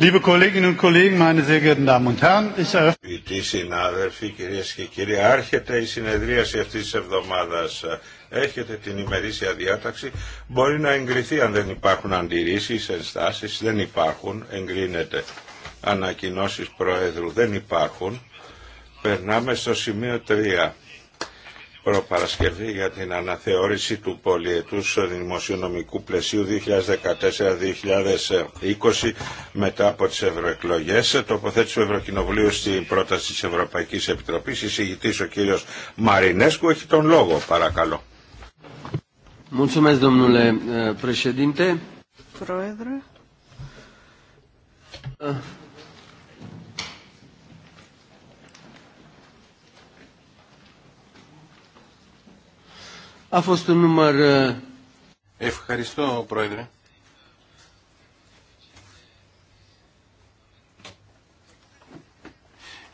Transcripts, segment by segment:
Liebe Kolleginnen und Kollegen, meine sehr geehrten Damen und Herren, ich eröffne... συνάδελφοι, κυρίες και κύριοι, άρχεται η συνεδρίαση αυτής της εβδομάδας. Έχετε την ημερήσια διάταξη. Μπορεί να εγκριθεί αν δεν υπάρχουν αντιρρήσει, ενστάσεις. Δεν υπάρχουν. Εγκρίνεται. Ανακοινώσεις Προέδρου δεν υπάρχουν. Περνάμε στο σημείο 3 προπαρασκευή για την αναθεώρηση του πολιετούς δημοσιονομικού πλαισίου 2014-2020 μετά από τις ευρωεκλογές. Τοποθέτηση του Ευρωκοινοβουλίου στην πρόταση της Ευρωπαϊκής Επιτροπής. Εισηγητής ο κύριος Μαρινέσκου έχει τον λόγο. Παρακαλώ. Eh, Πρόεδρε. Eh, αφού Ευχαριστώ, Πρόεδρε.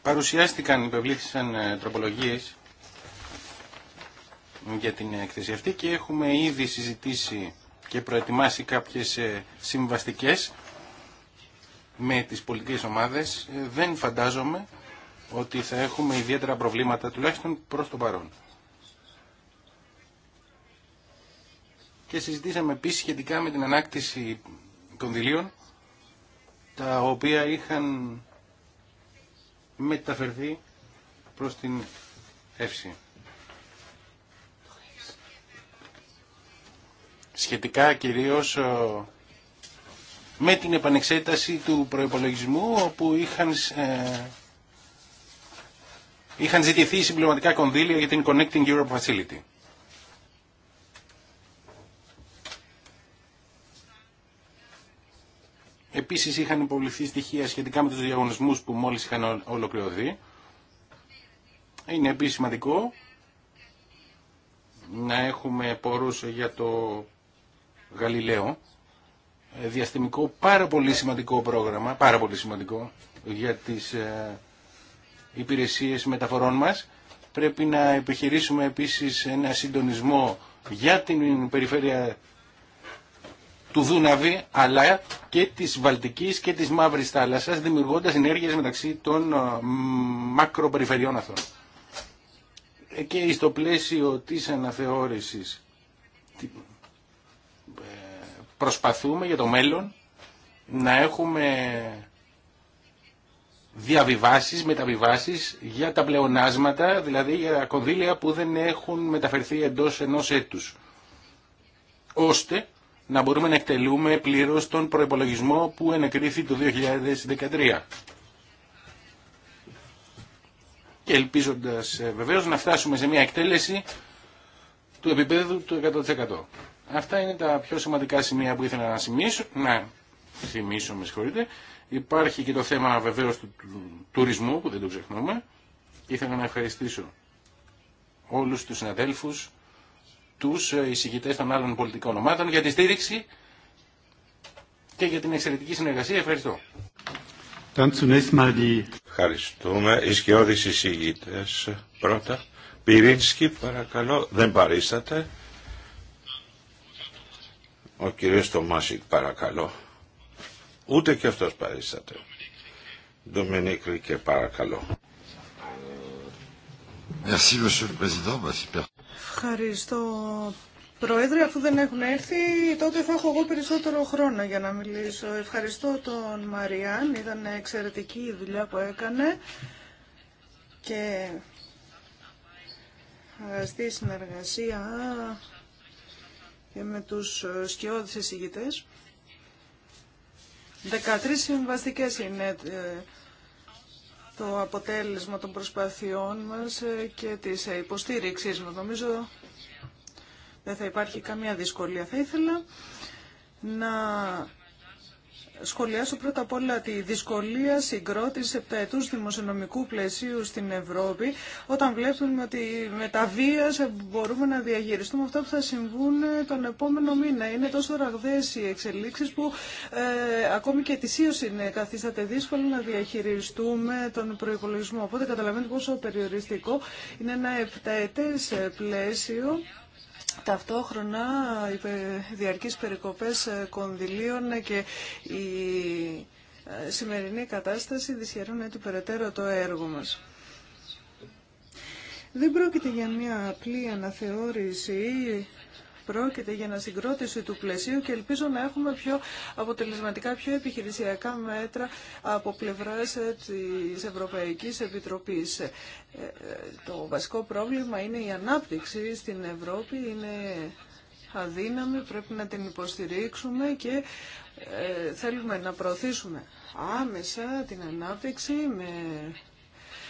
Παρουσιάστηκαν, υπευλήθησαν ε, τροπολογίες για την έκθεση αυτή και έχουμε ήδη συζητήσει και προετοιμάσει κάποιες ε, συμβαστικές με τις πολιτικές ομάδες. Ε, δεν φαντάζομαι ότι θα έχουμε ιδιαίτερα προβλήματα, τουλάχιστον προς το παρόν. και συζητήσαμε επίση σχετικά με την ανάκτηση κονδυλίων τα οποία είχαν μεταφερθεί προς την εύση. Σχετικά κυρίως ε, με την επανεξέταση του προϋπολογισμού όπου είχαν, ε, είχαν ζητηθεί συμπληρωματικά κονδύλια για την Connecting Europe Facility. Επίση είχαν υποβληθεί στοιχεία σχετικά με τους διαγωνισμούς που μόλις είχαν ολοκληρωθεί. Είναι επίσης σημαντικό να έχουμε πορούς για το Γαλιλαίο. Ε, διαστημικό, πάρα πολύ σημαντικό πρόγραμμα, πάρα πολύ σημαντικό για τις ε, υπηρεσίες μεταφορών μας. Πρέπει να επιχειρήσουμε επίσης ένα συντονισμό για την περιφέρεια του Δούναβη αλλά και της Βαλτικής και της Μαύρης Θάλασσας δημιουργώντας ενέργειες μεταξύ των ε, μακροπεριφερειών αυτών. Και στο πλαίσιο της αναθεώρησης ε, προσπαθούμε για το μέλλον να έχουμε διαβιβάσεις, μεταβιβάσεις για τα πλεονάσματα, δηλαδή για κονδύλια που δεν έχουν μεταφερθεί εντός ενός έτους. Ώστε να μπορούμε να εκτελούμε πλήρως τον προϋπολογισμό που ενεκρίθη το 2013. Και ελπίζοντας ε, βεβαίως να φτάσουμε σε μια εκτέλεση του επίπεδου του 100%. Αυτά είναι τα πιο σημαντικά σημεία που ήθελα να σημίσω. Να θυμίσω, με συγχωρείτε. Υπάρχει και το θέμα βεβαίως του τουρισμού που δεν το ξεχνούμε. Ήθελα να ευχαριστήσω όλους τους συναδέλφους τους εισηγητέ των άλλων πολιτικών ομάδων για τη στήριξη και για την εξαιρετική συνεργασία. Ευχαριστώ. Ευχαριστούμε. Ισκιώδης εισηγητέ πρώτα. Πυρίνσκι παρακαλώ. Δεν παρίσταται. Ο κύριος Τομάσικ παρακαλώ. Ούτε και αυτός παρίσταται. Ντομινίκλη και παρακαλώ. Merci, Monsieur le Président. Ευχαριστώ. Πρόεδρε, αφού δεν έχουν έρθει, τότε θα έχω εγώ περισσότερο χρόνο για να μιλήσω. Ευχαριστώ τον Μαριάν, ήταν εξαιρετική η δουλειά που έκανε και αγαστή συνεργασία και με τους σκιώδεις εισηγητές. 13 συμβαστικές είναι ε, το αποτέλεσμα των προσπαθειών μας ε, και της υποστήριξής μας. Νομίζω δεν θα υπάρχει καμία δυσκολία. Θα ήθελα να σχολιάσω πρώτα απ' όλα τη δυσκολία συγκρότηση επταετού δημοσιονομικού πλαισίου στην Ευρώπη, όταν βλέπουμε ότι με τα βία μπορούμε να διαχειριστούμε αυτά που θα συμβούν τον επόμενο μήνα. Είναι τόσο ραγδαίε οι εξελίξει που ε, ακόμη και ετησίω είναι καθίσταται δύσκολο να διαχειριστούμε τον προπολογισμό. Οπότε καταλαβαίνετε πόσο περιοριστικό είναι ένα επταετέ πλαίσιο Ταυτόχρονα οι διαρκείς περικοπές ε, κονδυλίων και η ε, σημερινή κατάσταση δυσχερούν έτσι περαιτέρω το έργο μας. Δεν πρόκειται για μια απλή αναθεώρηση Πρόκειται για ανασυγκρότηση του πλαισίου και ελπίζω να έχουμε πιο αποτελεσματικά, πιο επιχειρησιακά μέτρα από πλευρά ε, τη Ευρωπαϊκή Επιτροπή. Ε, ε, το βασικό πρόβλημα είναι η ανάπτυξη στην Ευρώπη. Είναι αδύναμη, πρέπει να την υποστηρίξουμε και θέλουμε να προωθήσουμε άμεσα την ανάπτυξη με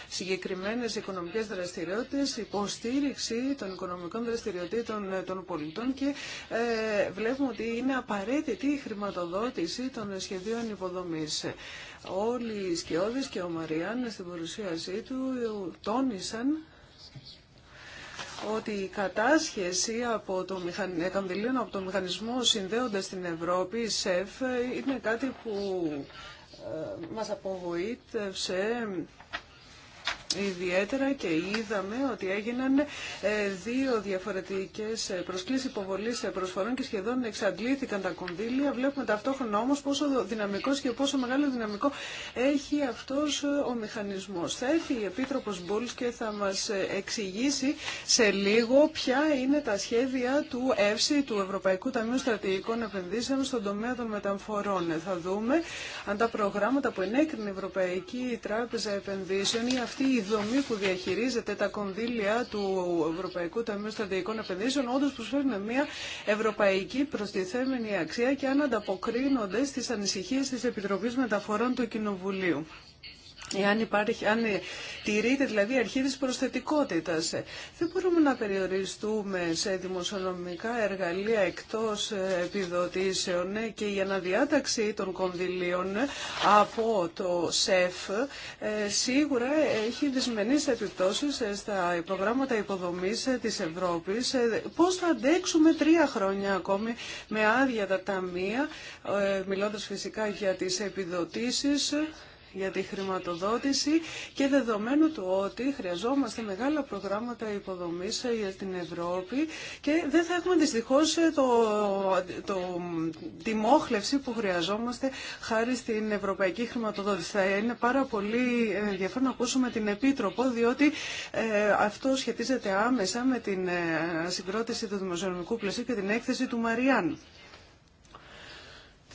συγκεκριμένες οικονομικές δραστηριότητες, υποστήριξη των οικονομικών δραστηριοτήτων ε, των πολιτών και ε, βλέπουμε ότι είναι απαραίτητη η χρηματοδότηση των σχεδίων υποδομής. Όλοι οι Σκιώδης και ο Μαριάν στην παρουσίασή του τόνισαν ότι η κατάσχεση από το από το μηχανισμό συνδέοντα την Ευρώπη, η ΣΕΦ, ε, είναι κάτι που ε, μας απογοήτευσε ιδιαίτερα και είδαμε ότι έγιναν ε, δύο διαφορετικές ε, προσκλήσεις υποβολής ε, προσφορών και σχεδόν εξαντλήθηκαν τα κονδύλια. Βλέπουμε ταυτόχρονα όμως πόσο δυναμικός και πόσο μεγάλο δυναμικό έχει αυτός ο μηχανισμός. Θα έρθει η Επίτροπος Μπούλς και θα μας εξηγήσει σε λίγο ποια είναι τα σχέδια του ΕΕ του Ευρωπαϊκού Ταμείου Στρατηγικών Επενδύσεων στον τομέα των μεταφορών. Θα δούμε αν τα προγράμματα που ενέκρινε η Ευρωπαϊκή Τράπεζα Επενδύσεων ή αυτή η δομή που διαχειρίζεται τα κονδύλια του Ευρωπαϊκού Ταμείου Στρατηγικών Επενδύσεων όντω προσφέρουν μια ευρωπαϊκή προστιθέμενη αξία και αν ανταποκρίνονται στι ανησυχίε τη Επιτροπή Μεταφορών του Κοινοβουλίου. Εάν υπάρχει, αν τηρείται δηλαδή η αρχή της προσθετικότητας, δεν μπορούμε να περιοριστούμε σε δημοσιονομικά εργαλεία εκτός επιδοτήσεων και η αναδιάταξη των κονδυλίων από το ΣΕΦ ε, σίγουρα έχει δυσμενείς επιπτώσεις στα προγράμματα υποδομής της Ευρώπης. Ε, πώς θα αντέξουμε τρία χρόνια ακόμη με άδεια τα ταμεία, ε, μιλώντας φυσικά για τις επιδοτήσεις, για τη χρηματοδότηση και δεδομένου του ότι χρειαζόμαστε μεγάλα προγράμματα υποδομής ε, για την Ευρώπη και δεν θα έχουμε δυστυχώς ε, το, το, τη μόχλευση που χρειαζόμαστε χάρη στην ευρωπαϊκή χρηματοδότηση. Θα είναι πάρα πολύ ενδιαφέρον να ακούσουμε την Επίτροπο διότι ε, αυτό σχετίζεται άμεσα με την συγκρότηση του δημοσιονομικού πλαισίου και την έκθεση του Μαριάν.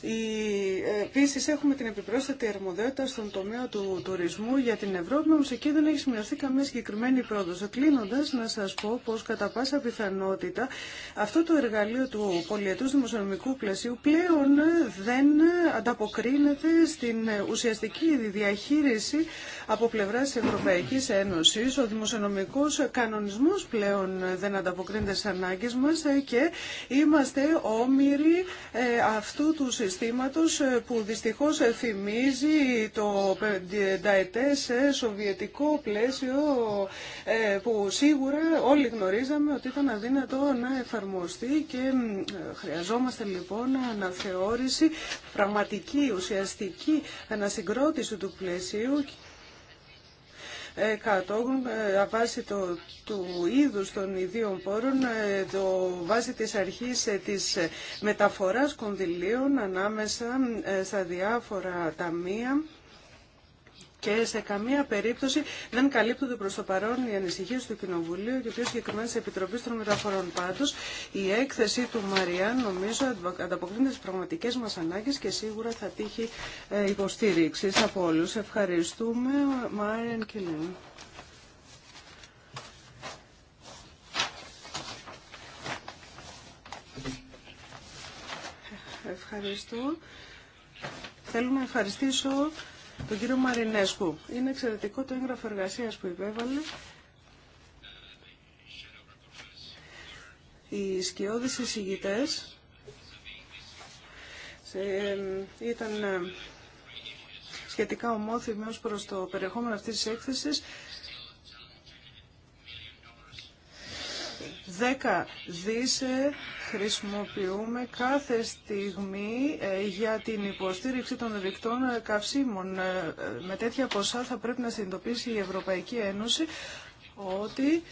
Ε, Επίση, έχουμε την επιπρόσθετη αρμοδιότητα στον τομέα του τουρισμού για την Ευρώπη, όμω εκεί δεν έχει σημειωθεί καμία συγκεκριμένη πρόοδο. Κλείνοντα, να σα πω πω κατά πάσα πιθανότητα αυτό το εργαλείο του πολιετού δημοσιονομικού πλαισίου πλέον δεν ανταποκρίνεται στην ουσιαστική διαχείριση από πλευρά τη Ευρωπαϊκή Ένωση. Ο δημοσιονομικό κανονισμό πλέον δεν ανταποκρίνεται στι ανάγκε μα και είμαστε όμοιροι ε, αυτού του συστήματο ε, που δυστυχώς θυμίζει το πενταετές ε, σοβιετικό πλαίσιο ε, που σίγουρα όλοι γνωρίζαμε ότι ήταν αδύνατο να εφαρμοστεί και χρειαζόμαστε λοιπόν αναθεώρηση, πραγματική, ουσιαστική ανασυγκρότηση του πλαισίου ε, κατόγουν ε, βάσει το, του είδους των ιδίων πόρων, ε, το, βάσει της αρχής της μεταφοράς κονδυλίων ανάμεσα στα διάφορα ταμεία και σε καμία περίπτωση δεν καλύπτονται προ το παρόν οι ανησυχίε του Κοινοβουλίου και πιο συγκεκριμένα τη Επιτροπή των Μεταφορών. Πάντω, η έκθεση του Μαριάν νομίζω ανταποκρίνεται στι πραγματικέ μα ανάγκε και σίγουρα θα τύχει ε, υποστήριξη από όλου. Ευχαριστούμε, Μάριαν Κιλίν. Ευχαριστώ. Θέλω να ευχαριστήσω τον κύριο Μαρινέσκου. Είναι εξαιρετικό το έγγραφο εργασία που υπέβαλε. Οι σκιώδεις εισηγητές ήταν σχετικά ομόθυμοι ως προς το περιεχόμενο αυτής της έκθεσης. Δέκα δίσε χρησιμοποιούμε κάθε στιγμή ε, για την υποστήριξη των δικτών ε, καυσίμων. Ε, με τέτοια ποσά θα πρέπει να συνειδητοποιήσει η Ευρωπαϊκή Ένωση ότι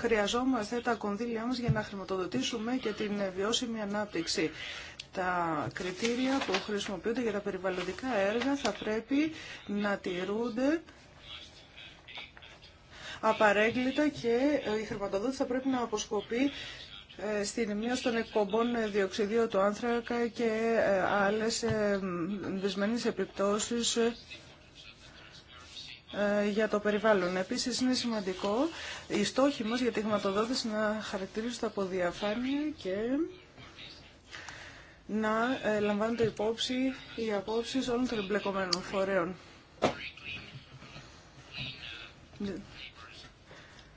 χρειαζόμαστε τα κονδύλια μας για να χρηματοδοτήσουμε και την βιώσιμη ανάπτυξη. Τα κριτήρια που χρησιμοποιούνται για τα περιβαλλοντικά έργα θα πρέπει να τηρούνται απαρέγκλητα και η χρηματοδότηση θα πρέπει να αποσκοπεί στην μείωση των εκπομπών διοξιδίου του άνθρακα και ε, άλλες ε, δυσμενείς επιπτώσεις ε, για το περιβάλλον. Επίσης είναι σημαντικό η στόχη μας για τη χρηματοδότηση να χαρακτηρίζονται από διαφάνεια και να λαμβάνονται υπόψη οι απόψεις όλων των εμπλεκομένων φορέων.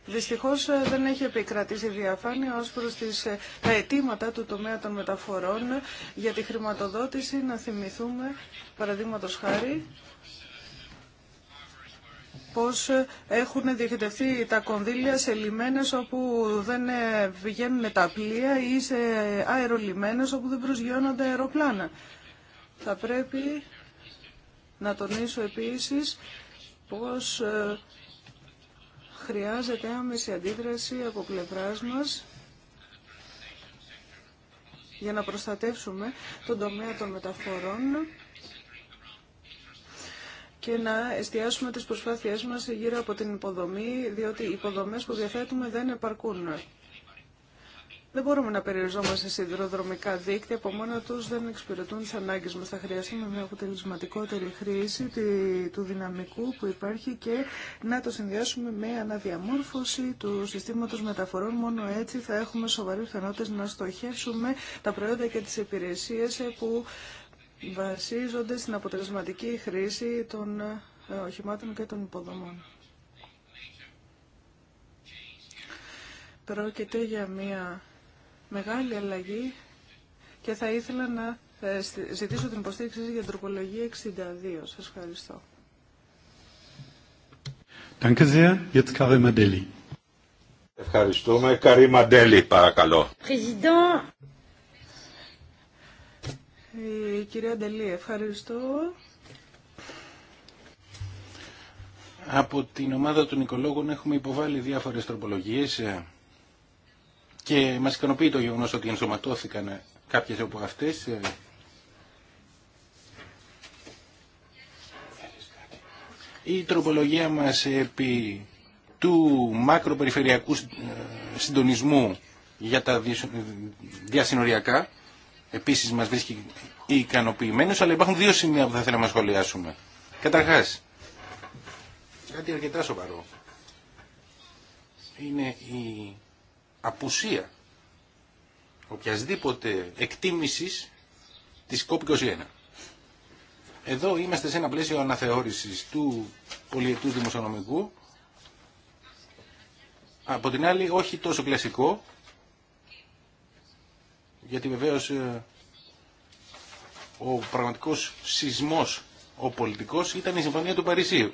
Δυστυχώ ε, δεν έχει επικρατήσει διαφάνεια ω προς ε, τα αιτήματα του τομέα των μεταφορών για τη χρηματοδότηση, να θυμηθούμε, παραδείγματο χάρη, πώς ε, έχουν διοχετευτεί τα κονδύλια σε λιμένες όπου δεν βγαίνουν τα πλοία ή σε αερολιμένες όπου δεν προσγειώνονται αεροπλάνα. Θα πρέπει να τονίσω επίσης πως εχουν διοικητευτεί τα κονδυλια σε λιμενες οπου δεν βγαινουν τα πλοια η σε αερολιμενες οπου δεν προσγειωνονται αεροπλανα θα πρεπει να τονισω επισης πως χρειάζεται άμεση αντίδραση από πλευράς μας για να προστατεύσουμε τον τομέα των μεταφορών και να εστιάσουμε τις προσπάθειές μας γύρω από την υποδομή, διότι οι υποδομές που διαθέτουμε δεν επαρκούν. Δεν μπορούμε να περιοριζόμαστε σε υδροδρομικά δίκτυα, από μόνο του δεν εξυπηρετούν τι ανάγκε μα. Θα χρειαστούμε μια αποτελεσματικότερη χρήση του δυναμικού που υπάρχει και να το συνδυάσουμε με αναδιαμόρφωση του συστήματο μεταφορών. Μόνο έτσι θα έχουμε σοβαρέ πιθανότητε να στοχεύσουμε τα προϊόντα και τι υπηρεσίε που βασίζονται στην αποτελεσματική χρήση των ε, οχημάτων και των υποδομών. Πρόκειται για μια μεγάλη αλλαγή και θα ήθελα να ε, ζητήσω την υποστήριξη για την τροπολογία 62. Σας ευχαριστώ. Ευχαριστούμε. Καρή Μαντέλη, παρακαλώ. Πρόεδρε. κυρία Ντελή, ευχαριστώ. Από την ομάδα των οικολόγων έχουμε υποβάλει διάφορες τροπολογίες ε, και μα ικανοποιεί το γεγονό ότι ενσωματώθηκαν κάποιε από αυτέ. Ε, η τροπολογία μα επί του μακροπεριφερειακού ε, συντονισμού για τα διασυνοριακά επίσης μας βρίσκει ικανοποιημένο, αλλά υπάρχουν δύο σημεία που θα θέλαμε να σχολιάσουμε. Καταρχάς, κάτι αρκετά σοβαρό. Είναι η απουσία οποιασδήποτε εκτίμησης της COP21. Εδώ είμαστε σε ένα πλαίσιο αναθεώρηση του πολιετού δημοσιονομικού, από την άλλη όχι τόσο κλασικό, γιατί βεβαίω ε, ο πραγματικός σεισμός ο πολιτικός ήταν η Συμφωνία του Παρισίου.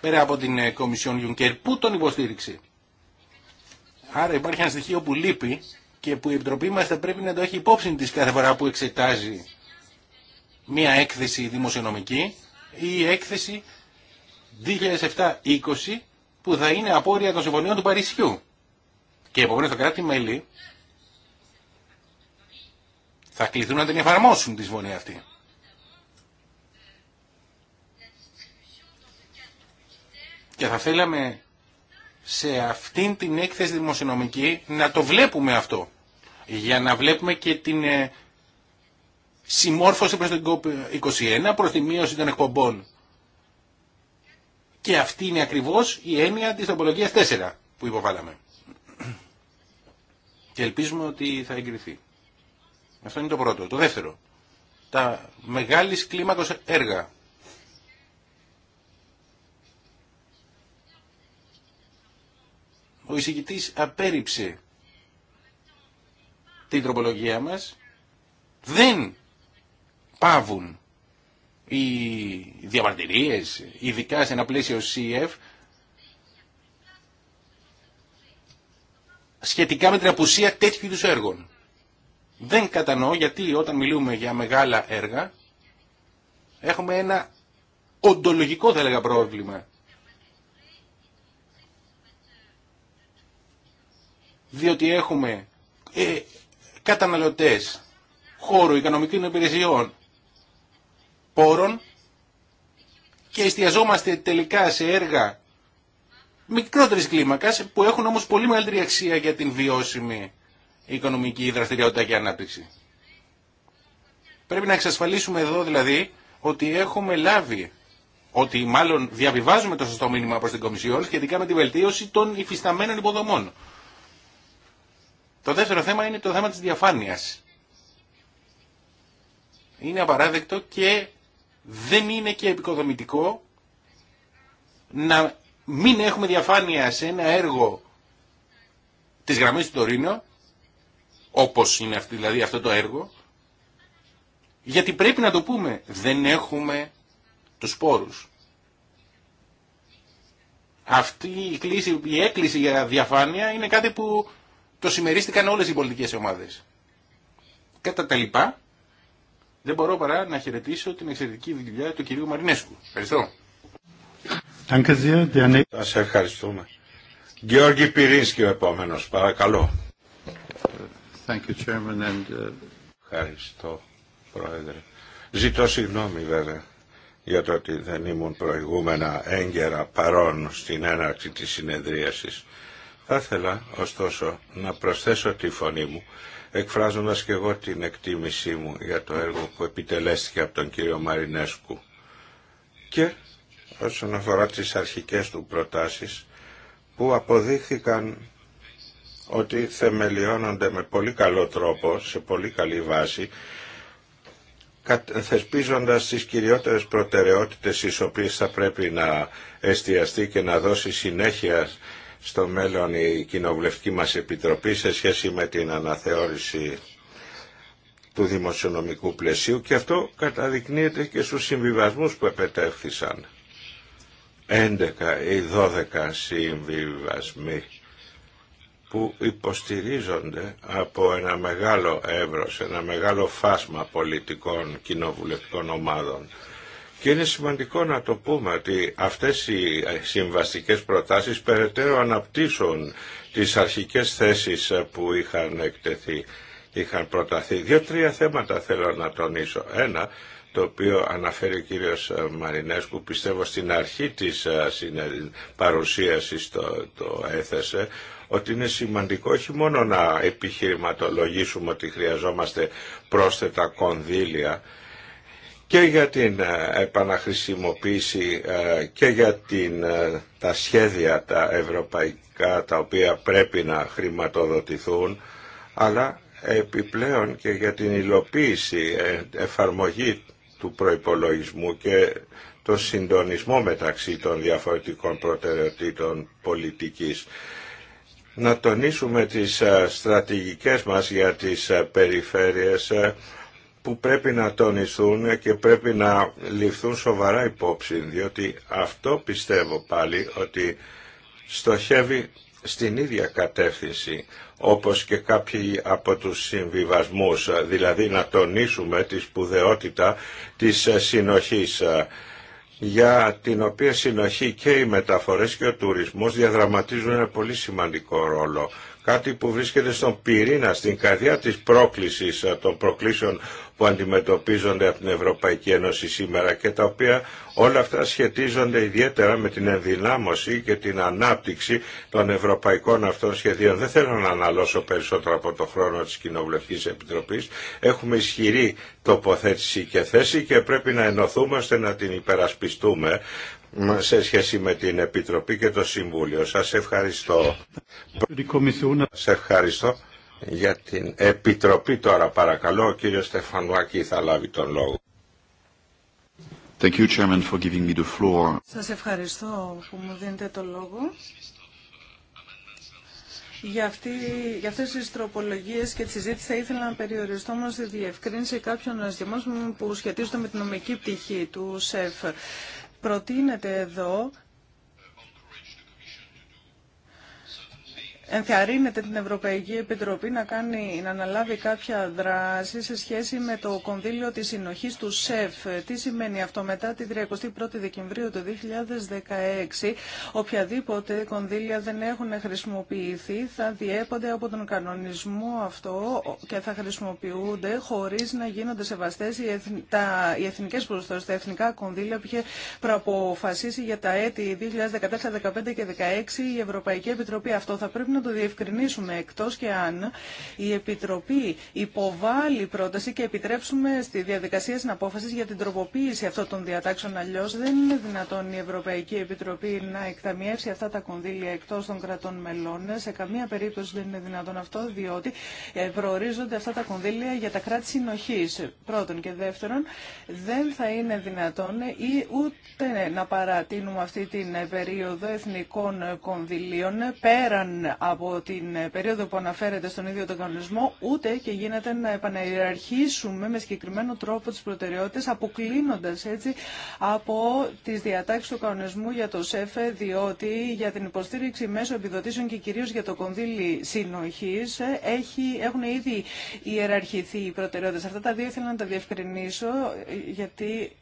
Πέρα από την ε, Κομισιόν Γιουνκέρ που τον υποστήριξε Άρα υπάρχει ένα στοιχείο που λείπει και που η Επιτροπή μας θα πρέπει να το έχει υπόψη της κάθε φορά που εξετάζει μία έκθεση δημοσιονομική ή έκθεση 2007-20 που θα είναι απόρρια των συμφωνιών του Παρισιού. Και επομένως τα κράτη-μέλη θα κληθούν να την εφαρμόσουν τη συμφωνία αυτή. Και θα θέλαμε σε αυτήν την έκθεση δημοσιονομική να το βλέπουμε αυτό. Για να βλέπουμε και την ε, συμμόρφωση προς την COP21, προς τη μείωση των εκπομπών. Και αυτή είναι ακριβώς η έννοια της τοπολογίας 4 που υποβάλαμε. Και ελπίζουμε ότι θα εγκριθεί. Αυτό είναι το πρώτο. Το δεύτερο. Τα μεγάλης κλίμακος έργα Ο εισηγητής απέρριψε την τροπολογία μας. Δεν πάβουν οι διαμαρτυρίες, ειδικά σε ένα πλαίσιο CF, σχετικά με την απουσία τέτοιου είδους έργων. Δεν κατανοώ γιατί όταν μιλούμε για μεγάλα έργα έχουμε ένα οντολογικό θα έλεγα πρόβλημα διότι έχουμε ε, καταναλωτές χώρου οικονομικών υπηρεσιών πόρων και εστιαζόμαστε τελικά σε έργα μικρότερης κλίμακας που έχουν όμως πολύ μεγαλύτερη αξία για την βιώσιμη οικονομική δραστηριότητα και ανάπτυξη. Πρέπει να εξασφαλίσουμε εδώ δηλαδή ότι έχουμε λάβει, ότι μάλλον διαβιβάζουμε το σωστό μήνυμα προς την Κομισιόν σχετικά με τη βελτίωση των υφισταμένων υποδομών. Το δεύτερο θέμα είναι το θέμα της διαφάνειας. Είναι απαράδεκτο και δεν είναι και επικοδομητικό να μην έχουμε διαφάνεια σε ένα έργο της γραμμής του Τωρίνου όπως είναι αυτή, δηλαδή αυτό το έργο, γιατί πρέπει να το πούμε, δεν έχουμε τους πόρους. Αυτή η, κλίση, η έκκληση για διαφάνεια είναι κάτι που το συμμερίστηκαν όλες οι πολιτικές ομάδες. Κατά τα λοιπά, δεν μπορώ παρά να χαιρετήσω την εξαιρετική δουλειά του κυρίου Μαρινέσκου. Ευχαριστώ. Σας ευχαριστούμε. Γεώργη Πυρίνσκη ο επόμενος, παρακαλώ. Uh, Ευχαριστώ, Πρόεδρε. Ζητώ συγγνώμη βέβαια για το ότι δεν ήμουν προηγούμενα έγκαιρα παρόν στην έναρξη της συνεδρίασης. Θα ήθελα, ωστόσο, να προσθέσω τη φωνή μου, εκφράζοντας και εγώ την εκτίμησή μου για το έργο που επιτελέστηκε από τον κύριο Μαρινέσκου. Και όσον αφορά τις αρχικές του προτάσεις, που αποδείχθηκαν ότι θεμελιώνονται με πολύ καλό τρόπο, σε πολύ καλή βάση, θεσπίζοντας τις κυριότερες προτεραιότητες στις οποίες θα πρέπει να εστιαστεί και να δώσει συνέχεια στο μέλλον η κοινοβουλευτική μας επιτροπή σε σχέση με την αναθεώρηση του δημοσιονομικού πλαισίου και αυτό καταδεικνύεται και στους συμβιβασμούς που επετέφθησαν. 11 ή 12 συμβιβασμοί που υποστηρίζονται από ένα μεγάλο εύρος, ένα μεγάλο φάσμα πολιτικών κοινοβουλευτικών ομάδων. Και είναι σημαντικό να το πούμε ότι αυτές οι συμβαστικές προτάσεις περαιτέρω αναπτύσσουν τις αρχικές θέσεις που είχαν εκτεθεί, είχαν προταθεί. Δύο-τρία θέματα θέλω να τονίσω. Ένα, το οποίο αναφέρει ο κύριος Μαρινέσκου, πιστεύω στην αρχή της ε, παρουσίασης το, το έθεσε, ότι είναι σημαντικό όχι μόνο να επιχειρηματολογήσουμε ότι χρειαζόμαστε πρόσθετα κονδύλια, και για την ε, επαναχρησιμοποίηση ε, και για την, ε, τα σχέδια τα ευρωπαϊκά τα οποία πρέπει να χρηματοδοτηθούν αλλά επιπλέον και για την υλοποίηση, εφαρμογή του προϋπολογισμού και το συντονισμό μεταξύ των διαφορετικών προτεραιοτήτων πολιτικής. Να τονίσουμε τις στρατηγικές μας για τις περιφέρειες που πρέπει να τονιστούν και πρέπει να ληφθούν σοβαρά υπόψη, διότι αυτό πιστεύω πάλι ότι στοχεύει στην ίδια κατεύθυνση όπως και κάποιοι από τους συμβιβασμούς, δηλαδή να τονίσουμε τη σπουδαιότητα της συνοχής για την οποία συνοχή και οι μεταφορές και ο τουρισμός διαδραματίζουν ένα πολύ σημαντικό ρόλο. Κάτι που βρίσκεται στον πυρήνα, στην καρδιά της πρόκλησης των προκλήσεων που αντιμετωπίζονται από την Ευρωπαϊκή Ένωση σήμερα και τα οποία όλα αυτά σχετίζονται ιδιαίτερα με την ενδυνάμωση και την ανάπτυξη των ευρωπαϊκών αυτών σχεδίων. Δεν θέλω να αναλώσω περισσότερο από το χρόνο της Κοινοβουλευτικής Επιτροπής. Έχουμε ισχυρή τοποθέτηση και θέση και πρέπει να ενωθούμε ώστε να την υπερασπιστούμε σε σχέση με την Επιτροπή και το Συμβούλιο. Σας ευχαριστώ. Σας ευχαριστώ. Για την Επιτροπή τώρα παρακαλώ, ο κύριος Στεφανουάκη θα λάβει τον λόγο. Thank Σας ευχαριστώ που μου δίνετε το λόγο. Για, αυτή, για αυτές τις τροπολογίες και τη συζήτηση θα ήθελα να περιοριστώ όμως στη διευκρίνηση κάποιων που σχετίζονται με την νομική πτυχή του ΣΕΦ. Προτείνεται εδώ ενθαρρύνεται την Ευρωπαϊκή Επιτροπή να, κάνει, να αναλάβει κάποια δράση σε σχέση με το κονδύλιο της συνοχής του ΣΕΦ. Τι σημαίνει αυτό μετά τη 31η Δεκεμβρίου του 2016. Οποιαδήποτε κονδύλια δεν έχουν χρησιμοποιηθεί θα διέπονται από τον κανονισμό αυτό και θα χρησιμοποιούνται χωρίς να γίνονται σεβαστές οι, τα, οι εθνικές προσθέσεις, τα εθνικά κονδύλια που είχε προαποφασίσει για τα έτη 2014, 2015 και 2016 η Ευρωπαϊκή Επιτροπή. Αυτό θα πρέπει να το διευκρινίσουμε εκτός και αν η Επιτροπή υποβάλλει πρόταση και επιτρέψουμε στη διαδικασία συναπόφασης για την τροποποίηση αυτών των διατάξεων. Αλλιώς δεν είναι δυνατόν η Ευρωπαϊκή Επιτροπή να εκταμιεύσει αυτά τα κονδύλια εκτός των κρατών μελών. Σε καμία περίπτωση δεν είναι δυνατόν αυτό, διότι ε, προορίζονται αυτά τα κονδύλια για τα κράτη συνοχής. Πρώτον και δεύτερον, δεν θα είναι δυνατόν ή ούτε να παρατείνουμε αυτή την περίοδο εθνικών κονδυλίων πέραν από την περίοδο που αναφέρεται στον ίδιο τον κανονισμό, ούτε και γίνεται να επαναειραρχήσουμε με συγκεκριμένο τρόπο τις προτεραιότητε, αποκλίνοντα έτσι από τι διατάξει του κανονισμού για το ΣΕΦΕ, διότι για την υποστήριξη μέσω επιδοτήσεων και κυρίω για το κονδύλι συνοχή, έχουν ήδη ιεραρχηθεί οι προτεραιότητε. Αυτά τα δύο ήθελα να τα διευκρινίσω, γιατί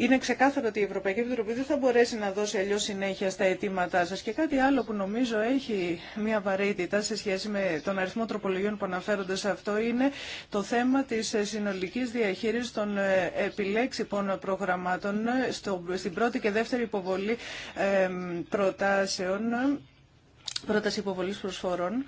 είναι ξεκάθαρο ότι η Ευρωπαϊκή Επιτροπή δεν θα μπορέσει να δώσει αλλιώ συνέχεια στα αιτήματά σα. Και κάτι άλλο που νομίζω έχει μια βαρύτητα σε σχέση με τον αριθμό τροπολογιών που αναφέρονται σε αυτό είναι το θέμα τη συνολική διαχείριση των ε, επιλέξιπων προγραμμάτων ε, στην πρώτη και δεύτερη υποβολή ε, προτάσεων πρόταση υποβολή προσφορών.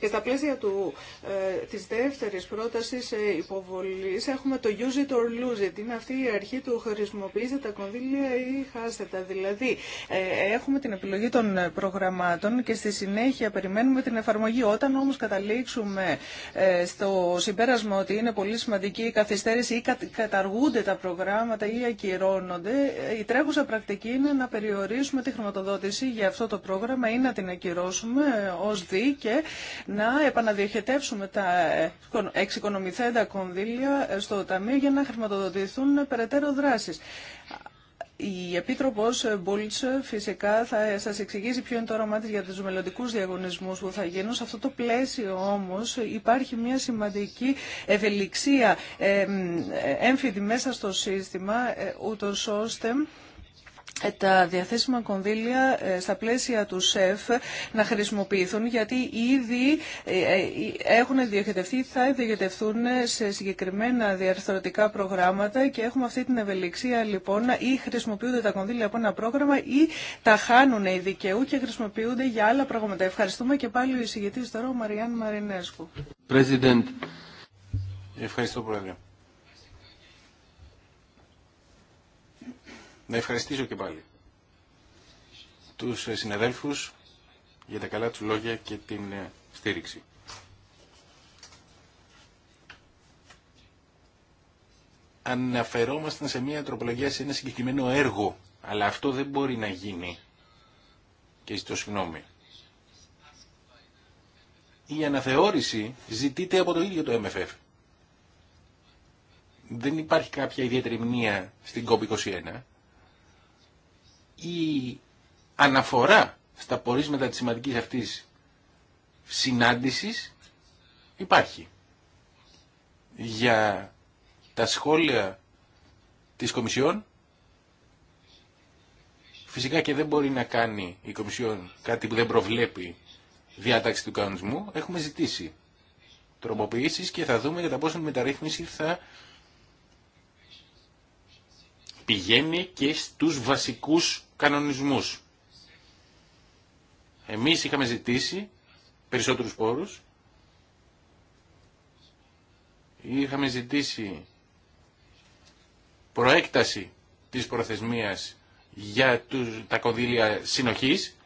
Και στα πλαίσια του, ε, της δεύτερης πρότασης ε, υποβολής έχουμε το use it or lose it. Είναι αυτή η αρχή του χρησιμοποιήστε τα κονδύλια ή χάστε τα. Δηλαδή ε, έχουμε την επιλογή των ε, προγραμμάτων και στη συνέχεια περιμένουμε την εφαρμογή. Όταν όμως καταλήξουμε στο συμπέρασμα ότι είναι πολύ σημαντική η καθυστέρηση ή κα, καταργούνται τα προγράμματα ή ακυρώνονται, η καταργουνται τα προγραμματα πρακτική είναι να περιορίσουμε τη χρηματοδότηση για αυτό το πρόγραμμα ή να την ακυρώσουμε ως δί να επαναδιοχετεύσουμε τα εξοικονομηθέντα κονδύλια ε, στο Ταμείο για να χρηματοδοτηθούν περαιτέρω δράσεις. Η Επίτροπος ε, Μπούλτς ε, φυσικά θα σας εξηγήσει ποιο είναι το όραμά για τους μελλοντικούς διαγωνισμούς που θα γίνουν. Σε αυτό το πλαίσιο όμως υπάρχει μια σημαντική ευελιξία έμφυτη μέσα στο σύστημα ούτως ώστε ε, τα διαθέσιμα κονδύλια ε, στα πλαίσια του ΣΕΦ να χρησιμοποιηθούν γιατί ήδη ε, έχουν διοχετευτεί, θα διοχετευτούν σε συγκεκριμένα διαρθρωτικά προγράμματα και έχουμε αυτή την ευελιξία λοιπόν ή χρησιμοποιούνται τα κονδύλια από ένα πρόγραμμα ή τα χάνουν οι δικαιού και χρησιμοποιούνται για άλλα πρόγραμματα. Ευχαριστούμε και πάλι ο εισηγητής τώρα ο Μαριάν Μαρινέσκου. President. Ευχαριστώ Πρόεδρε. Να ευχαριστήσω και πάλι τους συναδέλφους για τα καλά τους λόγια και την ε, στήριξη. Αναφερόμασταν σε μια τροπολογία σε ένα συγκεκριμένο έργο, αλλά αυτό δεν μπορεί να γίνει. Και ζητώ συγγνώμη. Η αναθεώρηση ζητείται από το ίδιο το MFF. Δεν υπάρχει κάποια ιδιαίτερη μνήμα στην COP21 η αναφορά στα πορίσματα της σημαντικής αυτής συνάντησης υπάρχει. Για τα σχόλια της Κομισιόν φυσικά και δεν μπορεί να κάνει η Κομισιόν κάτι που δεν προβλέπει διάταξη του κανονισμού έχουμε ζητήσει τροποποιήσεις και θα δούμε κατά πόσο η μεταρρύθμιση θα πηγαίνει και στους βασικούς κανονισμούς. Εμείς είχαμε ζητήσει περισσότερους πόρους, είχαμε ζητήσει προέκταση της προθεσμίας για τους, τα κονδύλια συνοχής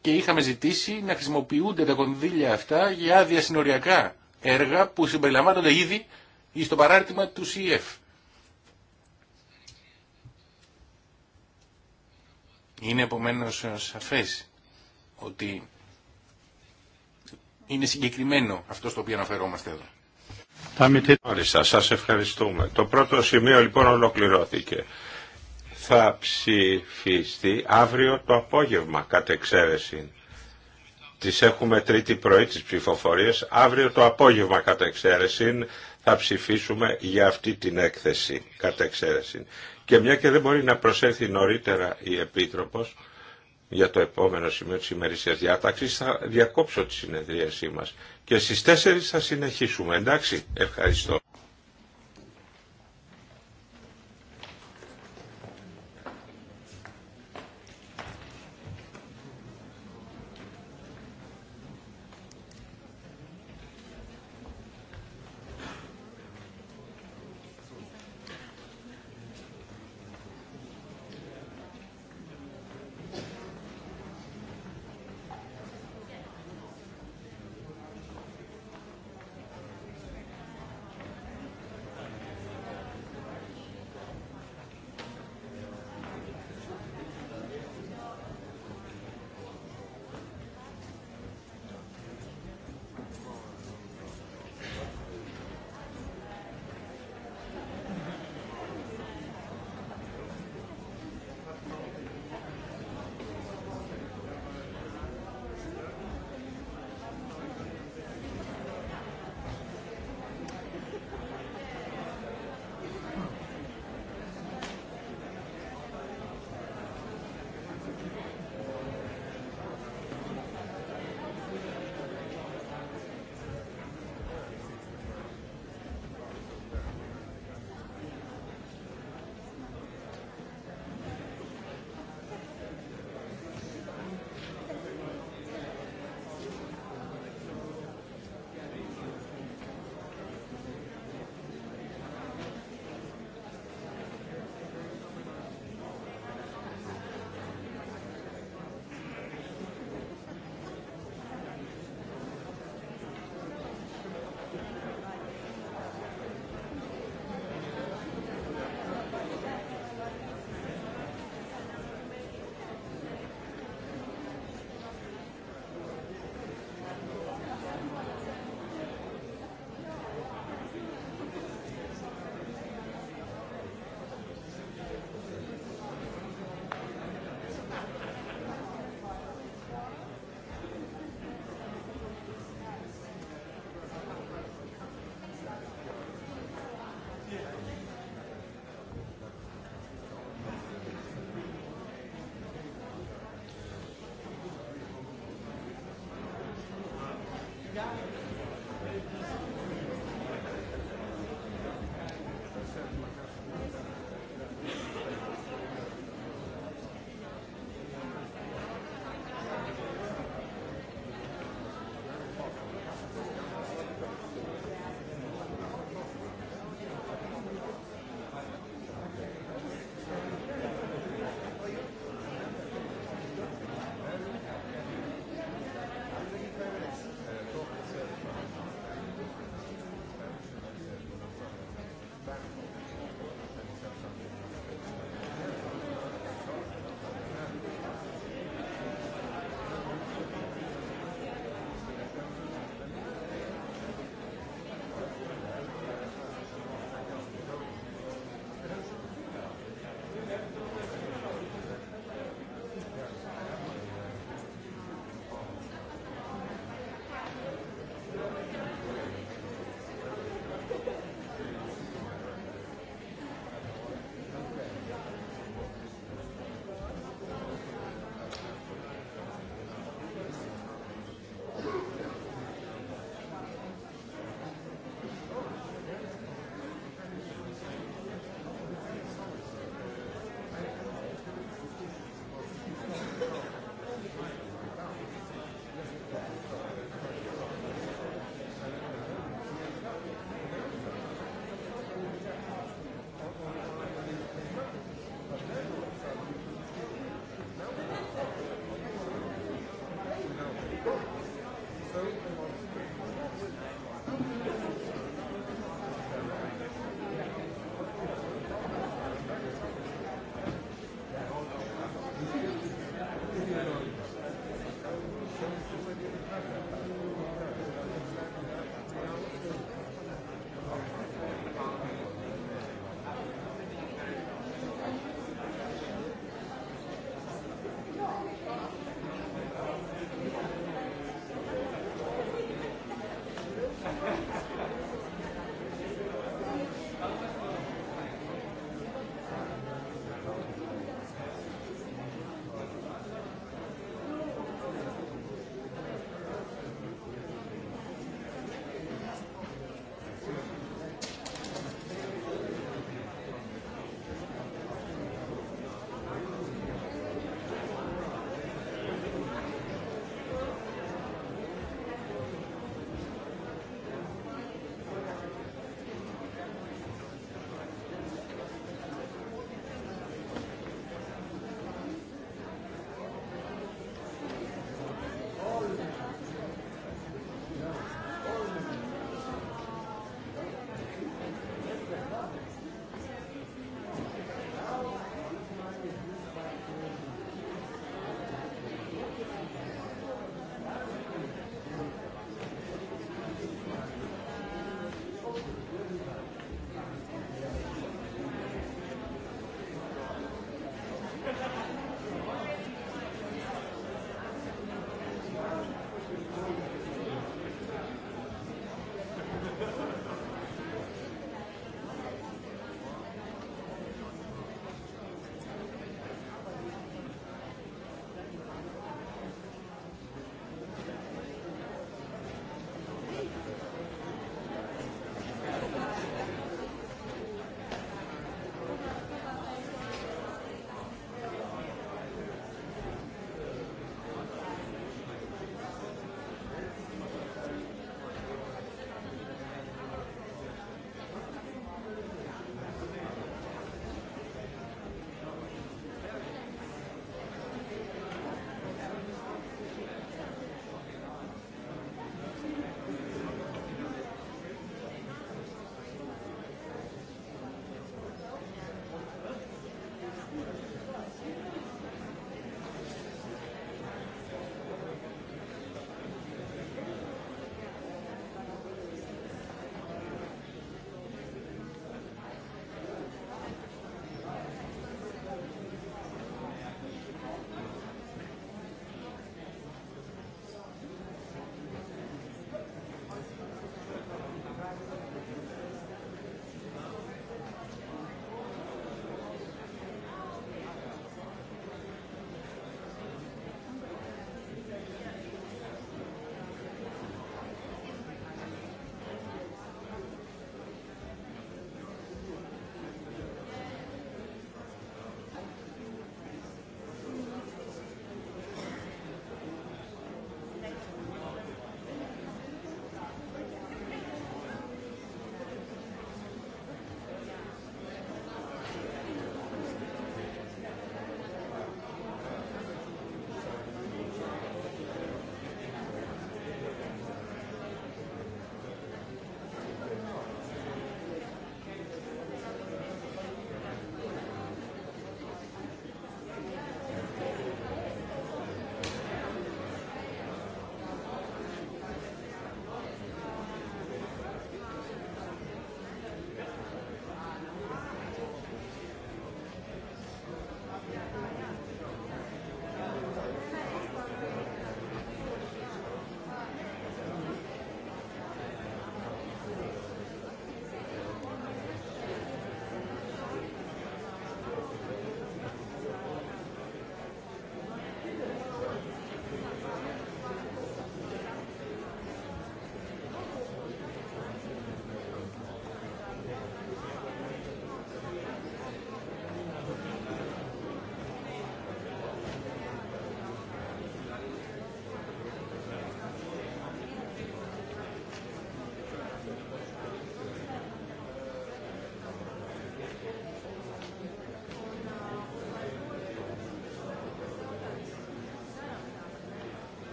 και είχαμε ζητήσει να χρησιμοποιούνται τα κονδύλια αυτά για συνοριακά έργα που συμπεριλαμβάνονται ήδη στο παράρτημα του ΣΥΕΦ. Είναι επομένω ε, σαφέ ότι είναι συγκεκριμένο αυτό στο οποίο αναφερόμαστε εδώ. Σα σας ευχαριστούμε. Το πρώτο σημείο λοιπόν ολοκληρώθηκε. Θα ψηφιστεί αύριο το απόγευμα κατ' εξαίρεση. Τις έχουμε τρίτη πρωί τις ψηφοφορίες. Αύριο το απόγευμα κατ' εξαίρεση θα ψηφίσουμε για αυτή την έκθεση κατ' εξαίρεση. Και μια και δεν μπορεί να προσέλθει νωρίτερα η Επίτροπος για το επόμενο σημείο της ημερήσιας διάταξης, θα διακόψω τη συνεδρίασή μας. Και στις 4 θα συνεχίσουμε, εντάξει. Ευχαριστώ.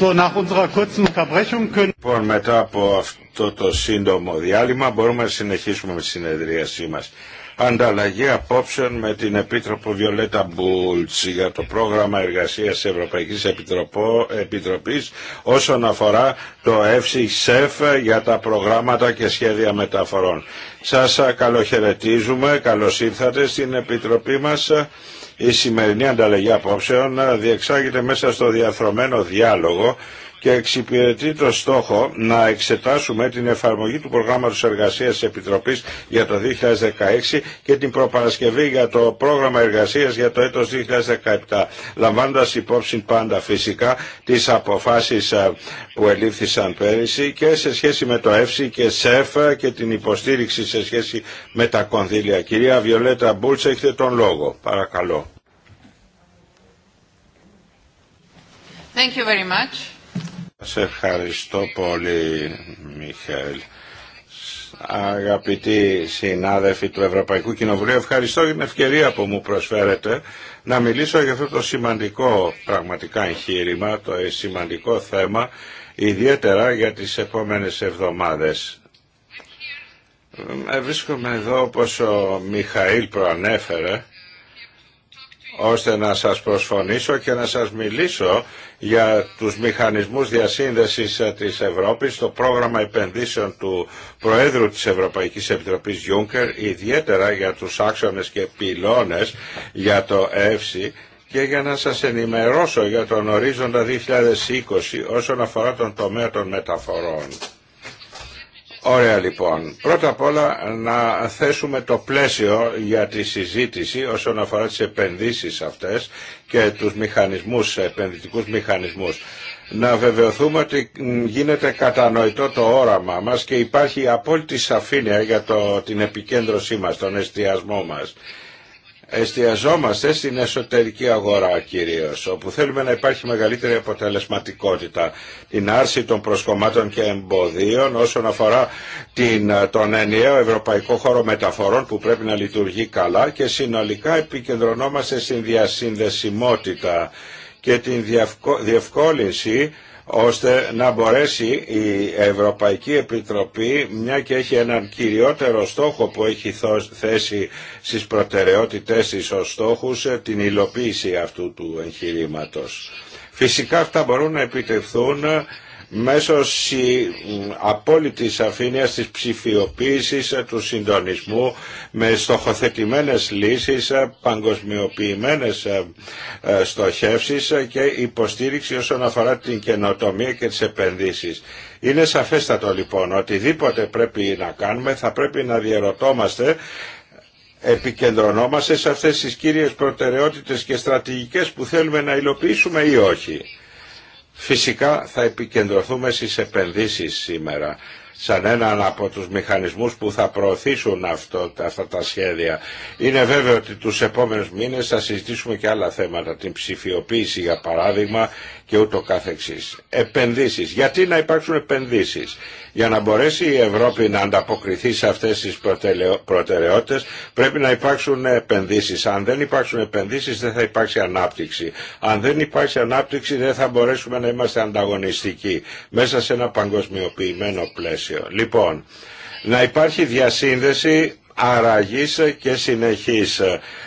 Λοιπόν, μετά από αυτό το σύντομο διάλειμμα μπορούμε να συνεχίσουμε με τη συνεδρίασή μας. Ανταλλαγή απόψεων με την Επίτροπο Βιολέτα Μπούλτς για το πρόγραμμα εργασίας Ευρωπαϊκής Επιτροπο, Επιτροπής όσον αφορά το εφσι για τα προγράμματα και σχέδια μεταφορών. Σας καλοχαιρετίζουμε, καλώς ήρθατε στην Επιτροπή μας. Η σημερινή ανταλλαγή απόψεων διεξάγεται μέσα στο διαθρωμένο διάλογο και εξυπηρετεί το στόχο να εξετάσουμε την εφαρμογή του προγράμματος εργασίας της Επιτροπής για το 2016 και την προπαρασκευή για το πρόγραμμα εργασίας για το έτος 2017, λαμβάνοντας υπόψη πάντα φυσικά τις αποφάσεις ε, που ελήφθησαν πέρυσι και σε σχέση με το ΕΦΣΙ και ΣΕΦ και την υποστήριξη σε σχέση με τα κονδύλια. Κυρία Βιολέτα Μπούλτς, έχετε τον λόγο. Παρακαλώ. Thank you very much. Σε ευχαριστώ πολύ, Μιχαήλ. Αγαπητοί συνάδελφοι του Ευρωπαϊκού Κοινοβουλίου, ευχαριστώ για την ευκαιρία που μου προσφέρετε να μιλήσω για αυτό το σημαντικό πραγματικά εγχείρημα, το σημαντικό θέμα, ιδιαίτερα για τις επόμενες εβδομάδες. Ε, βρίσκομαι εδώ όπως ο Μιχαήλ προανέφερε ώστε να σας προσφωνήσω και να σας μιλήσω για τους μηχανισμούς διασύνδεσης ε, της Ευρώπης, το πρόγραμμα επενδύσεων του Προέδρου της Ευρωπαϊκής Επιτροπής Juncker, ιδιαίτερα για τους άξονες και πυλώνες για το ΕΦΣΥ, και για να σας ενημερώσω για τον ορίζοντα 2020 όσον αφορά τον τομέα των μεταφορών. Ωραία λοιπόν. Πρώτα απ' όλα να θέσουμε το πλαίσιο για τη συζήτηση όσον αφορά τις επενδύσεις αυτές και τους μηχανισμούς, επενδυτικούς μηχανισμούς. Να βεβαιωθούμε ότι γίνεται κατανοητό το όραμα μας και υπάρχει απόλυτη σαφήνεια για το, την επικέντρωσή μας, τον εστιασμό μας εστιαζόμαστε στην εσωτερική αγορά κυρίως, όπου θέλουμε να υπάρχει μεγαλύτερη αποτελεσματικότητα, την άρση των προσκομμάτων και εμποδίων όσον αφορά την, ε, τον ενιαίο ευρωπαϊκό χώρο μεταφορών που πρέπει να λειτουργεί καλά και συνολικά επικεντρωνόμαστε στην διασυνδεσιμότητα και την διευκόλυνση ώστε να μπορέσει η Ευρωπαϊκή Επιτροπή, μια και έχει έναν κυριότερο στόχο που έχει θέσει στις προτεραιότητές της ως στόχους, ε, την υλοποίηση αυτού του εγχειρήματος. Φυσικά αυτά μπορούν να επιτευχθούν ε, μέσω απόλυτης αφήνειας της ψηφιοποίησης ε, του συντονισμού με στοχοθετημένες λύσεις, ε, παγκοσμιοποιημένες ε, στοχεύσεις και υποστήριξη όσον αφορά την καινοτομία και τις επενδύσεις. Είναι σαφέστατο λοιπόν οτιδήποτε πρέπει να κάνουμε θα πρέπει να διαρωτόμαστε επικεντρωνόμαστε σε αυτές τις κύριες προτεραιότητες και στρατηγικές που θέλουμε να υλοποιήσουμε ή όχι. Φυσικά θα επικεντρωθούμε στις επενδύσεις σήμερα σαν έναν από τους μηχανισμούς που θα προωθήσουν αυτό, αυτά τα σχέδια. Είναι βέβαιο ότι τους επόμενους μήνες θα συζητήσουμε και άλλα θέματα, την ψηφιοποίηση για παράδειγμα και ούτω καθεξής. Επενδύσεις. Γιατί να υπάρξουν επενδύσεις. Για να μπορέσει η Ευρώπη να ανταποκριθεί σε αυτές τις προτεραιότητες πρέπει να υπάρξουν επενδύσεις. Αν δεν υπάρξουν επενδύσεις δεν θα υπάρξει ανάπτυξη. Αν δεν υπάρξει ανάπτυξη δεν θα μπορέσουμε να είμαστε ανταγωνιστικοί μέσα σε ένα παγκοσμιοποιημένο πλαίσιο. Λοιπόν, να υπάρχει διασύνδεση αραγής και συνεχής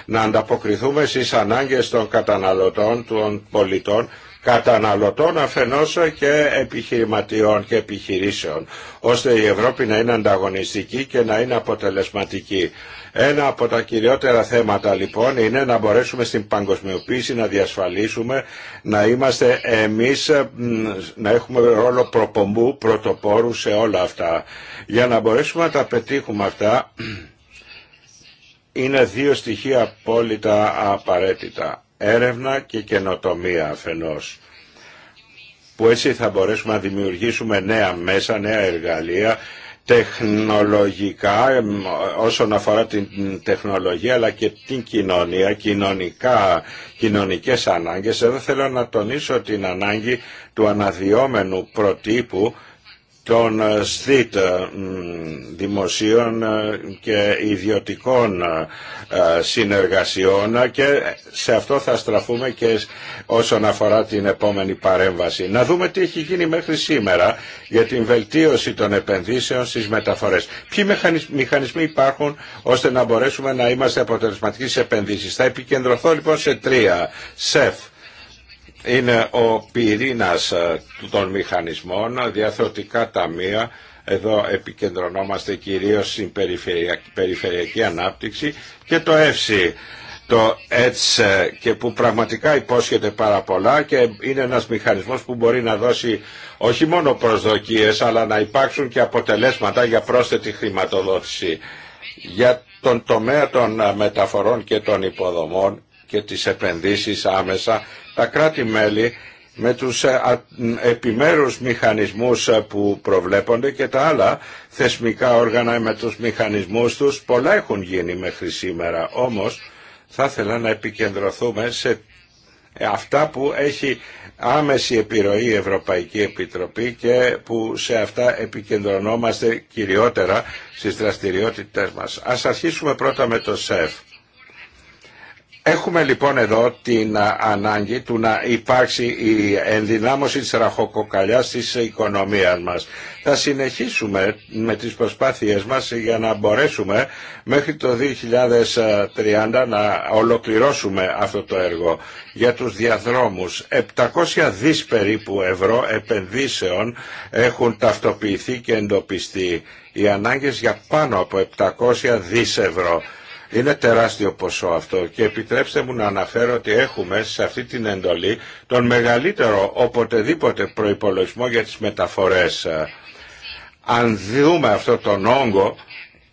να ανταποκριθούμε στις ανάγκες των καταναλωτών, των πολιτών καταναλωτών αφενός και επιχειρηματιών και επιχειρήσεων, ώστε η Ευρώπη να είναι ανταγωνιστική και να είναι αποτελεσματική. Ένα από τα κυριότερα θέματα λοιπόν είναι να μπορέσουμε στην παγκοσμιοποίηση να διασφαλίσουμε να είμαστε εμείς να έχουμε ρόλο προπομπού, πρωτοπόρου σε όλα αυτά. Για να μπορέσουμε να τα πετύχουμε αυτά είναι δύο στοιχεία απόλυτα απαραίτητα έρευνα και καινοτομία αφενός που έτσι θα μπορέσουμε να δημιουργήσουμε νέα μέσα, νέα εργαλεία τεχνολογικά όσον αφορά την τεχνολογία αλλά και την κοινωνία, κοινωνικά, κοινωνικές ανάγκες. Εδώ θέλω να τονίσω την ανάγκη του αναδυόμενου προτύπου των στήτ ε, ε, δημοσίων ε, και ιδιωτικών συνεργασιών και σε αυτό θα στραφούμε και όσον αφορά την επόμενη παρέμβαση. Να δούμε τι έχει γίνει μέχρι σήμερα για την βελτίωση των επενδύσεων στις μεταφορές. Ποιοι μηχανισμοί υπάρχουν ώστε να μπορέσουμε να είμαστε αποτελεσματικοί σε επενδύσεις. Θα επικεντρωθώ λοιπόν σε τρία. ΣΕΦ, είναι ο πυρήνας ε, των μηχανισμών, διαθροτικά ταμεία, εδώ επικεντρωνόμαστε κυρίως στην περιφερειακή ανάπτυξη και το ΕΦΣΥ το έτσι ε, και που πραγματικά υπόσχεται πάρα πολλά και είναι ένας μηχανισμός που μπορεί να δώσει όχι μόνο προσδοκίες αλλά να υπάρξουν και αποτελέσματα για πρόσθετη χρηματοδότηση. Για τον τομέα των ε, μεταφορών και των υποδομών και τις επενδύσεις άμεσα, τα κράτη-μέλη με τους ε, επιμέρους μηχανισμούς ε, που προβλέπονται και τα άλλα θεσμικά όργανα με τους μηχανισμούς τους πολλά έχουν γίνει μέχρι σήμερα. Όμως θα ήθελα να επικεντρωθούμε σε αυτά που έχει άμεση επιρροή η Ευρωπαϊκή Επιτροπή και που σε αυτά επικεντρωνόμαστε κυριότερα στις δραστηριότητες μας. Ας αρχίσουμε πρώτα με το ΣΕΦ. Έχουμε λοιπόν εδώ την ανάγκη του να υπάρξει η ενδυνάμωση της ραχοκοκαλιάς της οικονομίας μας. Θα συνεχίσουμε με τις προσπάθειές μας για να μπορέσουμε μέχρι το 2030 να ολοκληρώσουμε αυτό το έργο για τους διαδρόμους. 700 δις περίπου ευρώ επενδύσεων έχουν ταυτοποιηθεί και εντοπιστεί. Οι ανάγκες για πάνω από 700 δις ευρώ είναι τεράστιο ποσό αυτό και επιτρέψτε μου να αναφέρω ότι έχουμε σε αυτή την εντολή τον μεγαλύτερο οποτεδήποτε προϋπολογισμό για τις μεταφορές. Αν δούμε αυτό τον όγκο,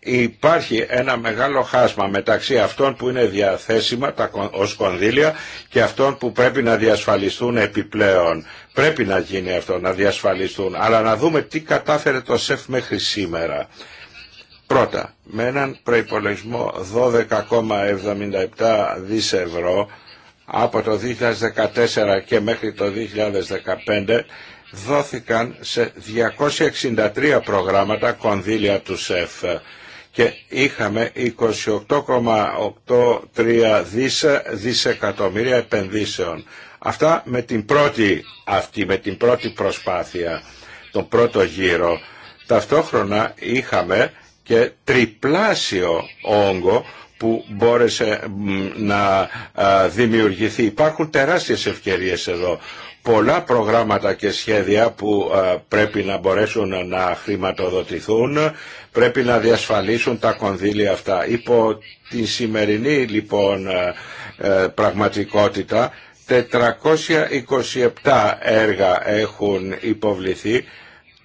υπάρχει ένα μεγάλο χάσμα μεταξύ αυτών που είναι διαθέσιμα τα, ως κονδύλια και αυτών που πρέπει να διασφαλιστούν επιπλέον. Πρέπει να γίνει αυτό, να διασφαλιστούν. Αλλά να δούμε τι κατάφερε το ΣΕΦ μέχρι σήμερα. Πρώτα, με έναν προϋπολογισμό 12,77 δις ευρώ από το 2014 και μέχρι το 2015 δόθηκαν σε 263 προγράμματα κονδύλια του ΣΕΦ και είχαμε 28,83 δις, δισεκατομμύρια επενδύσεων. Αυτά με την πρώτη αυτή, με την πρώτη προσπάθεια, τον πρώτο γύρο. Ταυτόχρονα είχαμε και τριπλάσιο όγκο που μπόρεσε να δημιουργηθεί. Υπάρχουν τεράστιες ευκαιρίες εδώ. Πολλά προγράμματα και σχέδια που πρέπει να μπορέσουν να χρηματοδοτηθούν πρέπει να διασφαλίσουν τα κονδύλια αυτά. Υπό την σημερινή λοιπόν πραγματικότητα 427 έργα έχουν υποβληθεί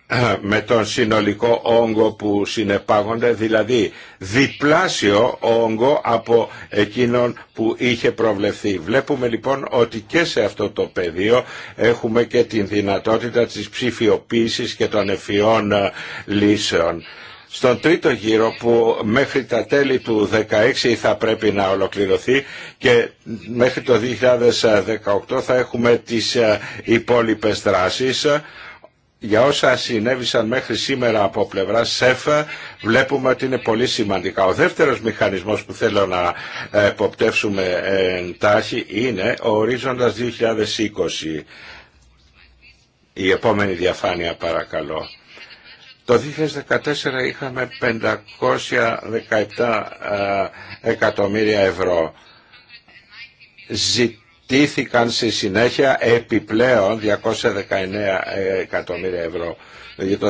με τον συνολικό όγκο που συνεπάγονται, δηλαδή διπλάσιο όγκο από εκείνον που είχε προβλεφθεί. Βλέπουμε λοιπόν ότι και σε αυτό το πεδίο έχουμε και την δυνατότητα της ψηφιοποίησης και των ευφυών ε, λύσεων. Στον τρίτο γύρο που μέχρι τα τέλη του 2016 θα πρέπει να ολοκληρωθεί και μέχρι το 2018 θα έχουμε τις ε, υπόλοιπες δράσεις για όσα συνέβησαν μέχρι σήμερα από πλευρά ΣΕΦΑ βλέπουμε ότι είναι πολύ σημαντικά. Ο δεύτερος μηχανισμός που θέλω να εποπτεύσουμε τάχει είναι ο ορίζοντας 2020. Η επόμενη διαφάνεια παρακαλώ. Το 2014 είχαμε 517 ε, εκατομμύρια ευρώ τήθηκαν στη συνέχεια επιπλέον 219 ε, εκατομμύρια ευρώ. Για το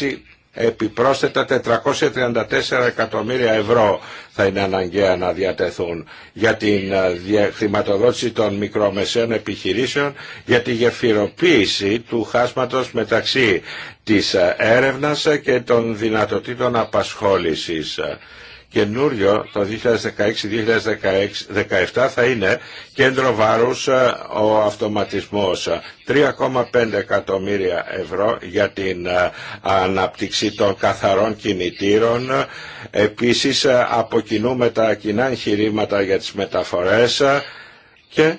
2016 επιπρόσθετα 434 εκατομμύρια ευρώ θα είναι αναγκαία να διατεθούν για την ε, χρηματοδότηση των μικρομεσαίων επιχειρήσεων για τη γεφυροποίηση του χάσματος μεταξύ της ε, έρευνας και των δυνατοτήτων απασχόλησης καινούριο το 2016-2017 θα είναι κέντρο βάρους ε, ο αυτοματισμός. 3,5 εκατομμύρια ευρώ για την ε, αναπτύξη των καθαρών κινητήρων. Επίσης ε, αποκοινούμε τα κοινά εγχειρήματα για τις μεταφορές και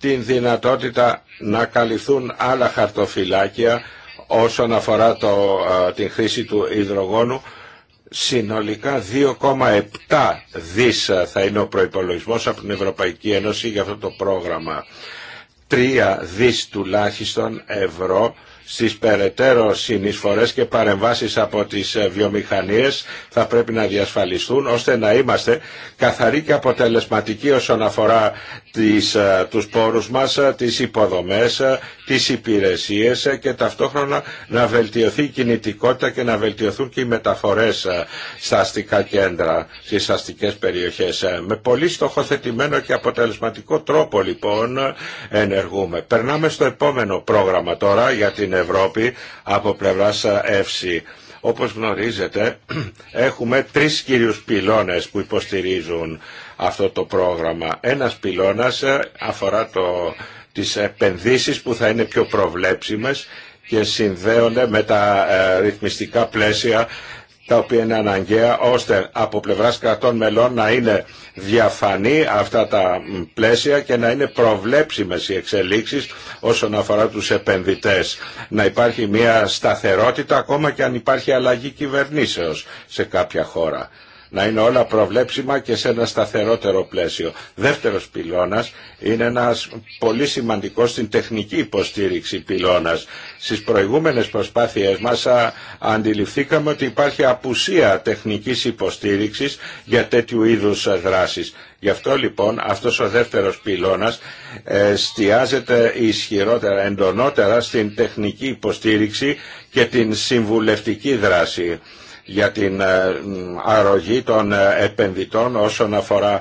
την δυνατότητα να καλυφθούν άλλα χαρτοφυλάκια όσον αφορά το, την χρήση του υδρογόνου συνολικά 2,7 δις θα είναι ο προϋπολογισμός από την Ευρωπαϊκή Ένωση για αυτό το πρόγραμμα. 3 δις τουλάχιστον ευρώ στις περαιτέρω συνεισφορές και παρεμβάσεις από τις βιομηχανίες θα πρέπει να διασφαλιστούν ώστε να είμαστε καθαροί και αποτελεσματικοί όσον αφορά τις, ε, τους πόρους μας, ε, τις υποδομές, ε, τις υπηρεσίες και ταυτόχρονα να βελτιωθεί η κινητικότητα και να βελτιωθούν και οι μεταφορές στα αστικά κέντρα, στις αστικές περιοχές. Με πολύ στοχοθετημένο και αποτελεσματικό τρόπο λοιπόν ενεργούμε. Περνάμε στο επόμενο πρόγραμμα τώρα για την Ευρώπη από πλευράς ΕΦΣΗ Όπως γνωρίζετε έχουμε τρεις κύριους πυλώνες που υποστηρίζουν αυτό το πρόγραμμα. Ένας πυλώνας ε, αφορά το, τις επενδύσεις που θα είναι πιο προβλέψιμες και συνδέονται με τα ε, ρυθμιστικά πλαίσια τα οποία είναι αναγκαία ώστε από πλευράς κρατών μελών να είναι διαφανή αυτά τα πλαίσια και να είναι προβλέψιμες οι εξελίξεις όσον αφορά τους επενδυτές. Να υπάρχει μια σταθερότητα ακόμα και αν υπάρχει αλλαγή κυβερνήσεως σε κάποια χώρα να είναι όλα προβλέψιμα και σε ένα σταθερότερο πλαίσιο. Δεύτερος πυλώνας είναι ένας πολύ σημαντικός στην τεχνική υποστήριξη πυλώνας. Στις προηγούμενες προσπάθειές μας αντιληφθήκαμε ότι υπάρχει απουσία τεχνικής υποστήριξης για τέτοιου είδους δράσεις. Γι' αυτό λοιπόν αυτός ο δεύτερος πυλώνας ε, εστιάζεται ισχυρότερα, εντονότερα στην τεχνική υποστήριξη και την συμβουλευτική δράση για την ε, αρρωγή των ε, επενδυτών όσον αφορά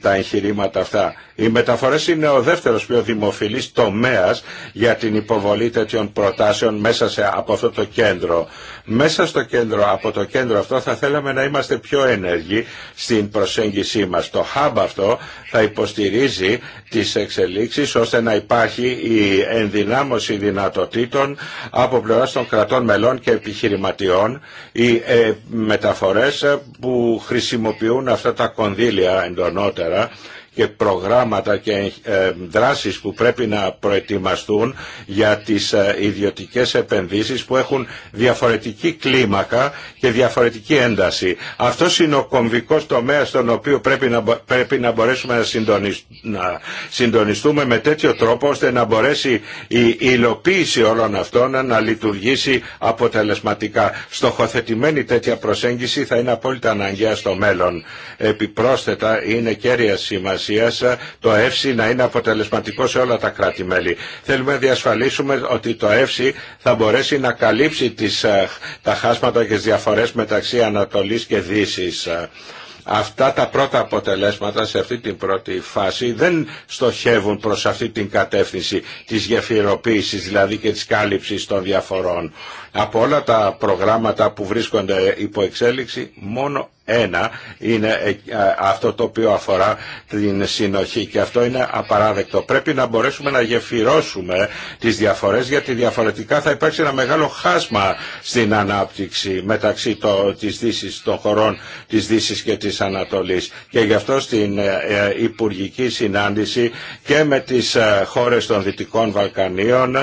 τα εγχειρήματα αυτά. Οι μεταφορές είναι ο δεύτερος πιο δημοφιλής τομέας για την υποβολή τέτοιων προτάσεων μέσα σε, από αυτό το κέντρο. Μέσα στο κέντρο, από το κέντρο αυτό θα θέλαμε να είμαστε πιο ενεργοί στην προσέγγισή μας. Το hub αυτό θα υποστηρίζει τις εξελίξεις ώστε να υπάρχει η ενδυνάμωση δυνατοτήτων από πλευράς των κρατών μελών και επιχειρηματιών οι ε, μεταφορές που χρησιμοποιούν αυτά τα κονδύλια εντονών ανώτερα και προγράμματα και ε, δράσεις που πρέπει να προετοιμαστούν για τις ε, ιδιωτικές επενδύσεις που έχουν διαφορετική κλίμακα και διαφορετική ένταση. Αυτό είναι ο κομβικός τομέας στον οποίο πρέπει να, πρέπει να μπορέσουμε να συντονιστούμε με τέτοιο τρόπο ώστε να μπορέσει η υλοποίηση όλων αυτών να λειτουργήσει αποτελεσματικά. Στοχοθετημένη τέτοια προσέγγιση θα είναι απόλυτα αναγκαία στο μέλλον. Επιπρόσθετα είναι κέρια σημασία ε, το ΕΦΣΙ να είναι αποτελεσματικό σε όλα τα κράτη-μέλη. Θέλουμε να διασφαλίσουμε ότι το ΕΦΣΙ θα μπορέσει να καλύψει τις, ε, τα χάσματα και τι διαφορές μεταξύ Ανατολής και δύση. Αυτά τα πρώτα αποτελέσματα σε αυτή την πρώτη φάση δεν στοχεύουν προς αυτή την κατεύθυνση της γεφυροποίησης δηλαδή και της κάλυψης των διαφορών. Από όλα τα προγράμματα που βρίσκονται υπό εξέλιξη, μόνο ένα είναι ε, αυτό το οποίο αφορά την συνοχή και αυτό είναι απαράδεκτο. Πρέπει να μπορέσουμε να γεφυρώσουμε τις διαφορές γιατί διαφορετικά θα υπάρξει ένα μεγάλο χάσμα στην ανάπτυξη μεταξύ της Δύσης, των χωρών της Δύσης και της Ανατολής. Και γι' αυτό στην ε, ε, Υπουργική Συνάντηση και με τις χώρες των Δυτικών Βαλκανίων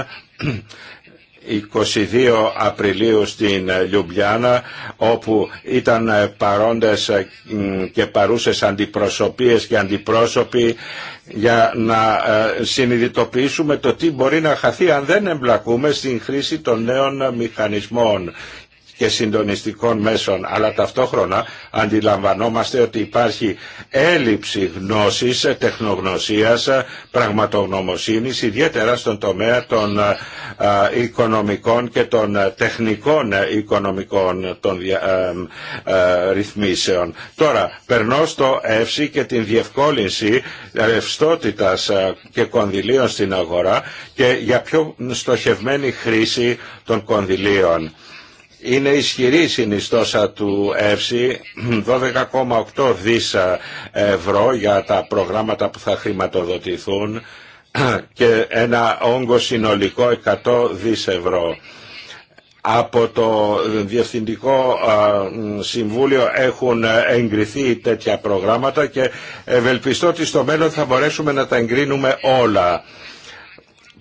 22 Απριλίου στην Λιουμπλιάνα όπου ήταν παρόντες ε, και παρούσες αντιπροσωπείες και αντιπρόσωποι για να ε, συνειδητοποιήσουμε το τι μπορεί να χαθεί αν δεν εμπλακούμε στην χρήση των νέων μηχανισμών και συντονιστικών μέσων, αλλά ταυτόχρονα αντιλαμβανόμαστε ότι υπάρχει έλλειψη γνώσης, τεχνογνωσίας, πραγματογνωμοσύνης, ιδιαίτερα στον τομέα των ε, ε, οικονομικών και των ε, τεχνικών οικονομικών των ρυθμίσεων. Τώρα, περνώ στο εύση και την διευκόλυνση ρευστότητας και κονδυλίων στην αγορά και για πιο στοχευμένη χρήση των κονδυλίων. Είναι ισχυρή η συνιστόσα του ΕΦΣΥ, 12,8 δις ε, ευρώ για τα προγράμματα που θα χρηματοδοτηθούν και ένα όγκο συνολικό 100 δις ευρώ. Από το Διευθυντικό ε, Συμβούλιο έχουν εγκριθεί τέτοια προγράμματα και ευελπιστώ ότι στο μέλλον θα μπορέσουμε να τα εγκρίνουμε όλα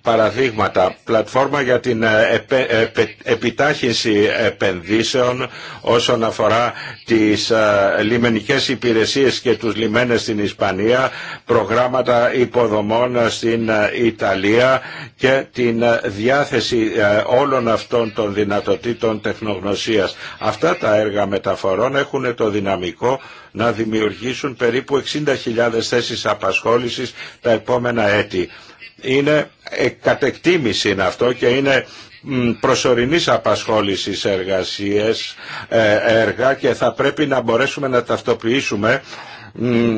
παραδείγματα. Πλατφόρμα για την ε, ε, επιτάχυνση επενδύσεων όσον αφορά τις ε, λιμενικές υπηρεσίες και τους λιμένες στην Ισπανία, προγράμματα υποδομών στην Ιταλία και την διάθεση όλων αυτών των δυνατοτήτων τεχνογνωσίας. Αυτά τα έργα μεταφορών έχουν το δυναμικό να δημιουργήσουν περίπου 60.000 θέσεις απασχόλησης τα επόμενα έτη είναι κατεκτήμηση είναι αυτό και είναι προσωρινής απασχόλησης εργασίες, ε, έργα και θα πρέπει να μπορέσουμε να ταυτοποιήσουμε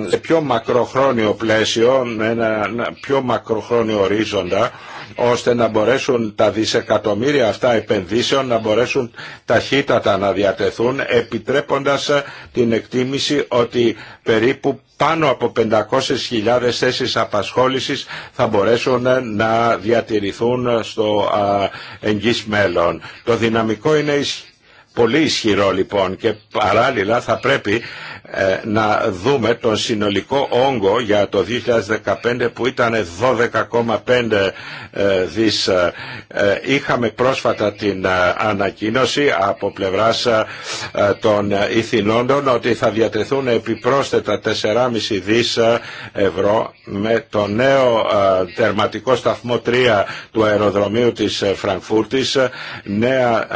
σε πιο μακροχρόνιο πλαίσιο, με ένα πιο μακροχρόνιο ορίζοντα, ώστε να μπορέσουν τα δισεκατομμύρια αυτά επενδύσεων να μπορέσουν ταχύτατα να διατεθούν επιτρέποντας ε, την εκτίμηση ότι περίπου πάνω από 500.000 θέσεις απασχόλησης θα μπορέσουν ε, να διατηρηθούν στο εγγύς μέλλον. Το δυναμικό είναι ισχυρό Πολύ ισχυρό λοιπόν και παράλληλα θα πρέπει ε, να δούμε τον συνολικό όγκο για το 2015 που ήταν 12,5 ε, δις. Ε, ε, είχαμε πρόσφατα την ανακοίνωση από πλευράς των ηθινόντων ότι θα διατεθούν επιπρόσθετα 4,5 δις ευρώ με το νέο τερματικό σταθμό 3 του αεροδρομίου της Φραγκφούρτης νέα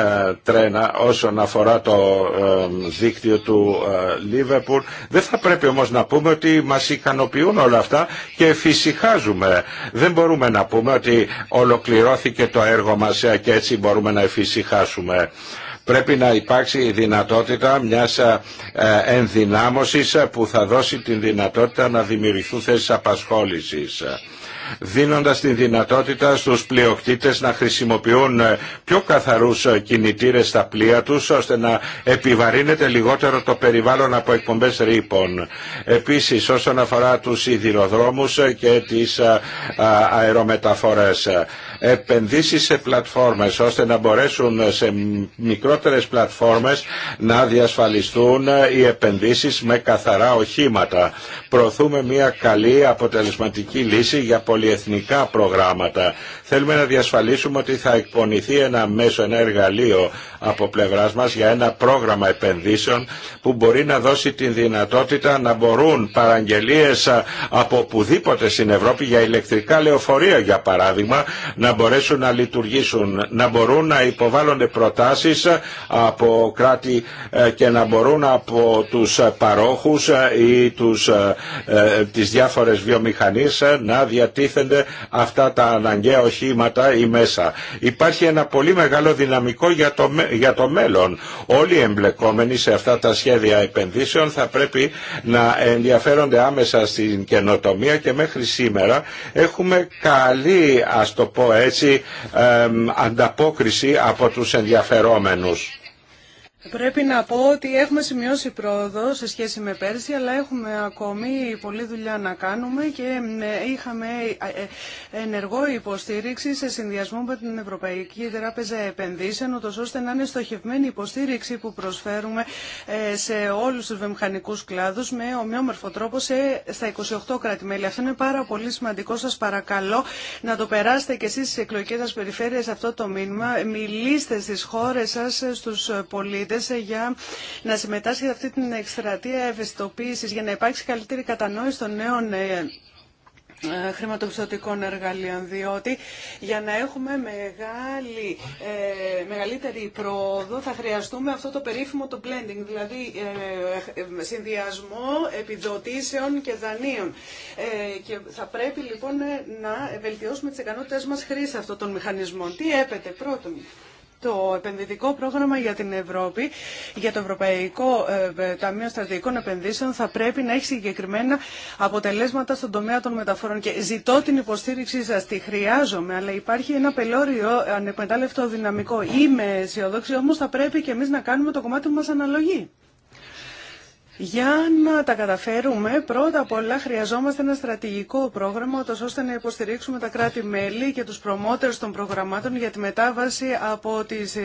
τρένα όσο όσον αφορά το ε, δίκτυο του ε, Λίβερπουλ. Δεν θα πρέπει όμως να πούμε ότι μας ικανοποιούν όλα αυτά και εφησυχάζουμε Δεν μπορούμε να πούμε ότι ολοκληρώθηκε το έργο μας και έτσι μπορούμε να εφησυχάσουμε πρέπει να υπάρξει η δυνατότητα μιας ε, ενδυνάμωσης που θα δώσει την δυνατότητα να δημιουργηθούν θέσεις απασχόλησης δίνοντας τη δυνατότητα στους πλειοκτήτες να χρησιμοποιούν ε, πιο καθαρούς ε, κινητήρες στα πλοία τους ώστε να επιβαρύνεται λιγότερο το περιβάλλον από εκπομπές ρήπων. Επίσης όσον αφορά τους σιδηροδρόμους ε, και τις αερομεταφορές επενδύσεις σε πλατφόρμες ώστε να μπορέσουν σε μικρότερες πλατφόρμες να διασφαλιστούν οι επενδύσεις με καθαρά οχήματα. Προωθούμε μια καλή αποτελεσματική λύση για πολυεθνικά προγράμματα. Θέλουμε να διασφαλίσουμε ότι θα εκπονηθεί ένα μέσο, ένα εργαλείο από πλευράς μας για ένα πρόγραμμα επενδύσεων που μπορεί να δώσει την δυνατότητα να μπορούν παραγγελίες από οπουδήποτε στην Ευρώπη για ηλεκτρικά λεωφορεία για παράδειγμα να μπορέσουν να λειτουργήσουν, να μπορούν να υποβάλλονται προτάσεις από κράτη ε, και να μπορούν από τους παρόχους ε, ή τους, ε, τις διάφορες βιομηχανίες να διατίθενται αυτά τα αναγκαία οχήματα ή μέσα. Υπάρχει ένα πολύ μεγάλο δυναμικό για το, για το μέλλον. Όλοι οι εμπλεκόμενοι σε αυτά τα σχέδια επενδύσεων θα πρέπει να ενδιαφέρονται άμεσα στην καινοτομία και μέχρι σήμερα έχουμε καλή, ας το πω έτσι, ανταπόκριση από τους ενδιαφερόμενους. Πρέπει να πω ότι έχουμε σημειώσει πρόοδο σε σχέση με πέρσι, αλλά έχουμε ακόμη πολλή δουλειά να κάνουμε και ε, είχαμε ε, ε, ενεργό υποστήριξη σε συνδυασμό με την Ευρωπαϊκή Τράπεζα Επενδύσεων, ώστε να είναι στοχευμένη η υποστήριξη που προσφέρουμε σε όλους τους βιομηχανικούς κλάδους με ομοιόμορφο τρόπο σε, στα 28 κράτη-μέλη. Αυτό είναι πάρα πολύ σημαντικό. Σας παρακαλώ να το περάσετε και εσείς στις εκλογικές σας περιφέρειες αυτό το μήνυμα. Μιλήστε στις χώρες σας, στους πολίτε. Ε, για να συμμετάσχει σε αυτή την εκστρατεία ευαισθητοποίησης για να υπάρξει καλύτερη κατανόηση των νέων ε, ε, χρηματοπιστωτικών εργαλείων, διότι για να έχουμε μεγάλη, μεγαλύτερη πρόοδο θα χρειαστούμε αυτό το περίφημο το blending, δηλαδή ε, συνδυασμό επιδοτήσεων και δανείων. και θα πρέπει λοιπόν να βελτιώσουμε τις ικανότητες μας χρήση αυτών των μηχανισμών. Τι έπεται πρώτον το επενδυτικό πρόγραμμα για την Ευρώπη, για το Ευρωπαϊκό ε, Ταμείο Στρατηγικών Επενδύσεων, θα πρέπει να έχει συγκεκριμένα αποτελέσματα στον τομέα των μεταφορών. Και ζητώ την υποστήριξή σα, τη χρειάζομαι, αλλά υπάρχει ένα πελώριο ανεκμετάλλευτο δυναμικό. Είμαι αισιοδόξη, όμω θα πρέπει και εμεί να κάνουμε το κομμάτι που μα αναλογεί. Για να τα καταφέρουμε, πρώτα απ' όλα χρειαζόμαστε ένα στρατηγικό πρόγραμμα, ώστε να υποστηρίξουμε τα κράτη-μέλη και τους προμότερους των προγραμμάτων για τη μετάβαση από τις, ε,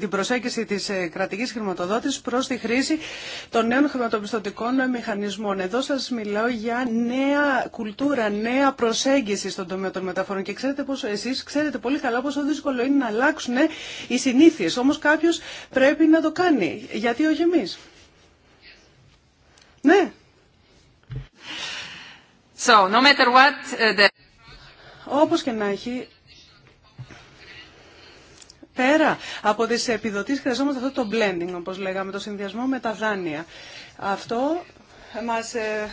την προσέγγιση της ε, κρατικής χρηματοδότησης προς τη χρήση των νέων χρηματοπιστωτικών μηχανισμών. Εδώ σας μιλάω για νέα κουλτούρα, νέα προσέγγιση στον τομέα των μεταφορών και ξέρετε πως εσείς ξέρετε πολύ καλά πόσο δύσκολο είναι να αλλάξουν οι συνήθειες, όμως κάποιος πρέπει να το κάνει. Γιατί όχι εμείς. Ναι. So, no matter what, uh, Όπως και να έχει, πέρα από τις επιδοτήσεις χρειαζόμαστε αυτό το blending, όπως λέγαμε, το συνδυασμό με τα δάνεια. Αυτό μας ε,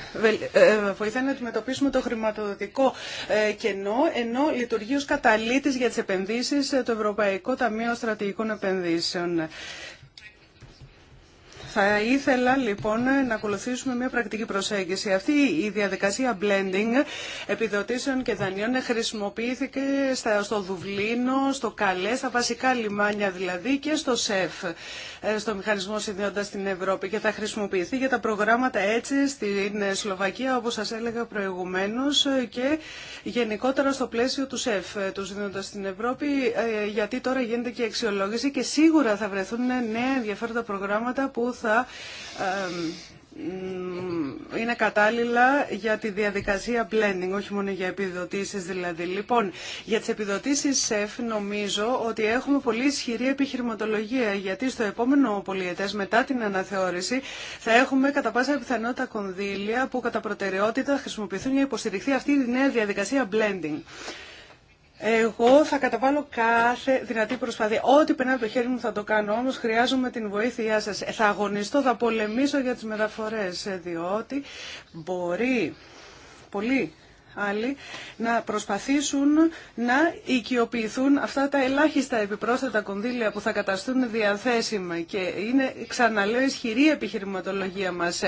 ε, βοηθάει να αντιμετωπίσουμε το χρηματοδοτικό ε, κενό, ενώ λειτουργεί ως καταλήτης για τις επενδύσεις το Ευρωπαϊκό Ταμείο Στρατηγικών Επενδύσεων. Θα ήθελα λοιπόν να ακολουθήσουμε μια πρακτική προσέγγιση. Αυτή η διαδικασία blending επιδοτήσεων και δανείων χρησιμοποιήθηκε στο Δουβλίνο, στο Καλέ, στα βασικά λιμάνια δηλαδή και στο ΣΕΦ, ε, στο Μηχανισμό Συνδέοντα στην Ευρώπη και θα χρησιμοποιηθεί για τα προγράμματα έτσι στην Σλοβακία όπω σα έλεγα προηγουμένω και γενικότερα στο πλαίσιο του ΣΕΦ, ε, του Συνδέοντα στην Ευρώπη ε, γιατί τώρα γίνεται και αξιολόγηση και σίγουρα θα βρεθούν νέα ενδιαφέροντα προγράμματα που θα είναι κατάλληλα για τη διαδικασία blending, όχι μόνο για επιδοτήσεις δηλαδή. Λοιπόν, για τις επιδοτήσεις ΣΕΦ νομίζω ότι έχουμε πολύ ισχυρή επιχειρηματολογία, γιατί στο επόμενο πολιετές μετά την αναθεώρηση θα έχουμε κατά πάσα πιθανότητα κονδύλια που κατά προτεραιότητα χρησιμοποιηθούν για υποστηριχθεί αυτή η νέα διαδικασία blending. Εγώ θα καταβάλω κάθε δυνατή προσπάθεια. Ό,τι περνάει από το χέρι μου θα το κάνω, όμως χρειάζομαι την βοήθειά σας. Ε, θα αγωνιστώ, θα πολεμήσω για τις μεταφορέ ε, διότι μπορεί πολλοί άλλοι να προσπαθήσουν να οικειοποιηθούν αυτά τα ελάχιστα επιπρόσθετα κονδύλια που θα καταστούν διαθέσιμα και είναι ξαναλέω ισχυρή επιχειρηματολογία μας.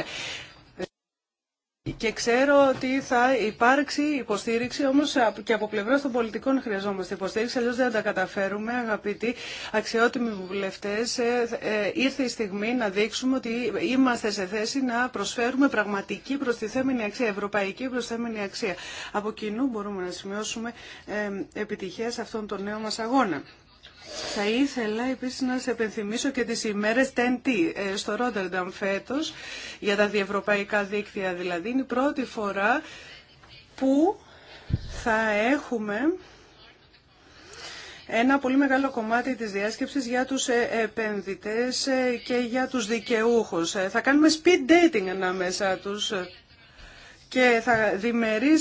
Και ξέρω ότι θα υπάρξει υποστήριξη, όμω και από πλευρά των πολιτικών χρειαζόμαστε υποστήριξη, αλλιώ δεν τα καταφέρουμε, αγαπητοί αξιότιμοι βουλευτέ. Ε, ε, ήρθε η στιγμή να δείξουμε ότι είμαστε σε θέση να προσφέρουμε πραγματική προστιθέμενη αξία, ευρωπαϊκή προστιθέμενη αξία. Από κοινού μπορούμε να σημειώσουμε ε, επιτυχία σε αυτόν τον νέο μα αγώνα. Θα ήθελα επίσης να σε επενθυμίσω και τις ημέρες TNT ε, στο Ρότερνταμ φέτος, για τα διευρωπαϊκά δίκτυα δηλαδή. Είναι η πρώτη φορά που θα έχουμε ένα πολύ μεγάλο κομμάτι της διάσκεψης για τους ε, επενδυτές ε, και για τους δικαιούχους. Θα κάνουμε speed dating ανάμεσα τους και θα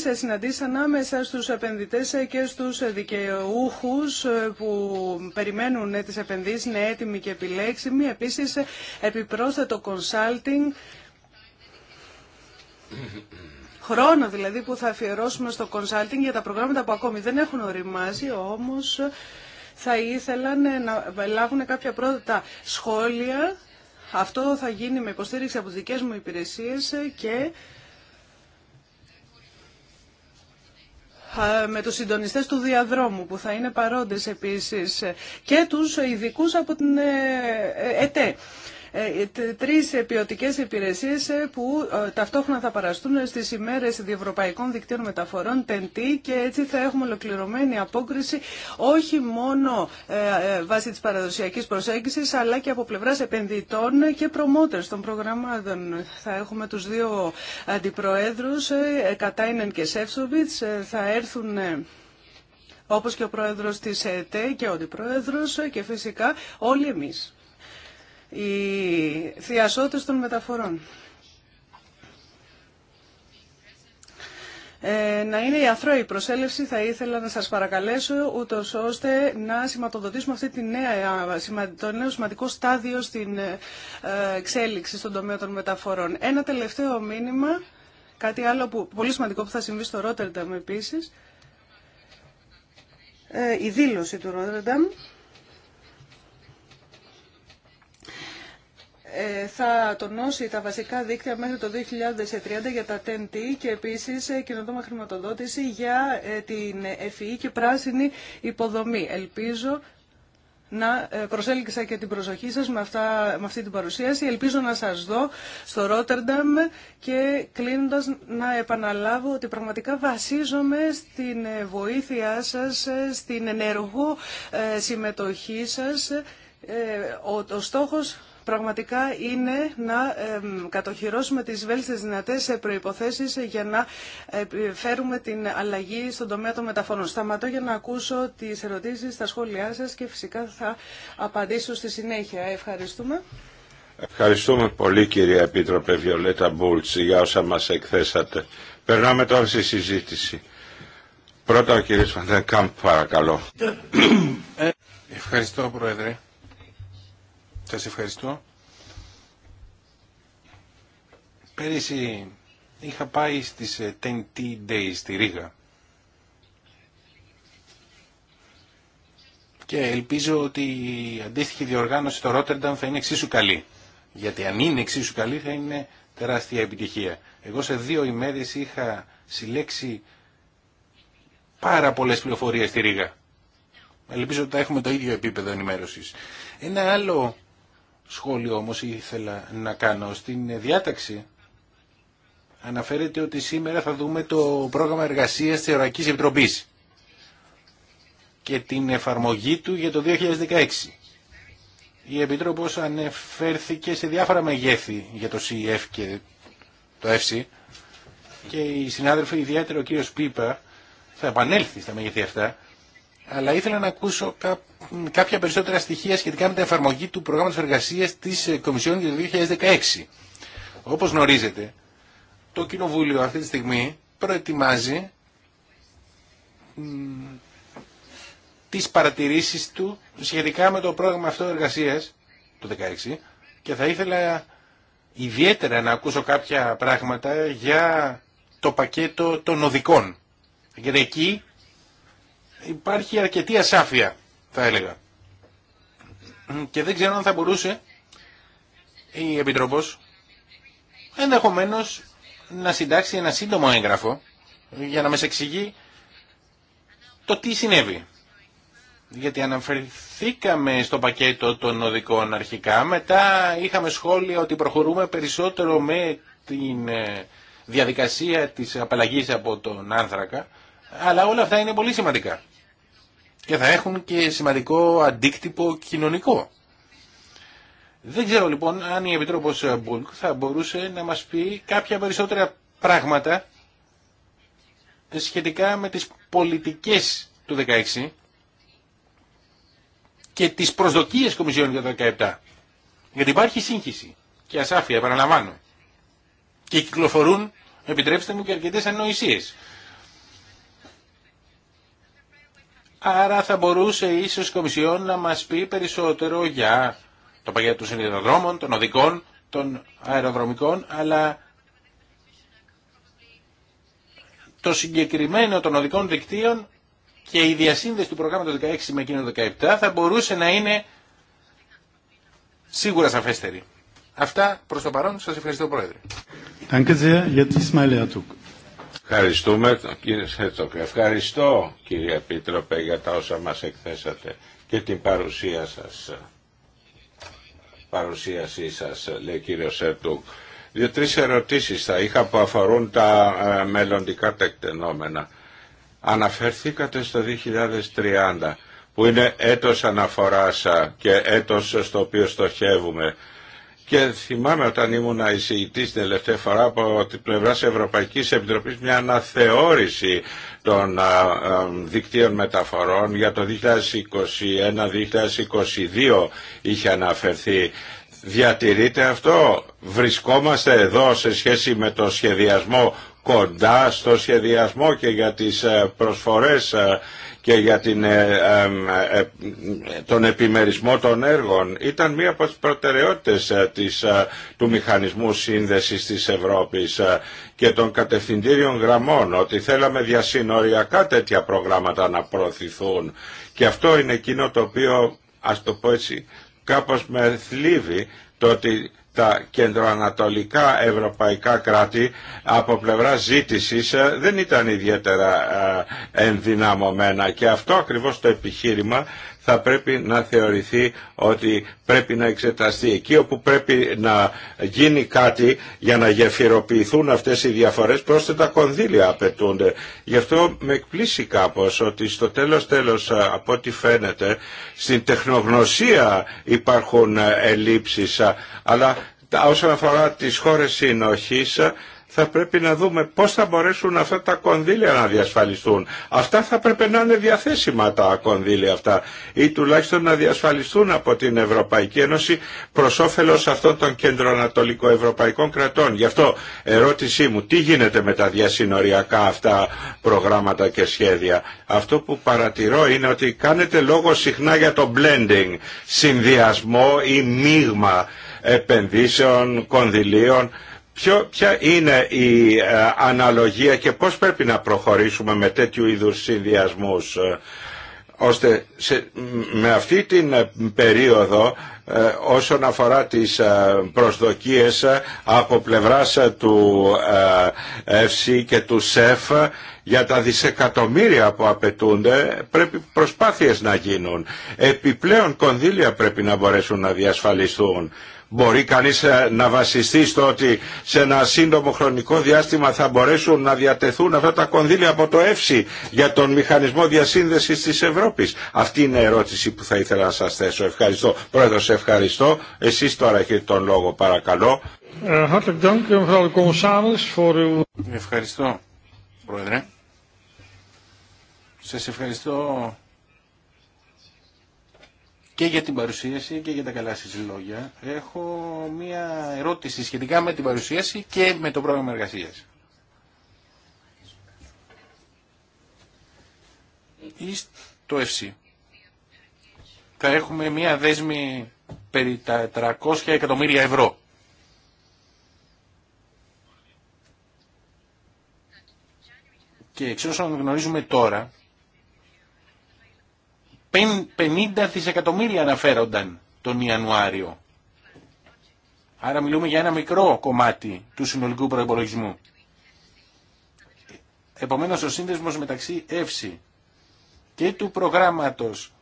σε συναντήσεις ανάμεσα στους επενδυτές και στους δικαιούχους που περιμένουν ναι, τις επενδύσεις, είναι έτοιμοι και επιλέξιμοι. Επίσης, επιπρόσθετο consulting, χρόνο δηλαδή που θα αφιερώσουμε στο consulting για τα προγράμματα που ακόμη δεν έχουν οριμάσει, όμως θα ήθελαν ε, να λάβουν κάποια πρώτα σχόλια. Αυτό θα γίνει με υποστήριξη από δικές μου υπηρεσίες ε, και Ε, με τους συντονιστές του διαδρόμου που θα είναι παρόντες επίσης ε, και τους ειδικού από την ε, ΕΤΕ. Ε, τρεις ποιοτικέ υπηρεσίες ε, που ε, ταυτόχρονα θα παραστούν στις ημέρες διευρωπαϊκών δικτύων τεντή, και έτσι θα έχουμε ολοκληρωμένη απόκριση όχι μόνο βάσει της παραδοσιακής προσέγγισης αλλά και από πλευράς επενδυτών και προμότερς των προγραμμάτων. Θα έχουμε τους δύο αντιπροέδρους, Κατάινεν και Σεύσοβιτς, θα έρθουν όπως και ο πρόεδρος της ΕΤΕ και ο αντιπρόεδρος και φυσικά όλοι εμείς. Οι θειασότες των μεταφορών. Ε, να είναι η αθρώη προσέλευση θα ήθελα να σας παρακαλέσω ούτω ώστε να σηματοδοτήσουμε αυτή τη νέα, το νέο σημαντικό στάδιο στην ε, εξέλιξη στον τομέα των μεταφορών. Ένα τελευταίο μήνυμα, κάτι άλλο που, πολύ σημαντικό που θα συμβεί στο Ρότερνταμ επίσης, ε, η δήλωση του Ρότερνταμ Ε, θα τονώσει τα βασικά δίκτυα μέχρι το 2030 για τα TNT και επίσης ε, καινοτόμα χρηματοδότηση για ε, την ΕΦΗ e και πράσινη υποδομή. Ελπίζω να προσέλκυσα και την προσοχή σας με, αυτά, με αυτή την παρουσίαση. Ελπίζω να σας δω στο Ρότερνταμ και κλείνοντας να επαναλάβω ότι πραγματικά βασίζομαι στην βοήθειά σας, στην ενεργού συμμετοχή σας. Ο, ο στόχος πραγματικά είναι να κατοχυρώσουμε τις βέλτιστες δυνατές ε, προϋποθέσεις ε, για να ε, φέρουμε την αλλαγή στον τομέα των μεταφορών. Σταματώ για να ακούσω τις ερωτήσεις, τα σχόλιά σας και φυσικά θα απαντήσω στη συνέχεια. Ευχαριστούμε. Ευχαριστούμε πολύ κυρία Επίτροπε Βιολέτα Μπούλτς για όσα μας εκθέσατε. Περνάμε τώρα στη συζήτηση. Πρώτα ο κύριος Φαντέν παρακαλώ. Ευχαριστώ Πρόεδρε. Σα ευχαριστώ. Πέρυσι είχα πάει στις 10T ε, Days στη Ρίγα Και ελπίζω ότι η αντίστοιχη διοργάνωση στο Ρότερνταμ θα είναι εξίσου καλή. Γιατί αν είναι εξίσου καλή θα είναι τεράστια επιτυχία. Εγώ σε δύο ημέρες είχα συλλέξει πάρα πολλές πληροφορίες στη Ρίγα. Ελπίζω ότι θα έχουμε το ίδιο επίπεδο ενημέρωσης. Ένα άλλο σχόλιο όμως ήθελα να κάνω. Στην διάταξη αναφέρεται ότι σήμερα θα δούμε το πρόγραμμα εργασίας της Ευρωπαϊκής Επιτροπής και την εφαρμογή του για το 2016. Η Επίτροπος ανεφέρθηκε σε διάφορα μεγέθη για το CEF και το ΕΦΣΥ και οι συνάδελφοι, ιδιαίτερα ο κύριος Πίπα, θα επανέλθει στα μεγέθη αυτά αλλά ήθελα να ακούσω κάποια περισσότερα στοιχεία σχετικά με την εφαρμογή του προγράμματος εργασίας της ε, Κομισιόν για το 2016. Όπως γνωρίζετε, το Κοινοβούλιο αυτή τη στιγμή προετοιμάζει τις παρατηρήσεις του σχετικά με το πρόγραμμα αυτό εργασίας το 2016 και θα ήθελα ιδιαίτερα να ακούσω κάποια πράγματα για το πακέτο των οδικών. Γιατί εκεί υπάρχει αρκετή ασάφεια θα έλεγα και δεν ξέρω αν θα μπορούσε η Επιτροπός ενδεχομένως να συντάξει ένα σύντομο έγγραφο για να μας εξηγεί το τι συνέβη. Γιατί αναφερθήκαμε στο πακέτο των οδικών αρχικά, μετά είχαμε σχόλια ότι προχωρούμε περισσότερο με την ε, διαδικασία της απαλλαγής από τον άνθρακα, αλλά όλα αυτά είναι πολύ σημαντικά και θα έχουν και σημαντικό αντίκτυπο κοινωνικό. Δεν ξέρω λοιπόν αν η Επιτρόπος Μπούλκ θα μπορούσε να μας πει κάποια περισσότερα πράγματα σχετικά με τις πολιτικές του 16 και τις προσδοκίες Κομισιόν για το 17. Γιατί υπάρχει σύγχυση και ασάφεια, επαναλαμβάνω. Και κυκλοφορούν, επιτρέψτε μου, και αρκετές ανοησίες. Άρα θα μπορούσε ίσως η Κομισιόν να μας πει περισσότερο για το παγιά των συνδεδρόμων, των οδικών, των αεροδρομικών, αλλά το συγκεκριμένο των οδικών δικτύων και η διασύνδεση του προγράμματος 16 με εκείνο 17 θα μπορούσε να είναι σίγουρα σαφέστερη. Αυτά προς το παρόν. Σας ευχαριστώ Πρόεδρε. Ευχαριστούμε κύριε Σέτσοκ. Ευχαριστώ κύριε Επίτροπε για τα όσα μας εκθέσατε και την παρουσία σας. Παρουσίασή σας λέει κύριο Σέτουκ. Δύο-τρεις ερωτήσεις θα είχα που αφορούν τα ε, μελλοντικά τεκτενόμενα. Αναφερθήκατε στο 2030 που είναι έτος αναφοράς και έτος στο οποίο στοχεύουμε και θυμάμαι όταν ήμουν εισηγητή την τελευταία φορά από την πλευρά της Ευρωπαϊκής Επιτροπής μια αναθεώρηση των δικτύων μεταφορών για το 2021-2022 είχε αναφερθεί. Διατηρείται αυτό, βρισκόμαστε εδώ σε σχέση με το σχεδιασμό κοντά στο σχεδιασμό και για τις ε, προσφορές ε, και για ε, ε, ε, τον επιμερισμό των έργων ήταν μία από τις προτεραιότητες της, του μηχανισμού σύνδεσης της Ευρώπης και των κατευθυντήριων γραμμών ότι θέλαμε διασυνοριακά τέτοια προγράμματα να προωθηθούν και αυτό είναι εκείνο το οποίο ας το πω έτσι κάπως με θλίβει το ότι τα κεντροανατολικά ευρωπαϊκά κράτη από πλευρά ζήτησης ε, δεν ήταν ιδιαίτερα ε, ενδυναμωμένα και αυτό ακριβώς το επιχείρημα θα πρέπει να θεωρηθεί ότι πρέπει να εξεταστεί. Εκεί όπου πρέπει να γίνει κάτι για να γεφυροποιηθούν αυτές οι διαφορές πρόσθετα κονδύλια απαιτούνται. Γι' αυτό με εκπλήσει κάπως ότι στο τέλος τέλος από ό,τι φαίνεται στην τεχνογνωσία υπάρχουν ελλείψεις αλλά όσον αφορά τις χώρες συνοχής θα πρέπει να δούμε πώς θα μπορέσουν αυτά τα κονδύλια να διασφαλιστούν. Αυτά θα πρέπει να είναι διαθέσιμα τα κονδύλια αυτά ή τουλάχιστον να διασφαλιστούν από την Ευρωπαϊκή Ένωση προς όφελος αυτών των κεντροανατολικοευρωπαϊκών κρατών. Γι' αυτό ερώτησή μου, τι γίνεται με τα διασυνοριακά αυτά προγράμματα και σχέδια. Αυτό που παρατηρώ είναι ότι κάνετε λόγο συχνά για το blending, συνδυασμό ή μείγμα επενδύσεων, κονδυλίων ποια είναι η ε, αναλογία και πώς πρέπει να προχωρήσουμε με τέτοιου είδους συνδυασμούς ε, ώστε με αυτή την ε, περίοδο όσον αφορά τις προσδοκίες από πλευράς του ΕΦΣΥ και του ΣΕΦ για τα δισεκατομμύρια που απαιτούνται πρέπει προσπάθειες να γίνουν. Επιπλέον κονδύλια πρέπει να μπορέσουν να διασφαλιστούν μπορεί κανείς ε, να βασιστεί στο ότι σε ένα σύντομο χρονικό διάστημα θα μπορέσουν να διατεθούν αυτά τα κονδύλια από το ΕΦΣΥ για τον μηχανισμό διασύνδεσης της Ευρώπης. Αυτή είναι η ερώτηση που θα ήθελα να σας θέσω. Ευχαριστώ. σε ευχαριστώ. Εσείς τώρα έχετε τον λόγο, παρακαλώ. Ε, ευχαριστώ, Πρόεδρε. Σας ευχαριστώ και για την παρουσίαση και για τα καλά σα λόγια. Έχω μία ερώτηση σχετικά με την παρουσίαση και με το πρόγραμμα εργασίας. Ή στο ΕΦΣΥ. Θα έχουμε μία δέσμη περί τα 300 εκατομμύρια ευρώ. Και εξ όσων γνωρίζουμε τώρα, 50 δισεκατομμύρια αναφέρονταν τον Ιανουάριο. Άρα μιλούμε για ένα μικρό κομμάτι του συνολικού προϋπολογισμού. Επομένως ο σύνδεσμος μεταξύ ΕΦΣΙ και του προγράμματος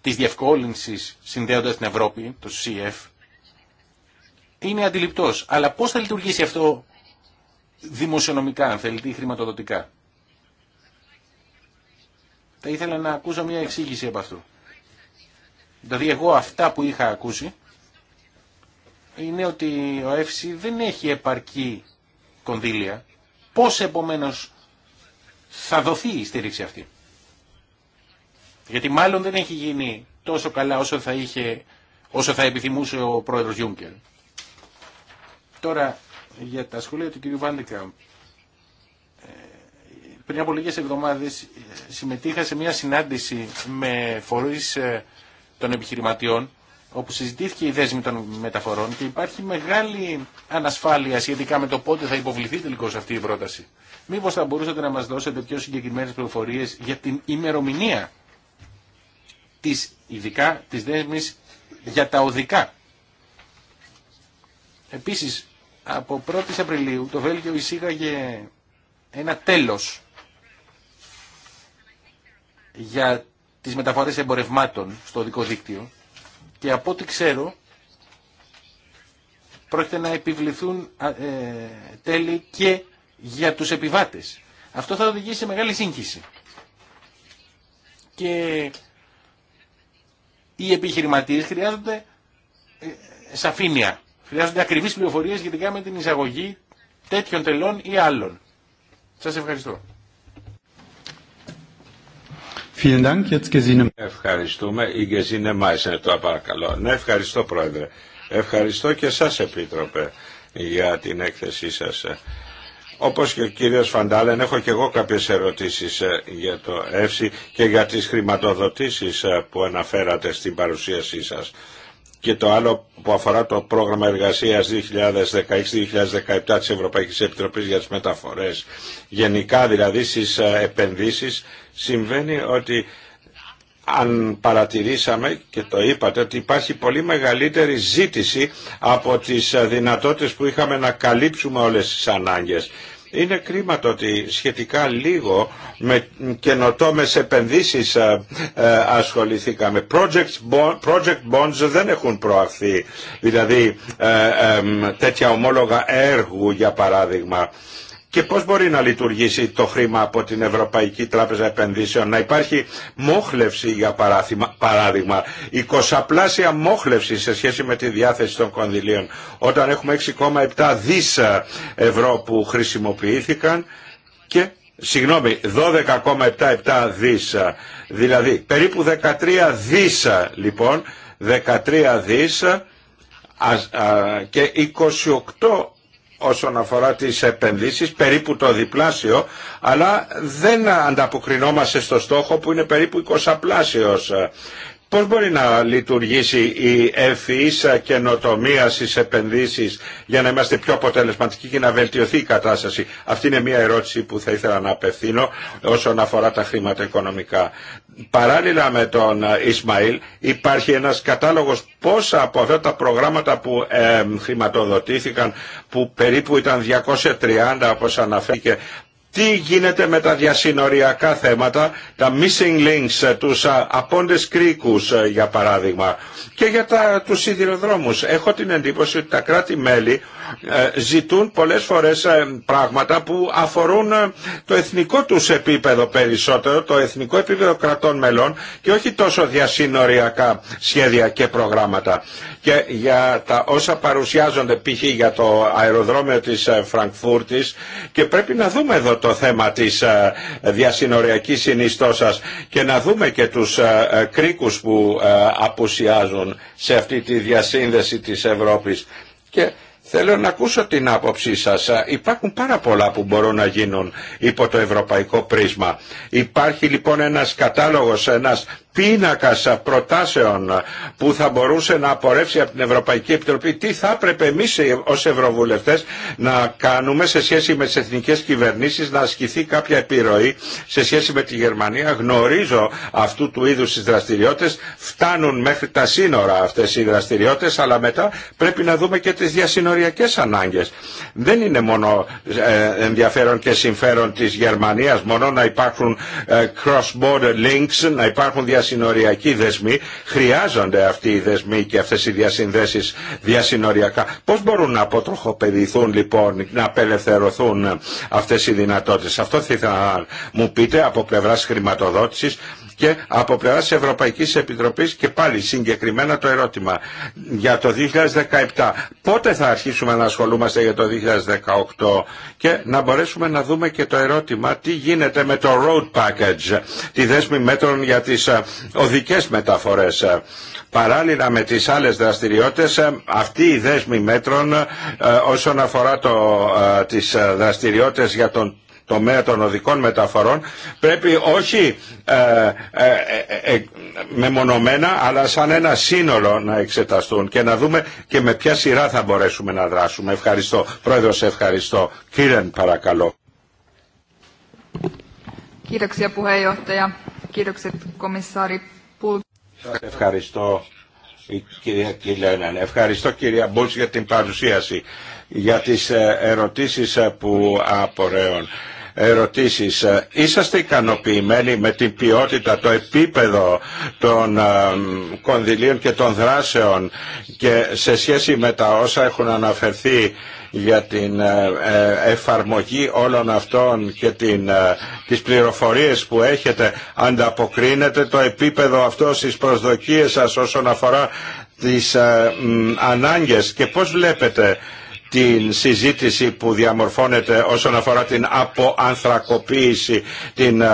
της διευκόλυνσης συνδέοντας την Ευρώπη, το CF, είναι αντιληπτός. Αλλά πώς θα λειτουργήσει αυτό δημοσιονομικά, αν θέλετε, ή χρηματοδοτικά. Θα ήθελα να ακούσω μια εξήγηση από αυτού. Δηλαδή εγώ αυτά που είχα ακούσει είναι ότι ο ΕΦΣΙ δεν έχει επαρκή κονδύλια. Πώς επομένως θα δοθεί η στήριξη αυτή. Γιατί μάλλον δεν έχει γίνει τόσο καλά όσο θα, είχε, όσο θα επιθυμούσε ο πρόεδρος Γιούγκερ. Τώρα για τα σχολεία του κ. Βάντεκα πριν από λίγες εβδομάδες ε, συμμετείχα σε μια συνάντηση με φορείς ε, των επιχειρηματιών όπου συζητήθηκε η δέσμη των μεταφορών και υπάρχει μεγάλη ανασφάλεια σχετικά με το πότε θα υποβληθεί τελικώ αυτή η πρόταση. Μήπω θα μπορούσατε να μα δώσετε πιο συγκεκριμένε πληροφορίε για την ημερομηνία τη ειδικά τη δέσμη για τα οδικά. Επίση, από 1η Απριλίου το Βέλγιο εισήγαγε ένα τέλος για τις μεταφορές εμπορευμάτων στο δικό δίκτυο και από ό,τι ξέρω πρόκειται να επιβληθούν ε, τέλη και για τους επιβάτες. Αυτό θα οδηγήσει σε μεγάλη σύγχυση. Και οι επιχειρηματίες χρειάζονται ε, σαφήνεια. Χρειάζονται ακριβείς πληροφορίες σχετικά με την εισαγωγή τέτοιων τελών ή άλλων. Σας ευχαριστώ. Ευχαριστούμε. Η Γκεζίνε είναι το παρακαλώ. Ναι, ευχαριστώ Πρόεδρε. Ευχαριστώ και σας Επίτροπε για την έκθεσή σας. Όπως και ο κύριος Φαντάλεν, έχω και εγώ κάποιες ερωτήσεις ε, για το ΕΦΣΥ και για τις χρηματοδοτήσεις ε, που αναφέρατε στην παρουσίασή σας και το άλλο που αφορά το πρόγραμμα εργασίας 2016-2017 της Ευρωπαϊκής Επιτροπής για τις Μεταφορές. Γενικά δηλαδή στις ε, επενδύσεις συμβαίνει ότι αν παρατηρήσαμε και το είπατε ότι υπάρχει πολύ μεγαλύτερη ζήτηση από τις ε, δυνατότητες που είχαμε να καλύψουμε όλες τις ανάγκες. Είναι κρίμα το ότι σχετικά λίγο με καινοτόμες επενδύσεις ε, ε, ασχοληθήκαμε. Project, project bonds δεν έχουν προαχθεί, δηλαδή ε, τέτοια ομόλογα έργου για παράδειγμα και πώς μπορεί να λειτουργήσει το χρήμα από την Ευρωπαϊκή Τράπεζα Επενδύσεων. Να υπάρχει μόχλευση για παράδειγμα, 20 πλάσια μόχλευση σε σχέση με τη διάθεση των κονδυλίων. Όταν έχουμε 6,7 δις ευρώ που χρησιμοποιήθηκαν και συγγνώμη, 12,77 δις, δηλαδή περίπου 13 δις λοιπόν, 13 δις και 28 όσον αφορά τις επενδύσεις, περίπου το διπλάσιο, αλλά δεν ανταποκρινόμαστε στο στόχο που είναι περίπου 20 πλάσιος. Πώς μπορεί να λειτουργήσει η ευφυής καινοτομία στις επενδύσεις για να είμαστε πιο αποτελεσματικοί και να βελτιωθεί η κατάσταση. Αυτή είναι μια ερώτηση που θα ήθελα να απευθύνω όσον αφορά τα χρήματα οικονομικά. Παράλληλα με τον Ισμαήλ υπάρχει ένας κατάλογος πόσα από αυτά τα προγράμματα που χρηματοδοτήθηκαν που περίπου ήταν 230 όπως αναφέρθηκε τι γίνεται με τα διασυνοριακά θέματα, τα missing links, ε, τους ε, απόντες κρίκους ε, για παράδειγμα και για τα, τους σιδηροδρόμους. Έχω την εντύπωση ότι τα κράτη-μέλη ζητούν πολλές φορές πράγματα που αφορούν το εθνικό τους επίπεδο περισσότερο, το εθνικό επίπεδο κρατών μελών και όχι τόσο διασυνοριακά σχέδια και προγράμματα. Και για τα όσα παρουσιάζονται π.χ. για το αεροδρόμιο της Φραγκφούρτης και πρέπει να δούμε εδώ το θέμα της ε, διασυνοριακής συνιστώσας και να δούμε και τους ε, ε, κρίκους που απουσιάζουν σε αυτή τη διασύνδεση της Ευρώπης. Και Θέλω να ακούσω την άποψή σας. Υπάρχουν πάρα πολλά που μπορούν να γίνουν υπό το ευρωπαϊκό πρίσμα. Υπάρχει λοιπόν ένας κατάλογος, ένας πίνακας προτάσεων που θα μπορούσε να απορρεύσει από την Ευρωπαϊκή Επιτροπή τι θα έπρεπε εμεί ως Ευρωβουλευτές να κάνουμε σε σχέση με τις εθνικές κυβερνήσεις να ασκηθεί κάποια επιρροή σε σχέση με τη Γερμανία. Γνωρίζω αυτού του είδους τις δραστηριότητες, φτάνουν μέχρι τα σύνορα αυτές οι δραστηριότητες, αλλά μετά πρέπει να δούμε και τις διασυνοριακές ανάγκες. Δεν είναι μόνο ε, ενδιαφέρον και συμφέρον της Γερμανία, μόνο να υπάρχουν ε, cross-border links, να υπάρχουν διασυνοριακοί δεσμοί. Χρειάζονται αυτοί οι δεσμοί και αυτές οι διασυνδέσεις διασυνοριακά. Πώς μπορούν να αποτροχοπεδηθούν λοιπόν, να απελευθερωθούν αυτές οι δυνατότητες. Αυτό θα ήθελα να μου πείτε από πλευράς χρηματοδότησης και από πλευρά Ευρωπαϊκή Επιτροπή και πάλι συγκεκριμένα το ερώτημα για το 2017. Πότε θα αρχίσουμε να ασχολούμαστε για το 2018 και να μπορέσουμε να δούμε και το ερώτημα τι γίνεται με το road package, τη δέσμη μέτρων για τις ε, οδικές μεταφορές. Ε, παράλληλα με τις άλλες δραστηριότητες, ε, αυτή η δέσμη μέτρων ε, όσον αφορά το, τις δραστηριότητες για τον τομέα των οδικών μεταφορών πρέπει όχι ε, ε, μεμονωμένα αλλά σαν ένα σύνολο να εξεταστούν και να δούμε και με ποια σειρά θα μπορέσουμε να δράσουμε. Ευχαριστώ. Πρόεδρος, ευχαριστώ. Κύριε, παρακαλώ ευχαριστώ κυρία Κιλέναν. Ευχαριστώ κυρία Μπούς για την παρουσίαση, για τις ε, ερωτήσεις ε, που απορρέουν. Ερωτήσεις. Ε, είσαστε ικανοποιημένοι με την ποιότητα, το επίπεδο των κονδυλίων και των δράσεων και σε σχέση με τα όσα έχουν αναφερθεί για την ε, ε, εφαρμογή όλων αυτών και την, ε, τις πληροφορίες που έχετε ανταποκρίνεται το επίπεδο αυτό στις προσδοκίες σας όσον αφορά τις ανάγκες και πώς βλέπετε την συζήτηση που διαμορφώνεται όσον αφορά την αποανθρακοποίηση, την ε,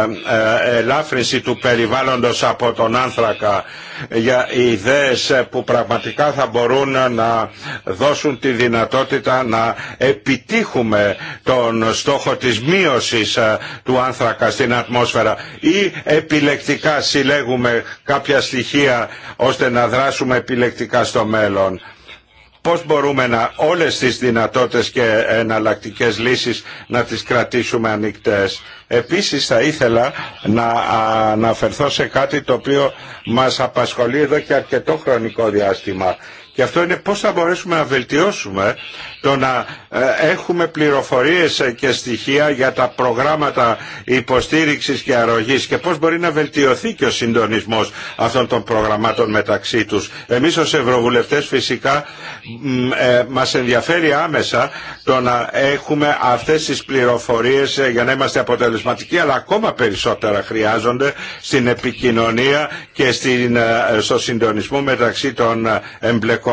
ε, ελάφρυνση του περιβάλλοντος από τον άνθρακα για ιδέες που πραγματικά θα μπορούν να δώσουν τη δυνατότητα να επιτύχουμε τον στόχο της μείωσης ε, του άνθρακα στην ατμόσφαιρα ή επιλεκτικά συλλέγουμε κάποια στοιχεία ώστε να δράσουμε επιλεκτικά στο μέλλον πώς μπορούμε να όλες τις δυνατότητες και εναλλακτικέ λύσεις να τις κρατήσουμε ανοιχτές. Επίσης θα ήθελα να αναφερθώ σε κάτι το οποίο μας απασχολεί εδώ και αρκετό χρονικό διάστημα και αυτό είναι πώς θα μπορέσουμε να βελτιώσουμε το να ε, έχουμε πληροφορίες και στοιχεία για τα προγράμματα υποστήριξης και αρρωγής και πώς μπορεί να βελτιωθεί και ο συντονισμός αυτών των προγραμμάτων μεταξύ τους. Εμείς ως Ευρωβουλευτές φυσικά ε, μας ενδιαφέρει άμεσα το να έχουμε αυτές τις πληροφορίες ε, για να είμαστε αποτελεσματικοί αλλά ακόμα περισσότερα χρειάζονται στην επικοινωνία και στο συντονισμό μεταξύ των εμπλεκών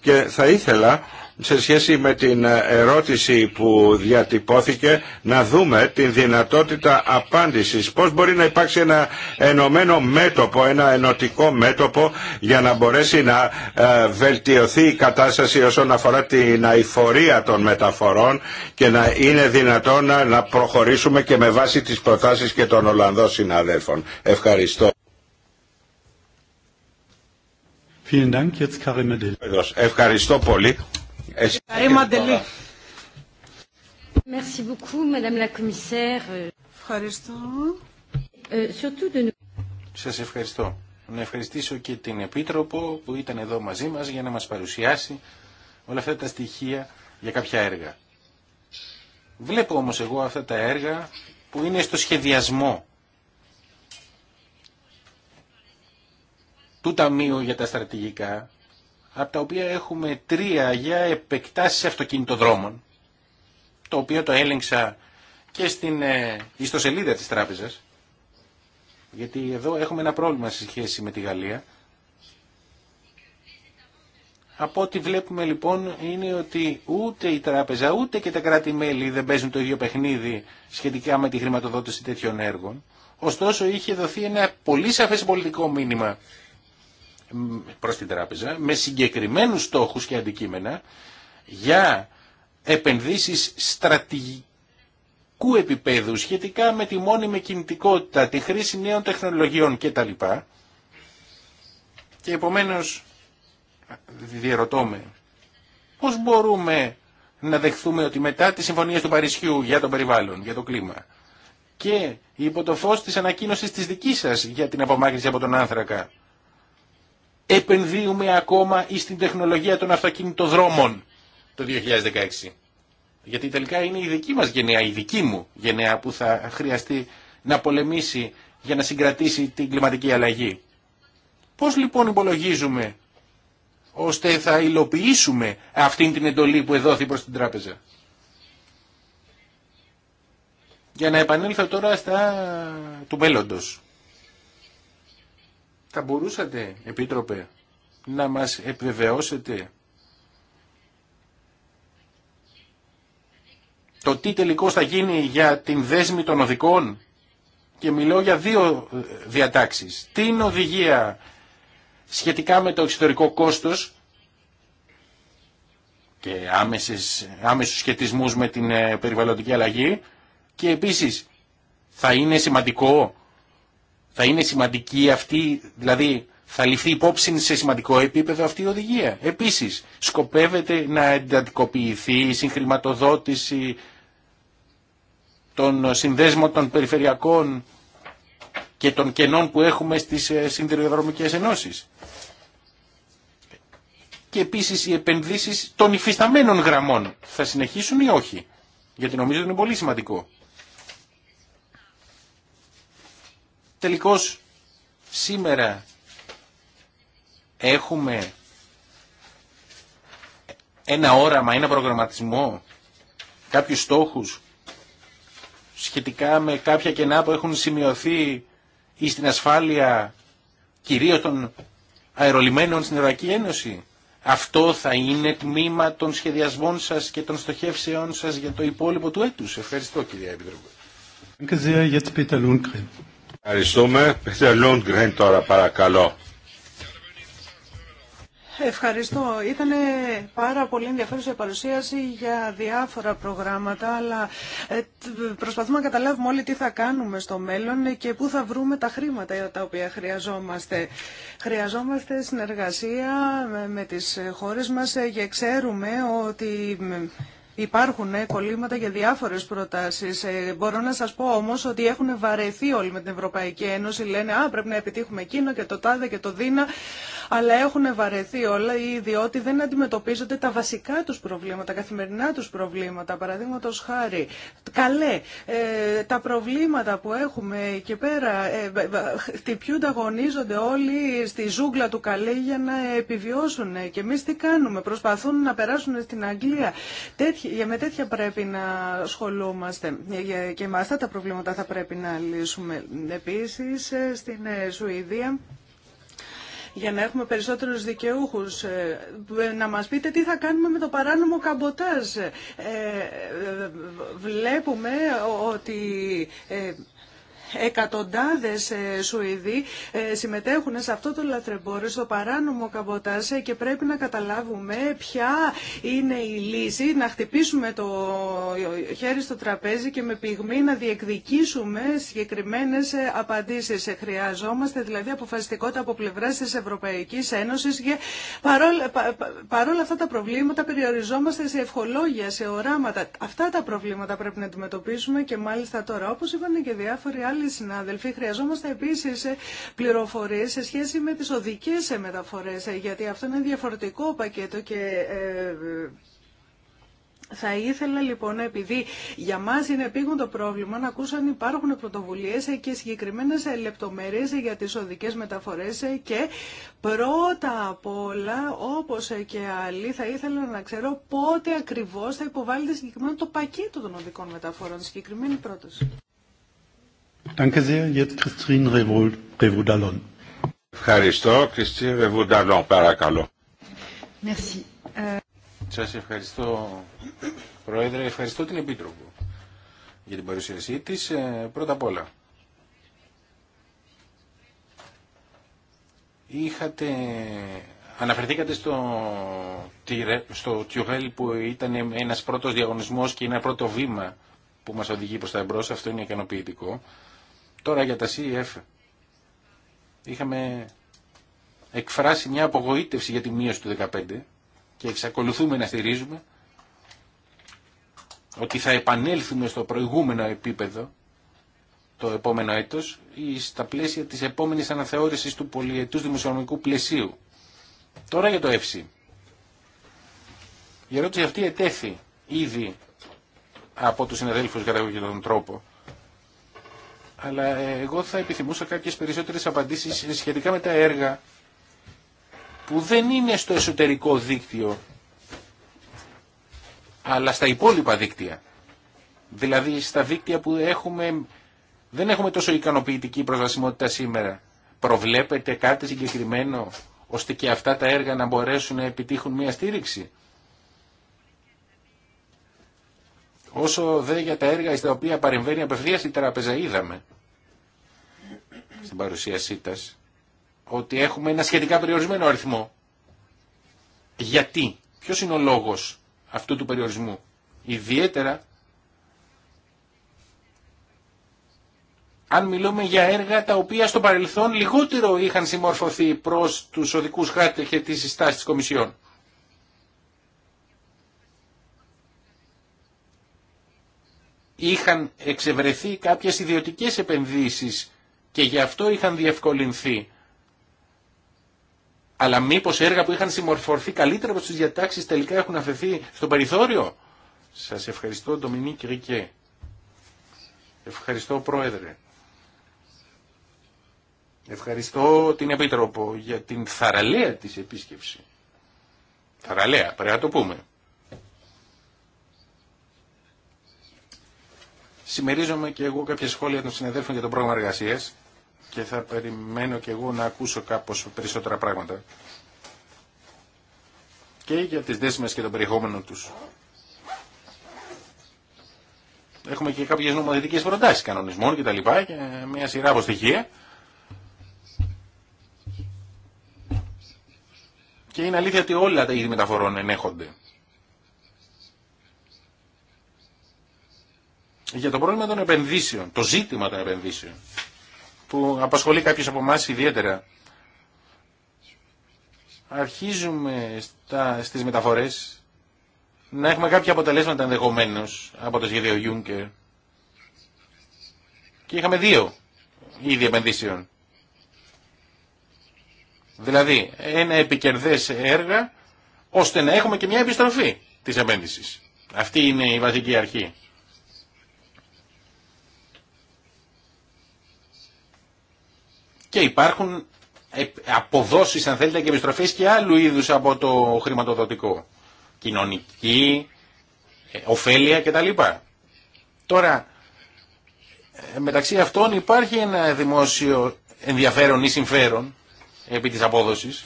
και θα ήθελα σε σχέση με την ερώτηση που διατυπώθηκε να δούμε την δυνατότητα απάντησης. Πώς μπορεί να υπάρξει ένα ενωμένο μέτωπο, ένα ενωτικό μέτωπο για να μπορέσει να ε, βελτιωθεί η κατάσταση όσον αφορά την αηφορία των μεταφορών και να είναι δυνατόν να προχωρήσουμε και με βάση τις προτάσεις και των Ολλανδών συναδέλφων. Ευχαριστώ. Ευχαριστώ πολύ. Ευχαριστώ. Ε, Σας ευχαριστώ. Να ευχαριστήσω και την Επίτροπο που ήταν εδώ μαζί μας για να μας παρουσιάσει όλα αυτά τα στοιχεία για κάποια έργα. Βλέπω όμως εγώ αυτά τα έργα που είναι στο σχεδιασμό του Ταμείου για τα Στρατηγικά, από τα οποία έχουμε τρία για επεκτάσεις αυτοκινητοδρόμων, το οποίο το έλεγξα και στην ε, ιστοσελίδα της τράπεζας, γιατί εδώ έχουμε ένα πρόβλημα σε σχέση με τη Γαλλία. Από ό,τι βλέπουμε λοιπόν είναι ότι ούτε η τράπεζα ούτε και τα κράτη-μέλη δεν παίζουν το ίδιο παιχνίδι σχετικά με τη χρηματοδότηση τέτοιων έργων. Ωστόσο είχε δοθεί ένα πολύ σαφές πολιτικό μήνυμα προς την τράπεζα με συγκεκριμένους στόχους και αντικείμενα για επενδύσεις στρατηγικού επίπεδου σχετικά με τη μόνιμη κινητικότητα, τη χρήση νέων τεχνολογιών κτλ. Και επομένως διερωτώ με πώς μπορούμε να δεχθούμε ότι μετά τις συμφωνίες του Παρισιού για το περιβάλλον, για το κλίμα και υπό το φως της ανακοίνωσης της δικής σας για την απομάκρυνση από τον άνθρακα επενδύουμε ακόμα στην τεχνολογία των αυτοκινητοδρόμων το 2016. Γιατί τελικά είναι η δική μας γενεά, η δική μου γενεά που θα χρειαστεί να πολεμήσει για να συγκρατήσει την κλιματική αλλαγή. Πώς λοιπόν υπολογίζουμε ώστε θα υλοποιήσουμε αυτήν την εντολή που εδόθη προς την τράπεζα. Για να επανέλθω τώρα στα του μέλλοντος. Θα μπορούσατε, Επίτροπε, να μας επιβεβαιώσετε το τι τελικώς θα γίνει για την δέσμη των οδικών και μιλώ για δύο ε, διατάξεις. Την οδηγία σχετικά με το εξωτερικό κόστος και άμεσες, άμεσους σχετισμούς με την ε, περιβαλλοντική αλλαγή και επίσης θα είναι σημαντικό θα είναι σημαντική αυτή, δηλαδή θα ληφθεί υπόψη σε σημαντικό επίπεδο αυτή η οδηγία. Επίσης, σκοπεύεται να εντατικοποιηθεί η συγχρηματοδότηση των συνδέσμων των περιφερειακών και των κενών που έχουμε στις ε, συνδεδρομικές ενώσεις. Και επίσης οι επενδύσεις των υφισταμένων γραμμών θα συνεχίσουν ή όχι. Γιατί νομίζω ότι είναι πολύ σημαντικό. Τελικώς σήμερα έχουμε ένα όραμα, ένα προγραμματισμό, κάποιους στόχους σχετικά με κάποια κενά που έχουν σημειωθεί ή στην ασφάλεια κυρίως των αερολιμένων στην Ευρωπαϊκή Ένωση. Αυτό θα είναι τμήμα των σχεδιασμών σας και των στοχεύσεών σας για το υπόλοιπο του έτους. Ευχαριστώ κυρία Επιτροπή. Ευχαριστούμε. Πέτερ Λούντγκρεν τώρα παρακαλώ. Ευχαριστώ. Ήταν πάρα πολύ ενδιαφέρουσα η παρουσίαση για διάφορα προγράμματα, αλλά ε, προσπαθούμε να καταλάβουμε όλοι τι θα κάνουμε στο μέλλον και πού θα βρούμε τα χρήματα τα οποία χρειαζόμαστε. Χρειαζόμαστε συνεργασία με τις χώρες μας και ξέρουμε ότι Υπάρχουν ε, κολλήματα για διάφορες προτάσεις. Ε, μπορώ να σας πω όμως ότι έχουν βαρεθεί όλοι με την Ευρωπαϊκή Ένωση. Λένε «Α, πρέπει να επιτύχουμε εκείνο και το τάδε και το δίνα» αλλά έχουν βαρεθεί όλα ή διότι δεν αντιμετωπίζονται τα βασικά τους προβλήματα, τα καθημερινά τους προβλήματα. Παραδείγματο χάρη, καλέ, ε, τα προβλήματα που έχουμε και πέρα ε, χτυπιούνται, αγωνίζονται όλοι στη ζούγκλα του καλέ για να επιβιώσουν. Και εμεί τι κάνουμε, προσπαθούν να περάσουν στην Αγγλία. Για με τέτοια πρέπει να ασχολούμαστε ε, ε, και με αυτά τα προβλήματα θα πρέπει να λύσουμε. Επίσης, στην Σουηδία για να έχουμε περισσότερους δικαιούχους. Ε, να μας πείτε τι θα κάνουμε με το παράνομο καμποτάζ. Ε, ε, βλέπουμε ότι εκατοντάδες ε, Σουηδοί ε, συμμετέχουν σε αυτό το λαθρεμπόριο, στο παράνομο καμποτάζ ε, και πρέπει να καταλάβουμε ποια είναι η λύση, να χτυπήσουμε το χέρι στο τραπέζι και με πυγμή να διεκδικήσουμε συγκεκριμένες απαντήσεις. Χρειαζόμαστε δηλαδή αποφασιστικότητα από πλευρά της Ευρωπαϊκής Ένωσης και παρόλα, πα, αυτά τα προβλήματα περιοριζόμαστε σε ευχολόγια, σε οράματα. Αυτά τα προβλήματα πρέπει να αντιμετωπίσουμε και μάλιστα τώρα, όπως είπαν και διάφοροι άλλοι συνάδελφοι, χρειαζόμαστε επίση ε, πληροφορίε σε σχέση με τι οδικέ ε, μεταφορέ, ε, γιατί αυτό είναι διαφορετικό πακέτο και θα ήθελα λοιπόν, επειδή για μα είναι επίγον το πρόβλημα, να ακούσω αν υπάρχουν πρωτοβουλίε και συγκεκριμένε λεπτομέρειε για τι οδικέ μεταφορέ. Και πρώτα απ' όλα, όπω και άλλοι, θα ήθελα να ξέρω πότε ακριβώ θα υποβάλλεται συγκεκριμένο το πακέτο των οδικών μεταφορών, συγκεκριμένη πρόταση. Ευχαριστώ. Κριστίν Ρεβουνταλόν, παρακαλώ. Merci. Ε, ευχαριστώ, Πρόεδρε. Ευχαριστώ την Επίτροπο για την παρουσίασή τη. Ε, πρώτα απ' όλα, είχατε, αναφερθήκατε στο, στο Τιουχέλ που ήταν ένας πρώτος διαγωνισμός και ένα πρώτο βήμα που μας οδηγεί προς τα εμπρός. Αυτό είναι ικανοποιητικό. Τώρα για τα CEF είχαμε εκφράσει μια απογοήτευση για τη μείωση του 2015 και εξακολουθούμε να στηρίζουμε ότι θα επανέλθουμε στο προηγούμενο επίπεδο το επόμενο έτος ή στα πλαίσια της επόμενης αναθεώρησης του πολιετούς δημοσιονομικού πλαισίου. Τώρα για το ΕΦΣΥ. Η ερώτηση αυτή ετέθη ήδη από τους συναδέλφους κατά τον τρόπο αλλά ε, εγώ θα επιθυμούσα κάποιες περισσότερες απαντήσεις σχετικά με τα έργα που δεν είναι στο εσωτερικό δίκτυο, αλλά στα υπόλοιπα δίκτυα. Δηλαδή στα δίκτυα που έχουμε, δεν έχουμε τόσο ικανοποιητική προσβασιμότητα σήμερα. Προβλέπετε κάτι συγκεκριμένο ώστε και αυτά τα έργα να μπορέσουν να επιτύχουν μια στήριξη. Όσο δε για τα έργα στα οποία παρεμβαίνει απευθείας η τράπεζα, είδαμε στην παρουσίασή τη ότι έχουμε ένα σχετικά περιορισμένο αριθμό. Γιατί, ποιος είναι ο λόγος αυτού του περιορισμού. Ιδιαίτερα αν μιλούμε για έργα τα οποία στο παρελθόν λιγότερο είχαν συμμορφωθεί προς τους οδικούς χάρτες και τις συστάσεις της Κομισιόν. είχαν εξευρεθεί κάποιες ιδιωτικές επενδύσεις και γι' αυτό είχαν διευκολυνθεί. Αλλά μήπως έργα που είχαν συμμορφωθεί καλύτερα από τις διατάξεις τελικά έχουν αφαιθεί στο περιθώριο. Σας ευχαριστώ Ντομινίκ Ρικέ. Ευχαριστώ Πρόεδρε. Ευχαριστώ την Επίτροπο για την θαραλέα της επίσκεψη. Θαραλέα, πρέπει να το πούμε. Συμμερίζομαι και εγώ κάποια σχόλια των συναδέλφων για το πρόγραμμα εργασία και θα περιμένω και εγώ να ακούσω κάπως περισσότερα πράγματα και για τις δέσμες και τον περιεχόμενο τους. Έχουμε και κάποιες νομοθετικέ προτάσει κανονισμών και τα λοιπά και μια σειρά από στοιχεία. Και είναι αλήθεια ότι όλα τα είδη μεταφορών ενέχονται. για το πρόβλημα των επενδύσεων, το ζήτημα των επενδύσεων, που απασχολεί κάποιους από εμά ιδιαίτερα. Αρχίζουμε στα, στις μεταφορές να έχουμε κάποια αποτελέσματα ενδεχομένω από το σχέδιο Juncker και είχαμε δύο είδη επενδύσεων. Δηλαδή ένα επικερδές έργα ώστε να έχουμε και μια επιστροφή της επένδυσης. Αυτή είναι η βασική αρχή. και υπάρχουν αποδόσεις αν θέλετε και επιστροφές και άλλου είδους από το χρηματοδοτικό κοινωνική ε, ωφέλεια κτλ. Τώρα ε, μεταξύ αυτών υπάρχει ένα δημόσιο ενδιαφέρον ή συμφέρον επί της απόδοσης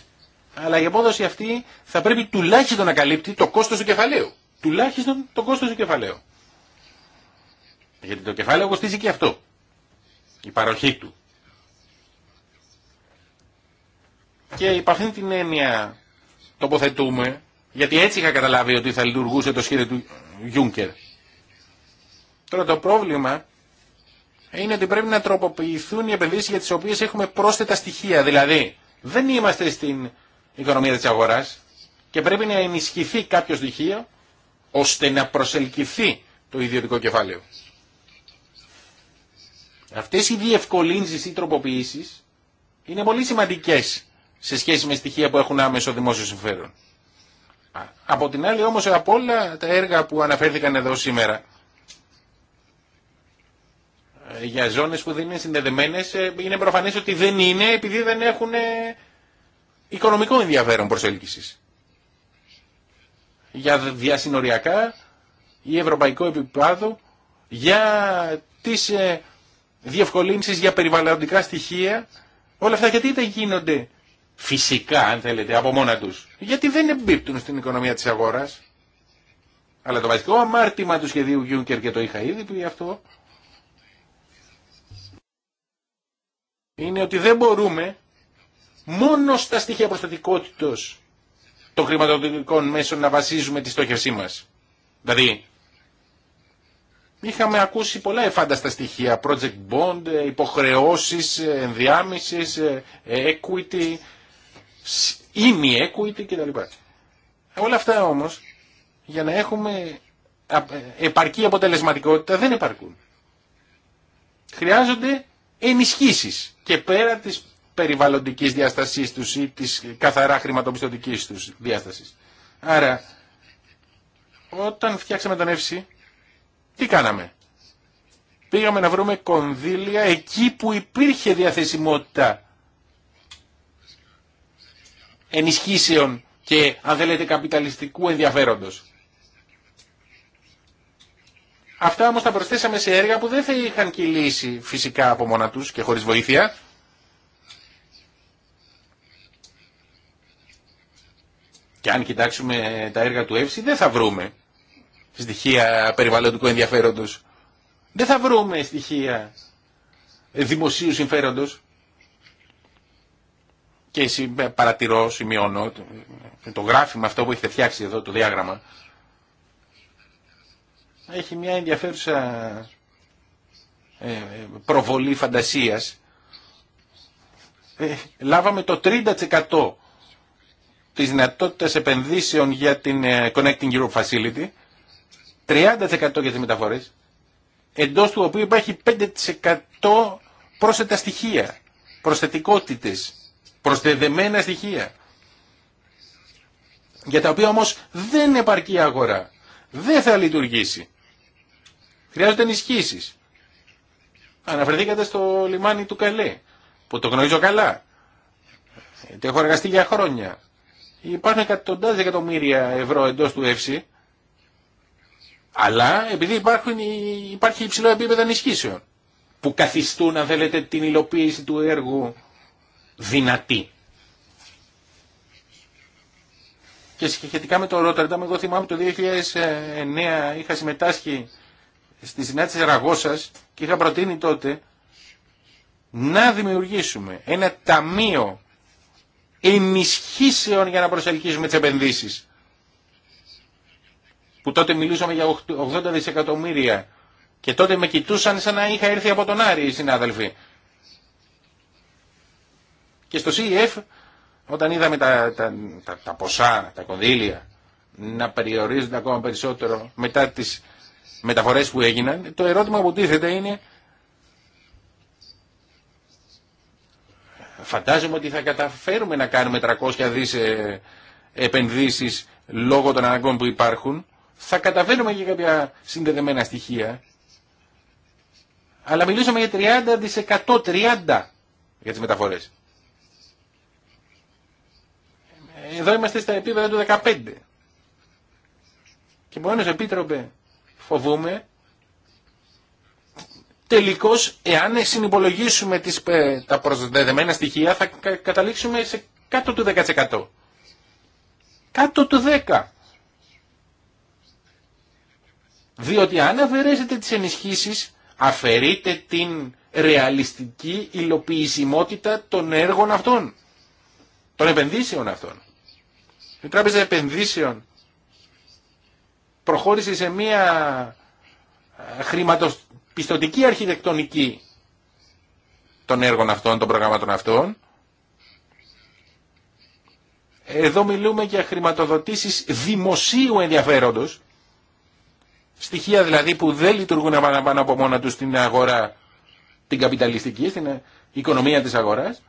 αλλά η απόδοση αυτή θα πρέπει τουλάχιστον να καλύπτει το κόστος του κεφαλαίου. Τουλάχιστον το κόστος του κεφαλαίου. Γιατί το κεφάλαιο κοστίζει και αυτό. Η παροχή του. Και υπ' αυτήν την έννοια τοποθετούμε, γιατί έτσι είχα καταλάβει ότι θα λειτουργούσε το σχέδιο του Γιούνκερ. Τώρα το πρόβλημα είναι ότι πρέπει να τροποποιηθούν οι επενδύσεις για τις οποίες έχουμε πρόσθετα στοιχεία. Δηλαδή, δεν είμαστε στην οικονομία της αγοράς και πρέπει να ενισχυθεί κάποιο στοιχείο ώστε να προσελκυθεί το ιδιωτικό κεφάλαιο. Αυτές οι διευκολύνσεις ή τροποποιήσεις είναι πολύ σημαντικές σε σχέση με στοιχεία που έχουν άμεσο δημόσιο συμφέρον. Από την άλλη όμως από όλα τα έργα που αναφέρθηκαν εδώ σήμερα ε, για ζώνες που δεν είναι συνδεδεμένες ε, είναι προφανές ότι δεν είναι επειδή δεν έχουν ε, οικονομικό ενδιαφέρον προσέλκυσης. Για διασυνοριακά ή ευρωπαϊκό επίπεδο, για τις διευκολύνσεις για περιβαλλοντικά στοιχεία όλα αυτά γιατί δεν γίνονται φυσικά, αν θέλετε, από μόνα τους. Γιατί δεν εμπίπτουν στην οικονομία της αγοράς. Αλλά το βασικό αμάρτημα του σχεδίου Γιούνκερ και το είχα ήδη πει αυτό, είναι ότι δεν μπορούμε μόνο στα στοιχεία προστατικότητος των χρηματοδοτικών μέσων να βασίζουμε τη στόχευσή μας. Δηλαδή, είχαμε ακούσει πολλά εφάνταστα στοιχεία, project bond, υποχρεώσεις, ενδιάμεσης, ε, equity, ή μη equity κτλ. Όλα αυτά όμως για να έχουμε επαρκή αποτελεσματικότητα δεν επαρκούν. Χρειάζονται ενισχύσεις και πέρα της περιβαλλοντικής διάστασής τους ή της καθαρά χρηματοπιστωτικής τους διάστασης. Άρα, όταν φτιάξαμε τον ΕΦΣΥ, τι κάναμε. Πήγαμε να βρούμε κονδύλια εκεί που υπήρχε διαθεσιμότητα ενισχύσεων και αν θέλετε καπιταλιστικού ενδιαφέροντος. Αυτά όμως τα προσθέσαμε σε έργα που δεν θα είχαν κυλήσει φυσικά από μόνα τους και χωρίς βοήθεια. Και αν κοιτάξουμε τα έργα του ΕΦΣΙ δεν θα βρούμε στοιχεία περιβαλλοντικού ενδιαφέροντος. Δεν θα βρούμε στοιχεία δημοσίου συμφέροντος και ε, παρατηρώ, σημειώνω, ε, το γράφημα αυτό που έχετε φτιάξει εδώ, το διάγραμμα, έχει μια ενδιαφέρουσα ε, προβολή φαντασίας. Λάβαμε το 30% της δυνατότητας επενδύσεων για την Connecting Europe Facility, 30% για τις μεταφορές, εντός του οποίου υπάρχει 5% πρόσθετα στοιχεία, προσθετικότητες προστεδεμένα στοιχεία, για τα οποία όμως δεν επαρκεί αγορά, δεν θα λειτουργήσει. Χρειάζονται ενισχύσεις. Αναφερθήκατε στο λιμάνι του Καλέ, που το γνωρίζω καλά. Το έχω εργαστεί για χρόνια. Υπάρχουν εκατοντάδες εκατομμύρια ευρώ εντός του ΕΦΣΥ, αλλά επειδή υπάρχουν, υπάρχει υψηλό επίπεδο ενισχύσεων που καθιστούν, αν θέλετε, την υλοποίηση του έργου δυνατή. Και σχετικά με το Ρότερνταμ, εγώ θυμάμαι το 2009 είχα συμμετάσχει στη συνάντηση της Ραγώσας και είχα προτείνει τότε να δημιουργήσουμε ένα ταμείο ενισχύσεων για να προσελκύσουμε τις επενδύσεις. Που τότε μιλούσαμε για 80 δισεκατομμύρια και τότε με κοιτούσαν σαν να είχα έρθει από τον Άρη οι συνάδελφοι. Και στο CEF όταν είδαμε τα, τα, τα, ποσά, τα κονδύλια να περιορίζονται ακόμα περισσότερο μετά τις μεταφορές που έγιναν, το ερώτημα που τίθεται είναι φαντάζομαι ότι θα καταφέρουμε να κάνουμε 300 δις ε, επενδύσεις λόγω των αναγκών που υπάρχουν. Θα καταφέρουμε και κάποια συνδεδεμένα στοιχεία. Αλλά μιλήσαμε για 30%, 30% για τις μεταφορές. εδώ είμαστε στα επίπεδα του 15. Και μόνος επίτροπε φοβούμε τελικώς εάν συνυπολογίσουμε τις, ε, τα προσδεδεμένα στοιχεία θα καταλήξουμε σε κάτω του 10%. Κάτω του 10%. Διότι αν αφαιρέσετε τις ενισχύσεις αφαιρείτε την ρεαλιστική υλοποιησιμότητα των έργων αυτών, των επενδύσεων αυτών. Η Τράπεζα Επενδύσεων προχώρησε σε μια ε, χρηματοπιστωτική αρχιτεκτονική των έργων αυτών, των προγραμμάτων αυτών. Εδώ μιλούμε για χρηματοδοτήσεις δημοσίου ενδιαφέροντος, στοιχεία δηλαδή που δεν λειτουργούν πάνω από μόνα τους στην αγορά την καπιταλιστική, στην ε, οικονομία της αγοράς,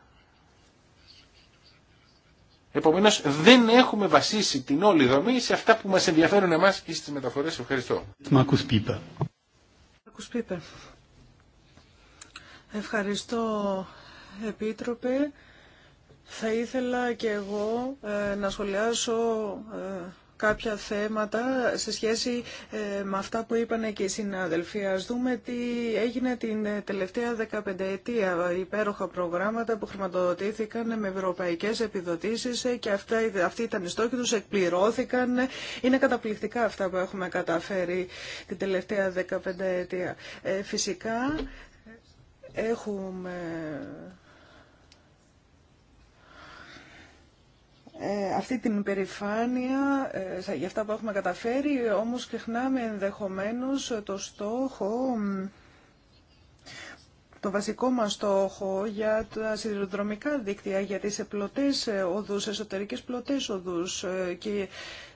Επομένως δεν έχουμε βασίσει την όλη δομή σε αυτά που μας ενδιαφέρουν εμάς και στις μεταφορές. Ευχαριστώ. Μάκους Πίπα. Μάκους Πίπα. Ευχαριστώ Επίτροπε. Θα ήθελα και εγώ ε, να σχολιάσω ε, κάποια θέματα σε σχέση ε, με αυτά που είπαν και οι συνάδελφοι. Ας δούμε τι έγινε την ε, τελευταία 15 ετία. Υπέροχα προγράμματα που χρηματοδοτήθηκαν με ευρωπαϊκές επιδοτήσεις ε, και αυτά, αυτοί ήταν οι στόχοι τους, εκπληρώθηκαν. Είναι καταπληκτικά αυτά που έχουμε καταφέρει την τελευταία 15 ετία. φυσικά έχουμε Ε, αυτή την υπερηφάνεια, ε, για αυτά που έχουμε καταφέρει, όμως ξεχνάμε ενδεχομένως το στόχο το βασικό μας στόχο για τα σιδηροδρομικά δίκτυα, για τις ε, οδούς, εσωτερικές πλωτές οδούς και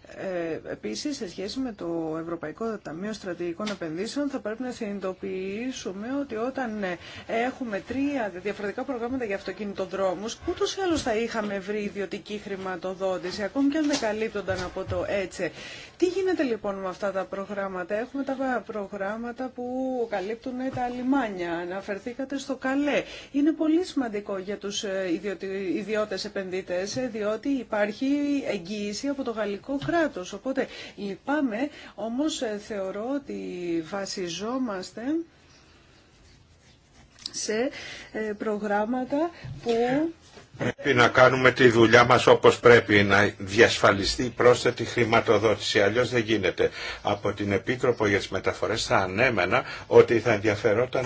ε, Επίση, σε σχέση με το Ευρωπαϊκό Ταμείο Στρατηγικών Επενδύσεων, θα πρέπει να συνειδητοποιήσουμε ότι όταν ε, έχουμε τρία διαφορετικά προγράμματα για αυτοκινητοδρόμου, ούτω ή άλλω θα είχαμε βρει ιδιωτική χρηματοδότηση, ακόμη και αν δεν καλύπτονταν από το ΕΤΣΕ. Τι γίνεται λοιπόν με αυτά τα προγράμματα. Έχουμε τα προγράμματα που καλύπτουν τα λιμάνια. Αναφερθήκατε στο καλέ. Είναι πολύ σημαντικό για του ε, ιδιώτε επενδύτε, διότι υπάρχει εγγύηση από το γαλλικό κράτο Οπότε λυπάμαι, όμως ε, θεωρώ ότι βασιζόμαστε σε ε, προγράμματα που... Πρέπει να κάνουμε τη δουλειά μας όπως πρέπει, να διασφαλιστεί η πρόσθετη χρηματοδότηση, αλλιώς δεν γίνεται. Από την Επίτροπο για τις Μεταφορές θα ανέμενα ότι θα ενδιαφερόταν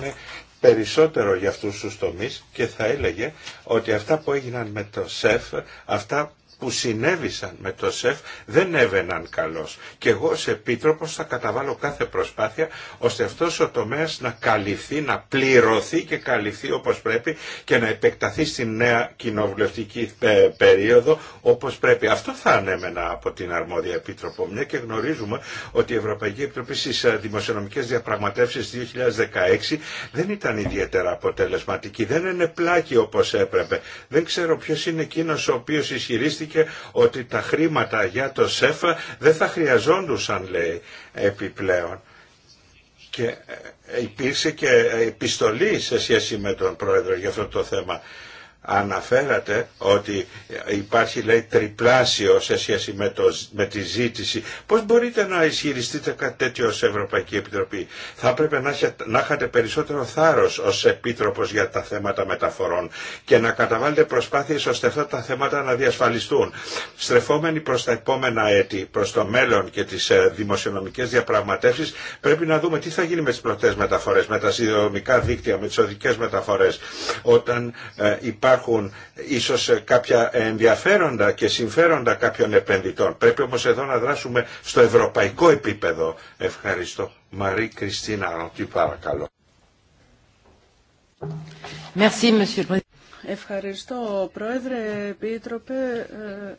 περισσότερο για αυτούς τους τομείς και θα έλεγε ότι αυτά που έγιναν με το ΣΕΦ, αυτά που συνέβησαν με το ΣΕΦ δεν έβαιναν καλώς. Και εγώ ως Επίτροπος θα καταβάλω κάθε προσπάθεια ώστε αυτός ο τομέας να καλυφθεί, να πληρωθεί και καλυφθεί όπως πρέπει και να επεκταθεί στην νέα κοινοβουλευτική ε, περίοδο όπως πρέπει. Αυτό θα ανέμενα από την αρμόδια Επίτροπο. Μια και γνωρίζουμε ότι η Ευρωπαϊκή Επιτροπή στις ε, δημοσιονομικές διαπραγματεύσεις 2016 δεν ήταν ιδιαίτερα αποτελεσματική. Δεν είναι πλάκη όπως έπρεπε. Δεν ξέρω ποιος είναι εκείνος ο οποίος ισχυρίστηκε ότι τα χρήματα για το σέφα δεν θα χρειαζόντουσαν λέει επιπλέον. Και ε, υπήρξε και επιστολή σε σχέση με τον Πρόεδρο για αυτό το θέμα αναφέρατε ότι υπάρχει λέει τριπλάσιο σε σχέση με, το, με τη ζήτηση. Πώς μπορείτε να ισχυριστείτε κάτι τέτοιο ως Ευρωπαϊκή Επιτροπή. Θα έπρεπε να, να είχατε περισσότερο θάρρος ως Επίτροπος για τα θέματα μεταφορών και να καταβάλλετε προσπάθειες ώστε αυτά τα θέματα να διασφαλιστούν. Στρεφόμενοι προς τα επόμενα έτη, προς το μέλλον και τις ε, δημοσιονομικές διαπραγματεύσεις πρέπει να δούμε τι θα γίνει με τις πλωτές μεταφορές, με τα συνδρομικά δίκτυα, με τις οδικές μεταφορές όταν ε, υπάρχουν ίσως κάποια ενδιαφέροντα και συμφέροντα κάποιων επενδυτών. Πρέπει όμως εδώ να δράσουμε στο ευρωπαϊκό επίπεδο. Ευχαριστώ. Μαρή Κριστίνα Ροντή, παρακαλώ. Merci, Ευχαριστώ, Πρόεδρε, Επίτροπε. Ε,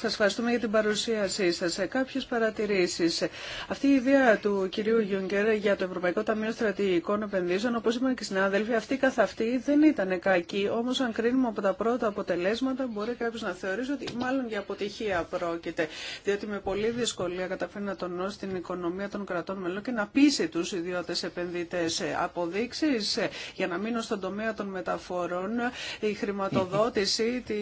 Σα ευχαριστούμε για την παρουσίασή σας. Ε, κάποιε παρατηρήσει. Ε, αυτή η ιδέα του κυρίου Γιούγκερ για το Ευρωπαϊκό Ταμείο Στρατηγικών Επενδύσεων, όπω είπαν και οι συνάδελφοι, αυτή καθ' αυτή δεν ήταν κακή. όμω αν κρίνουμε από τα πρώτα αποτελέσματα, μπορεί κάποιο να θεωρήσει ότι μάλλον για αποτυχία πρόκειται. Διότι με πολύ δυσκολία καταφέρει να τονώσει την οικονομία των κρατών μελών και να πείσει του ιδιώτε επενδυτέ ε, αποδείξει για να μείνω στον τομέα των μεταφορών, η χρηματοδότηση τη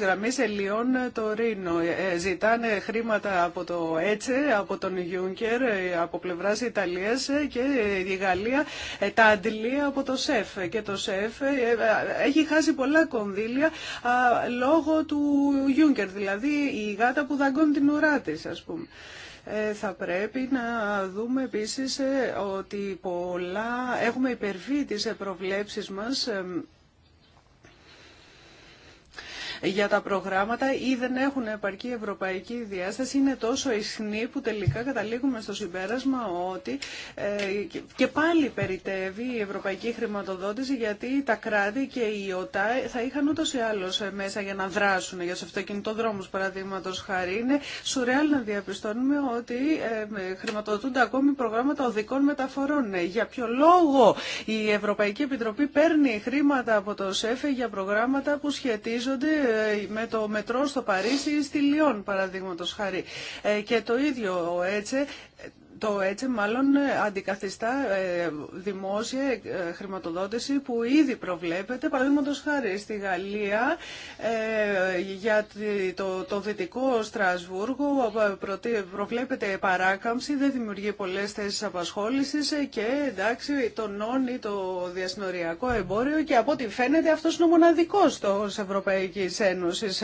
γραμμή γραμμή σε το Ρήνο. Ε, ε, ζητάνε χρήματα από το Έτσε, από τον Γιούνκερ, ε, από πλευρά Ιταλία και η Γαλλία τα αντιλεί από το ΣΕΦ. Και το ΣΕΦ έχει χάσει πολλά κονδύλια λόγω του Γιούνκερ, δηλαδή η γάτα που δαγκώνει την ουρά τη α πούμε. Θα πρέπει να δούμε επίσης ότι πολλά έχουμε υπερβεί τις προβλέψεις μας για τα προγράμματα ή δεν έχουν επαρκή ευρωπαϊκή διάσταση είναι τόσο ισχνή που τελικά καταλήγουμε στο συμπέρασμα ότι ε, και πάλι περιτεύει η ευρωπαϊκή χρηματοδότηση γιατί τα κράτη και η ΟΤΑ θα είχαν ούτως ή άλλως μέσα για να δράσουν για τους αυτοκινητοδρόμους παραδείγματος χάρη. Είναι σουρεάλ να διαπιστώνουμε ότι ε, χρηματοδοτούνται ακόμη προγράμματα οδικών μεταφορών. Ε, για ποιο λόγο η Ευρωπαϊκή Επιτροπή παίρνει χρήματα από το ΣΕΦΕ για προγράμματα που σχετίζονται ε, με το μετρό στο Παρίσι ή στη Λιόν, παραδείγματο χάρη. Ε, και το ίδιο έτσι το έτσι μάλλον ε, αντικαθιστά ε, δημόσια ε, χρηματοδότηση που ήδη προβλέπεται, παραδείγματο χάρη στη Γαλλία για το, το δυτικό Στρασβούργο προβλέπεται παράκαμψη, δεν δημιουργεί πολλές θέσεις απασχόλησης και εντάξει νόνι το διασυνοριακό εμπόριο και από ό,τι φαίνεται αυτός είναι ο μοναδικός της Ευρωπαϊκής Ένωσης.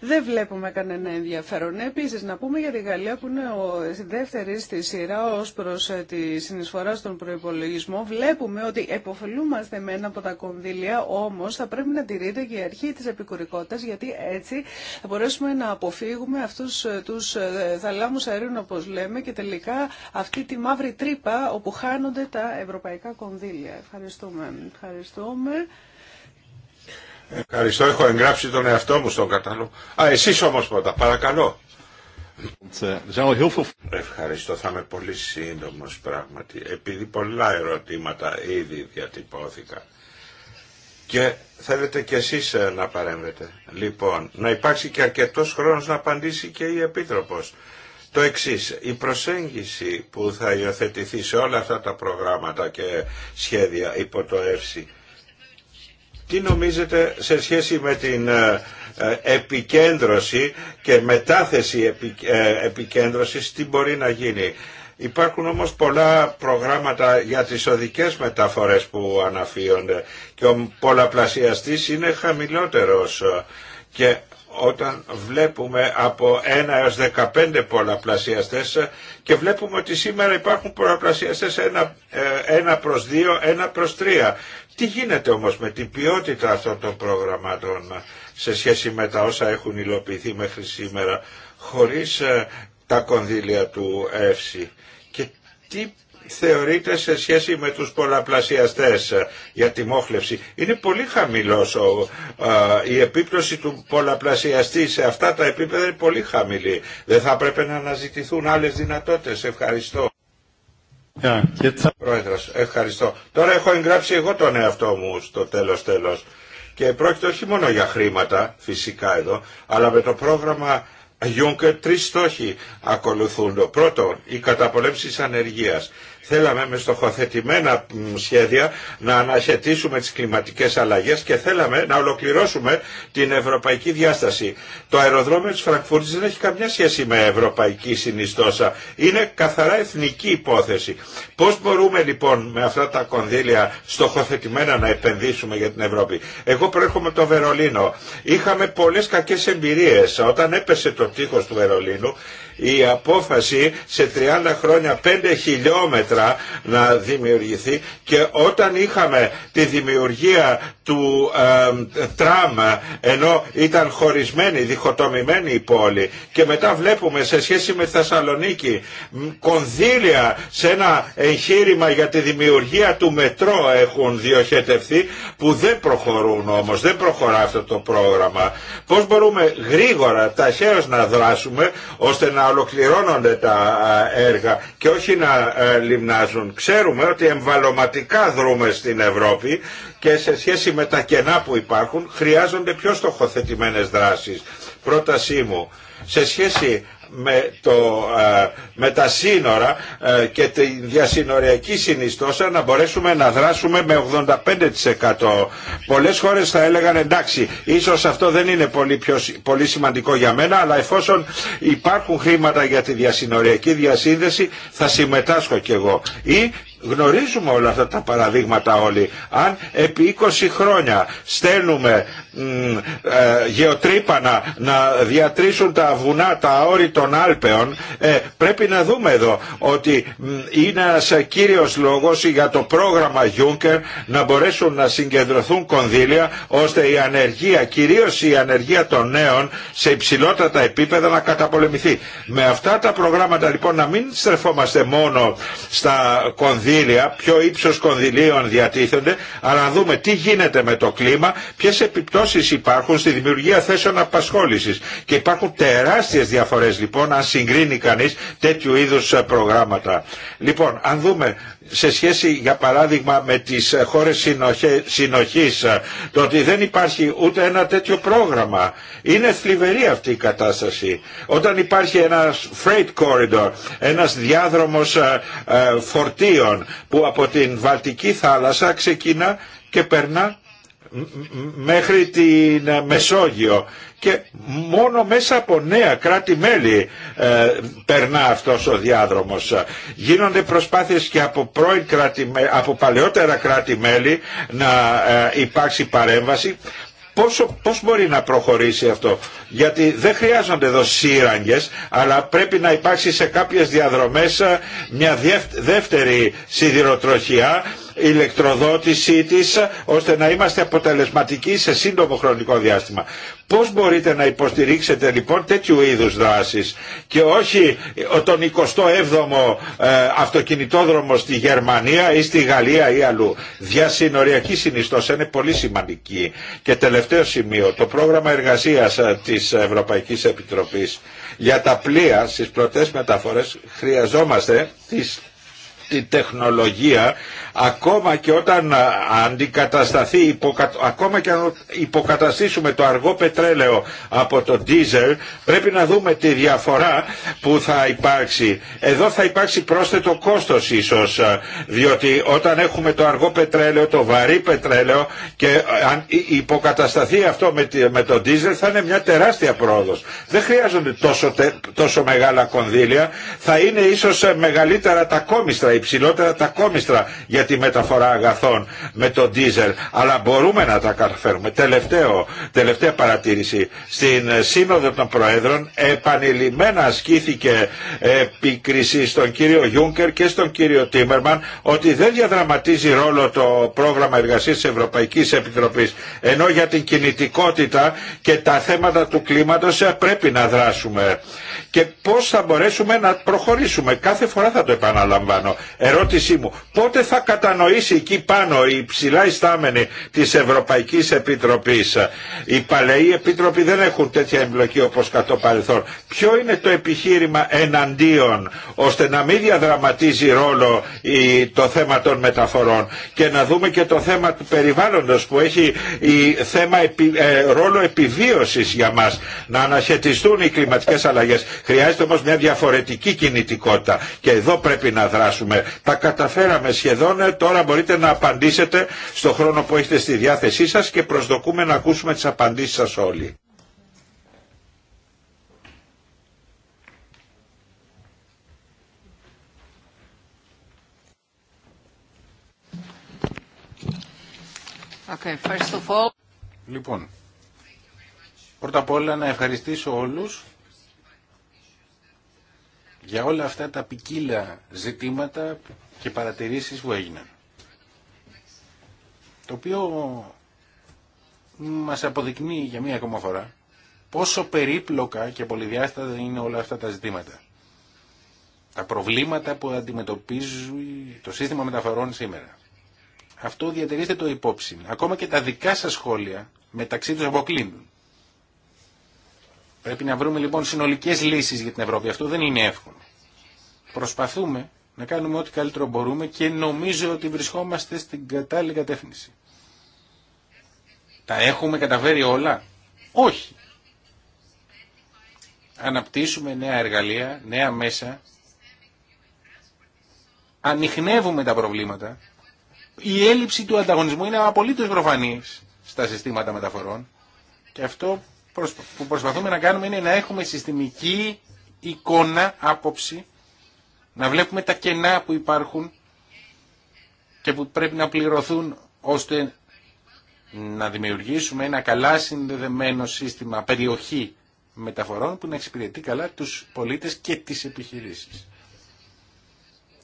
Δεν βλέπουμε κανένα ενδιαφέρον. Επίσης να πούμε για τη Γαλλία που είναι ο δεύτερη στη σειρά ω ε, τη συνεισφορά στον προπολογισμό. βλέπουμε ότι εποφελούμαστε με ένα από τα κονδύλια όμω θα πρέπει να τηρείται και η αρχή τη επικουρικότητα, γιατί έτσι θα μπορέσουμε να αποφύγουμε αυτού ε, του ε, θάλαμου αερίων όπω λέμε και τελικά αυτή τη μαύρη τρύπα όπου χάνονται τα ευρωπαϊκά κονδύλια. Ευχαριστούμε. Ευχαριστούμε. Ευχαριστώ, έχω εγγράψει τον εαυτό μου στον κατάλογο. Α, εσείς όμως πρώτα, παρακαλώ. Eh, er Ευχαριστώ, θα είμαι πολύ σύντομο πράγματι, επειδή πολλά ερωτήματα ήδη διατυπώθηκαν. Και θέλετε κι εσείς ε, να παρέμβετε. Λοιπόν, να υπάρξει και αρκετός χρόνος να απαντήσει και η Επίτροπος. Το εξής, η προσέγγιση που θα υιοθετηθεί σε όλα αυτά τα προγράμματα και σχέδια υπό το ΕΦΣΥ τι νομίζετε σε σχέση με την ε, ε, επικέντρωση και μετάθεση ε, επικέντρωσης, τι μπορεί να γίνει. Υπάρχουν όμως πολλά προγράμματα για τις οδικές μεταφορές που αναφύονται και ο πολλαπλασιαστής είναι χαμηλότερος και όταν βλέπουμε από 1 έως 15 πολλαπλασιαστές και βλέπουμε ότι σήμερα υπάρχουν πολλαπλασιαστές 1, προς 2, 1 προς 3 τι γίνεται όμως με την ποιότητα αυτών των προγραμμάτων σε σχέση με τα όσα έχουν υλοποιηθεί μέχρι σήμερα χωρίς ε, τα κονδύλια του ΕΦΣΥ και τι θεωρείται σε σχέση με τους πολλαπλασιαστές ε, για τη μόχλευση. Είναι πολύ χαμηλός ο, ε, η επίπτωση του πολλαπλασιαστή σε αυτά τα επίπεδα είναι πολύ χαμηλή. Δεν θα πρέπει να αναζητηθούν άλλες δυνατότητες. Ευχαριστώ. Yeah, Πρόεδρος, ευχαριστώ. Τώρα έχω εγγράψει εγώ τον εαυτό μου στο τέλος τέλος και πρόκειται όχι μόνο για χρήματα φυσικά εδώ, αλλά με το πρόγραμμα Juncker τρεις στόχοι ακολουθούν. Πρώτον, η καταπολέμηση της ανεργίας. Θέλαμε με στοχοθετημένα σχέδια να αναχαιτήσουμε τις κλιματικές αλλαγές και θέλαμε να ολοκληρώσουμε την ευρωπαϊκή διάσταση. Το αεροδρόμιο της Φραγκφούρτης δεν έχει καμιά σχέση με ευρωπαϊκή συνιστόσα. Είναι καθαρά εθνική υπόθεση. Πώς μπορούμε λοιπόν με αυτά τα κονδύλια στοχοθετημένα να επενδύσουμε για την Ευρώπη. Εγώ προέρχομαι το Βερολίνο. Είχαμε πολλές κακές εμπειρίες όταν έπεσε το τείχος του Βερολίνου η απόφαση σε 30 χρόνια 5 χιλιόμετρα να δημιουργηθεί και όταν είχαμε τη δημιουργία του ε, τραμ ενώ ήταν χωρισμένη, διχοτομημένη η πόλη και μετά βλέπουμε σε σχέση με Θεσσαλονίκη κονδύλια σε ένα εγχείρημα για τη δημιουργία του μετρό έχουν διοχετευθεί που δεν προχωρούν όμως, δεν προχωρά αυτό το πρόγραμμα. Πώς μπορούμε γρήγορα, ταχαίως να δράσουμε ώστε να ολοκληρώνονται τα έργα και όχι να ε, λιμνάζουν. Ξέρουμε ότι εμβαλωματικά δρούμε στην Ευρώπη και σε σχέση με τα κενά που υπάρχουν χρειάζονται πιο στοχοθετημένες δράσεις. Πρότασή μου, σε σχέση με, το, ε, με τα σύνορα ε, και τη διασυνοριακή συνιστόσα να μπορέσουμε να δράσουμε με 85%. Πολλές χώρες θα έλεγαν εντάξει, ίσως αυτό δεν είναι πολύ, πιο, πολύ σημαντικό για μένα, αλλά εφόσον υπάρχουν χρήματα για τη διασυνοριακή διασύνδεση θα συμμετάσχω κι εγώ. Ή γνωρίζουμε όλα αυτά τα παραδείγματα όλοι. Αν επί 20 χρόνια στέλνουμε ε, γεωτρύπανα να διατρήσουν τα βουνά, τα όρη των Άλπαιων, ε, πρέπει να δούμε εδώ ότι είναι ένας κύριος λόγος για το πρόγραμμα Juncker να μπορέσουν να συγκεντρωθούν κονδύλια ώστε η ανεργία, κυρίως η ανεργία των νέων σε υψηλότατα επίπεδα να καταπολεμηθεί. Με αυτά τα προγράμματα λοιπόν να μην στρεφόμαστε μόνο στα κονδύλια, πιο ύψος κονδυλίων διατίθενται, αλλά να δούμε τι γίνεται με το κλίμα, ποιες επιπτώσεις υπάρχουν στη δημιουργία θέσεων απασχόλησης και υπάρχουν τεράστιες διαφορές λοιπόν αν συγκρίνει κανείς τέτοιου είδους ε, προγράμματα. Λοιπόν, αν δούμε σε σχέση για παράδειγμα με τις χώρες συνοχής ε, το ότι δεν υπάρχει ούτε ένα τέτοιο πρόγραμμα. Είναι θλιβερή αυτή η κατάσταση. Όταν υπάρχει ένας freight corridor, ένας διάδρομος ε, φορτίων που από την Βαλτική θάλασσα ξεκινά και περνά μέχρι την ε, Μεσόγειο και μόνο μέσα από νέα κράτη-μέλη ε, περνά αυτός ο διάδρομος. Γίνονται προσπάθειες και από, κράτη, από παλαιότερα κράτη-μέλη να ε, υπάρξει παρέμβαση. Πόσο, πώς μπορεί να προχωρήσει αυτό. Γιατί δεν χρειάζονται εδώ σύραγγες, αλλά πρέπει να υπάρξει σε κάποιες διαδρομές μια δεύτερη σιδηροτροχιά ηλεκτροδότησή της ώστε να είμαστε αποτελεσματικοί σε σύντομο χρονικό διάστημα. Πώς μπορείτε να υποστηρίξετε λοιπόν τέτοιου είδους δράσεις και όχι ε, τον 27ο ε, αυτοκινητόδρομο στη Γερμανία ή στη Γαλλία ή αλλού. Διασυνοριακή συνιστόση είναι πολύ σημαντική. Και τελευταίο σημείο, το πρόγραμμα εργασίας ε, της Ευρωπαϊκής Επιτροπής για τα πλοία στις πρωτες μεταφορές χρειαζόμαστε τις την τεχνολογία ακόμα και όταν αντικατασταθεί, ακόμα και αν υποκαταστήσουμε το αργό πετρέλαιο από το ντίζελ πρέπει να δούμε τη διαφορά που θα υπάρξει. Εδώ θα υπάρξει πρόσθετο κόστος ίσως διότι όταν έχουμε το αργό πετρέλαιο, το βαρύ πετρέλαιο και αν υποκατασταθεί αυτό με, το ντίζελ θα είναι μια τεράστια πρόοδος. Δεν χρειάζονται τόσο, τόσο μεγάλα κονδύλια, θα είναι ίσως ε, μεγαλύτερα τα κόμιστρα υψηλότερα τα κόμιστρα για τη μεταφορά αγαθών με το ντίζελ. Αλλά μπορούμε να τα καταφέρουμε. Τελευταίο, τελευταία παρατήρηση. Στην Σύνοδο των Προέδρων επανειλημμένα ασκήθηκε επίκριση στον κύριο Γιούνκερ και στον κύριο Τίμερμαν ότι δεν διαδραματίζει ρόλο το πρόγραμμα εργασίας της Ευρωπαϊκής Επιτροπής ενώ για την κινητικότητα και τα θέματα του κλίματος πρέπει να δράσουμε και πώς θα μπορέσουμε να προχωρήσουμε. Κάθε φορά θα το επαναλαμβάνω. Ερώτησή μου, πότε θα κατανοήσει εκεί πάνω η ψηλά ιστάμενη της Ευρωπαϊκής Επιτροπής. Οι παλαιοί επίτροποι δεν έχουν τέτοια εμπλοκή όπως κατ' παρελθόν. Ποιο είναι το επιχείρημα εναντίον ώστε να μην διαδραματίζει ρόλο το θέμα των μεταφορών και να δούμε και το θέμα του περιβάλλοντος που έχει η θέμα ε, ρόλο επιβίωσης για μας να αναχαιτιστούν οι κλιματικές αλλαγές. Χρειάζεται όμως μια διαφορετική κινητικότητα και εδώ πρέπει να δράσουμε τα καταφέραμε σχεδόν, ε, τώρα μπορείτε να απαντήσετε στο χρόνο που έχετε στη διάθεσή σας και προσδοκούμε να ακούσουμε τις απαντήσεις σας όλοι. Okay, first of all... Λοιπόν, πρώτα απ' όλα να ευχαριστήσω όλους για όλα αυτά τα ποικίλα ζητήματα και παρατηρήσεις που έγιναν. Το οποίο μας αποδεικνύει για μία ακόμα φορά πόσο περίπλοκα και πολυδιάστατα είναι όλα αυτά τα ζητήματα. Τα προβλήματα που αντιμετωπίζει το σύστημα μεταφορών σήμερα. Αυτό διατηρήστε το υπόψη. Ακόμα και τα δικά σας σχόλια μεταξύ τους αποκλίνουν. Πρέπει να βρούμε λοιπόν συνολικές λύσεις για την Ευρώπη. Αυτό δεν είναι εύκολο. Προσπαθούμε να κάνουμε ό,τι καλύτερο μπορούμε και νομίζω ότι βρισκόμαστε στην κατάλληλη κατεύθυνση. Τα έχουμε καταφέρει όλα. Όχι. Αναπτύσσουμε νέα εργαλεία, νέα μέσα. Ανοιχνεύουμε τα προβλήματα. Η έλλειψη του ανταγωνισμού είναι απολύτως προφανής στα συστήματα μεταφορών. Και αυτό που προσπαθούμε να κάνουμε είναι να έχουμε συστημική εικόνα, άποψη, να βλέπουμε τα κενά που υπάρχουν και που πρέπει να πληρωθούν ώστε να δημιουργήσουμε ένα καλά συνδεδεμένο σύστημα περιοχή μεταφορών που να εξυπηρετεί καλά τους πολίτες και τις επιχειρήσεις.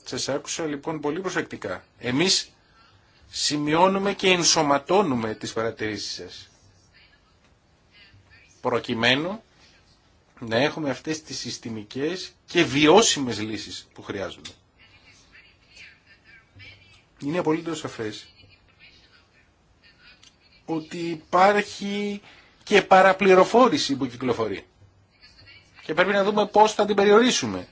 Σας άκουσα λοιπόν πολύ προσεκτικά. Εμείς σημειώνουμε και ενσωματώνουμε τις παρατηρήσεις σας προκειμένου να έχουμε αυτές τις συστημικές και βιώσιμες λύσεις που χρειάζονται. Είναι απολύτως σαφέ ότι υπάρχει και παραπληροφόρηση που κυκλοφορεί. Και πρέπει να δούμε πώς θα την περιορίσουμε.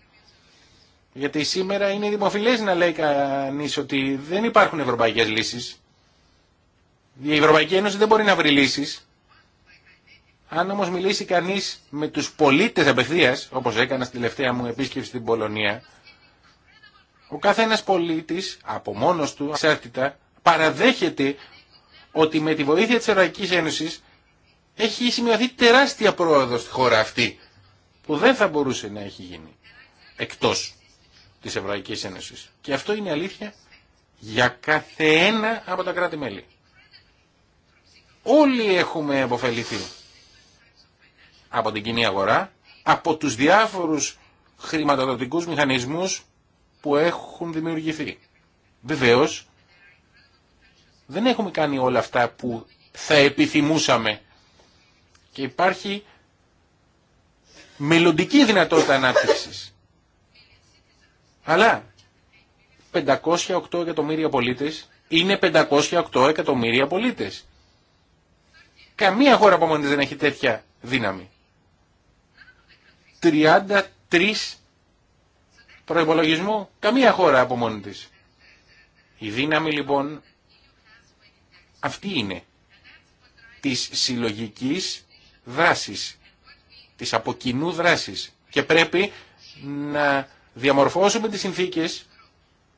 Γιατί σήμερα είναι δημοφιλές να λέει κανείς ότι δεν υπάρχουν ευρωπαϊκές λύσεις. Η Ευρωπαϊκή Ένωση δεν μπορεί να βρει λύσεις. Αν όμω μιλήσει κανεί με τους πολίτες απευθεία, όπως έκανα στη τελευταία μου επίσκεψη στην Πολωνία, ο κάθε ένα πολίτης από μόνο του, ασάρτητα, παραδέχεται ότι με τη βοήθεια της Ευρωπαϊκή Ένωσης έχει σημειωθεί τεράστια πρόοδο στη χώρα αυτή, που δεν θα μπορούσε να έχει γίνει εκτός της Ευρωπαϊκή Ένωση. Και αυτό είναι αλήθεια για κάθε ένα από τα κράτη-μέλη. Όλοι έχουμε αποφεληθεί από την κοινή αγορά, από τους διάφορους χρηματοδοτικούς μηχανισμούς που έχουν δημιουργηθεί. Βεβαίως, δεν έχουμε κάνει όλα αυτά που θα επιθυμούσαμε και υπάρχει μελλοντική δυνατότητα ανάπτυξης. Αλλά 508 εκατομμύρια πολίτες είναι 508 εκατομμύρια πολίτες. Καμία χώρα από μόνη δεν έχει τέτοια δύναμη. 33 προϋπολογισμού καμία χώρα από μόνη της. Η δύναμη λοιπόν αυτή είναι της συλλογικής δράσης, της αποκοινού δράσης και πρέπει να διαμορφώσουμε τις συνθήκες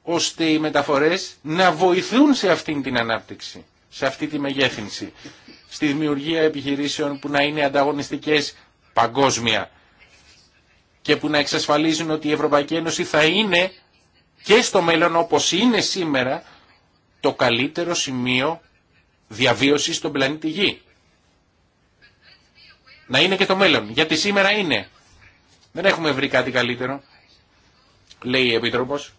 ώστε οι μεταφορές να βοηθούν σε αυτήν την ανάπτυξη, σε αυτή τη μεγέθυνση, στη δημιουργία επιχειρήσεων που να είναι ανταγωνιστικές παγκόσμια και που να εξασφαλίζουν ότι η Ευρωπαϊκή Ένωση θα είναι και στο μέλλον όπως είναι σήμερα το καλύτερο σημείο διαβίωσης στον πλανήτη Γη. Να είναι και το μέλλον, γιατί σήμερα είναι. Δεν έχουμε βρει κάτι καλύτερο, λέει η Επίτροπος.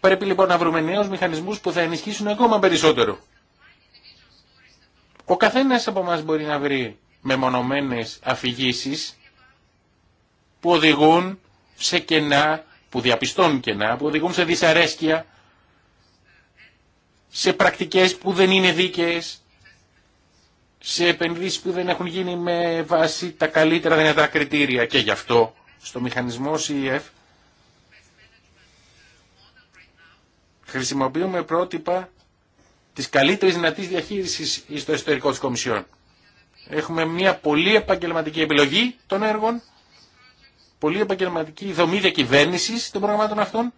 Πρέπει λοιπόν να βρούμε νέους μηχανισμούς που θα ενισχύσουν ακόμα περισσότερο. Ο καθένας από μας μπορεί να βρει μονομένες αφηγήσει που οδηγούν σε κενά, που διαπιστώνουν κενά, που οδηγούν σε δυσαρέσκεια, σε πρακτικές που δεν είναι δίκαιες, σε επενδύσεις που δεν έχουν γίνει με βάση τα καλύτερα δυνατά κριτήρια και γι' αυτό στο μηχανισμό CEF χρησιμοποιούμε πρότυπα της καλύτερης δυνατής διαχείρισης στο εσωτερικό της Κομισιόν. Έχουμε μια πολύ επαγγελματική επιλογή των έργων, πολύ επαγγελματική δομή διακυβέρνηση των προγραμμάτων αυτών.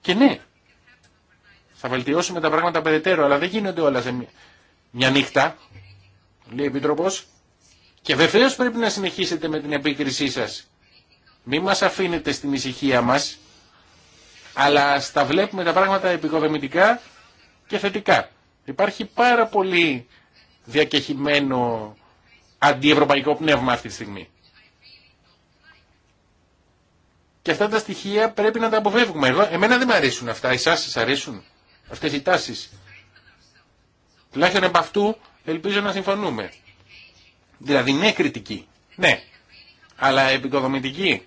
Και ναι, θα βελτιώσουμε τα πράγματα περαιτέρω, αλλά δεν γίνονται όλα σε μια, μια νύχτα, λέει ο Επίτροπο. Και βεβαίω πρέπει να συνεχίσετε με την επίκρισή σα. Μην μα αφήνετε στην ησυχία μα, αλλά στα βλέπουμε τα πράγματα επικοδομητικά και θετικά. Υπάρχει πάρα πολύ διακεχημένο αντιευρωπαϊκό πνεύμα αυτή τη στιγμή. Και αυτά τα στοιχεία πρέπει να τα αποφεύγουμε. Εγώ, εμένα δεν μου αρέσουν αυτά. Εσάς σας αρέσουν αυτές οι τάσεις. Τουλάχιστον επ' αυτού ελπίζω να συμφωνούμε. Δηλαδή ναι κριτική. Ναι. Αλλά επικοδομητική.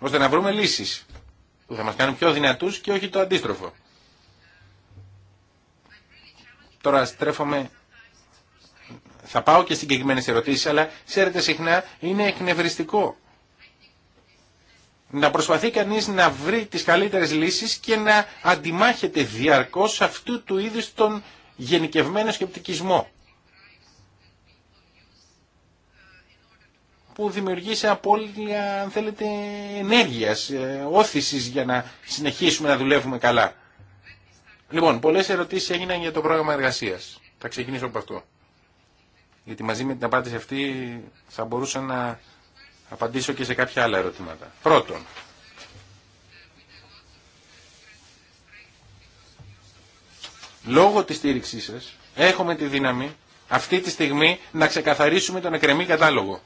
Ώστε να βρούμε λύσεις. Που θα μας κάνουν πιο δυνατούς και όχι το αντίστροφο. Τώρα στρέφομαι θα πάω και συγκεκριμένε ερωτήσει, αλλά ξέρετε συχνά είναι εκνευριστικό να προσπαθεί κανείς να βρει τις καλύτερες λύσεις και να αντιμάχεται διαρκώς αυτού του είδους τον γενικευμένο σκεπτικισμό που δημιουργεί σε απώλεια αν θέλετε ενέργειας, ε, όθησης για να συνεχίσουμε να δουλεύουμε καλά. Λοιπόν, πολλές ερωτήσεις έγιναν για το πρόγραμμα εργασίας. Θα ξεκινήσω από αυτό γιατί μαζί με την απάντηση αυτή θα μπορούσα να απαντήσω και σε κάποια άλλα ερωτήματα. Πρώτον, λόγω της στήριξής σας έχουμε τη δύναμη αυτή τη στιγμή να ξεκαθαρίσουμε τον εκρεμή κατάλογο.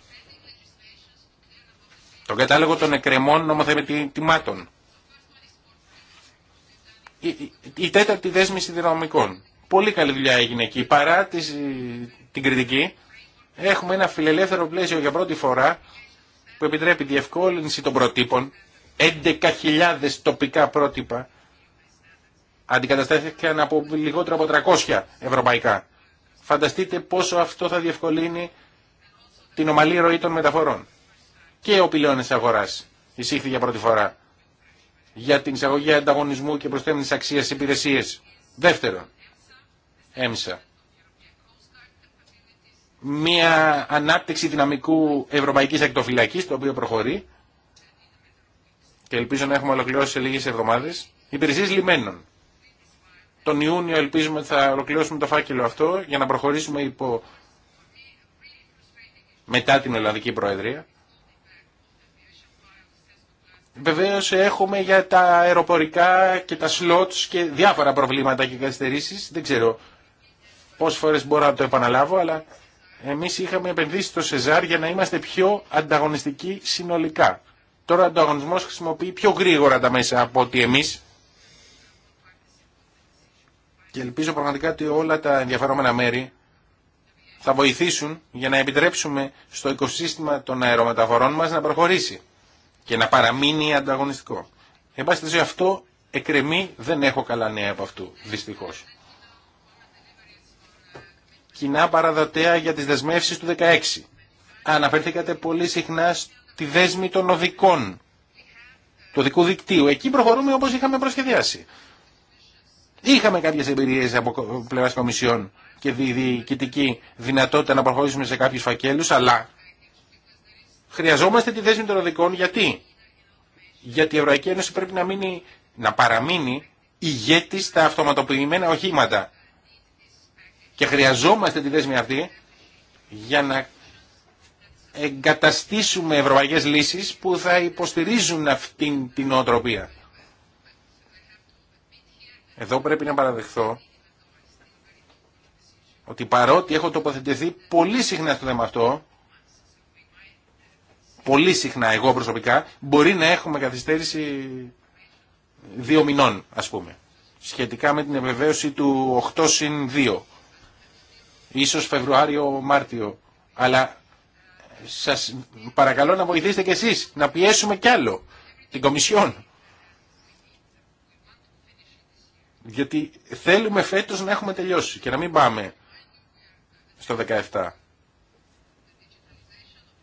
Τον κατάλογο των εκκρεμών νομοθετημάτων. Η, η, η τέταρτη δέσμη δυναμικών. Πολύ καλή δουλειά έγινε εκεί, παρά τις, την κριτική. Έχουμε ένα φιλελεύθερο πλαίσιο για πρώτη φορά που επιτρέπει διευκόλυνση των προτύπων. 11.000 τοπικά πρότυπα αντικαταστάθηκαν από λιγότερο από 300 ευρωπαϊκά. Φανταστείτε πόσο αυτό θα διευκολύνει την ομαλή ροή των μεταφορών. Και ο πυλώνες αγοράς εισήχθη για πρώτη φορά για την εισαγωγή ανταγωνισμού και προσθέμενης αξίας υπηρεσίες. Δεύτερον, έμισα μια ανάπτυξη δυναμικού Ευρωπαϊκή Ακτοφυλακή, το οποίο προχωρεί και ελπίζω να έχουμε ολοκληρώσει σε λίγες εβδομάδε. υπηρεσίε λιμένων. Τον Ιούνιο ελπίζουμε ότι θα ολοκληρώσουμε το φάκελο αυτό για να προχωρήσουμε υπό μετά την Ολλανδική Προεδρία. Βεβαίω έχουμε για τα αεροπορικά και τα σλότ και διάφορα προβλήματα και καθυστερήσει. Δεν ξέρω πόσε φορέ μπορώ να το επαναλάβω, αλλά εμείς είχαμε επενδύσει στο ΣΕΖΑΡ για να είμαστε πιο ανταγωνιστικοί συνολικά. Τώρα ο ανταγωνισμός χρησιμοποιεί πιο γρήγορα τα μέσα από ότι εμείς. Και ελπίζω πραγματικά ότι όλα τα ενδιαφερόμενα μέρη θα βοηθήσουν για να επιτρέψουμε στο οικοσύστημα των αερομεταφορών μας να προχωρήσει και να παραμείνει ανταγωνιστικό. Εν αυτό εκκρεμεί, δεν έχω καλά νέα από αυτού, δυστυχώς κοινά παραδοτέα για τις δεσμεύσεις του 16. Αναφερθήκατε πολύ συχνά στη δέσμη των οδικών, του δικού δικτύου. Εκεί προχωρούμε όπως είχαμε προσχεδιάσει. Είχαμε κάποιες εμπειρίες από πλευράς κομισιών και διοικητική δυνατότητα να προχωρήσουμε σε κάποιους φακέλους, αλλά χρειαζόμαστε τη δέσμη των οδικών γιατί. Γιατί η Ευρωπαϊκή Ένωση πρέπει να, μείνει, να παραμείνει ηγέτη στα αυτοματοποιημένα οχήματα και χρειαζόμαστε τη δέσμη αυτή για να εγκαταστήσουμε ευρωπαϊκές λύσεις που θα υποστηρίζουν αυτήν την νοοτροπία. Εδώ πρέπει να παραδεχθώ ότι παρότι έχω τοποθετηθεί πολύ συχνά στο θέμα αυτό, πολύ συχνά εγώ προσωπικά, μπορεί να έχουμε καθυστέρηση δύο μηνών, ας πούμε, σχετικά με την επιβεβαίωση του 8 συν 2 ίσως Φεβρουάριο-Μάρτιο. Αλλά σας παρακαλώ να βοηθήσετε κι εσείς, να πιέσουμε κι άλλο την Κομισιόν. Γιατί θέλουμε φέτος να έχουμε τελειώσει και να μην πάμε στο 17.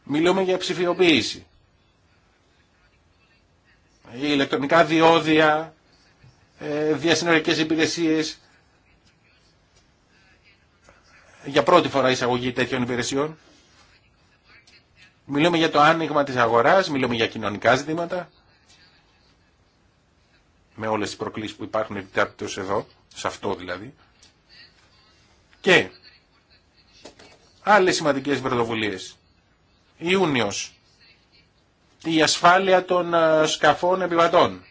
Μιλούμε για ψηφιοποίηση. Η ηλεκτρονικά διόδια, ε, διασυνορικές υπηρεσίες, για πρώτη φορά εισαγωγή τέτοιων υπηρεσιών. Μιλούμε για το άνοιγμα της αγοράς, μιλούμε για κοινωνικά ζητήματα, με όλες τις προκλήσεις που υπάρχουν επιτάπτως εδώ, σε αυτό δηλαδή. Και άλλες σημαντικές πρωτοβουλίες. Ιούνιος, η ασφάλεια των ε, σκαφών επιβατών.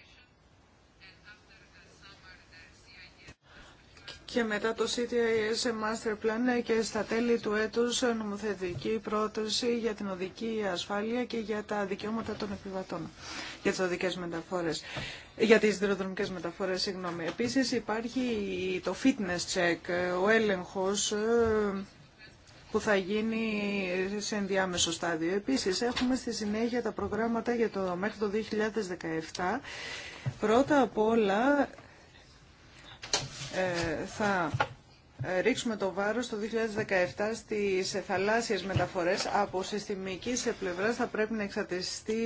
και μετά το CTIS Master Plan και στα τέλη του έτους νομοθετική πρόταση για την οδική ασφάλεια και για τα δικαιώματα των επιβατών για τις οδικές μεταφορές, για τις μεταφορές, συγγνώμη. Επίσης υπάρχει το fitness check, ο έλεγχος ε, που θα γίνει σε ενδιάμεσο στάδιο. Επίσης έχουμε στη συνέχεια τα προγράμματα για το μέχρι το 2017. Πρώτα απ' όλα ε, θα ε, ρίξουμε το βάρος το 2017 στις θαλάσσιες μεταφορές. Από συστημική σε πλευρά θα πρέπει να εξατεστεί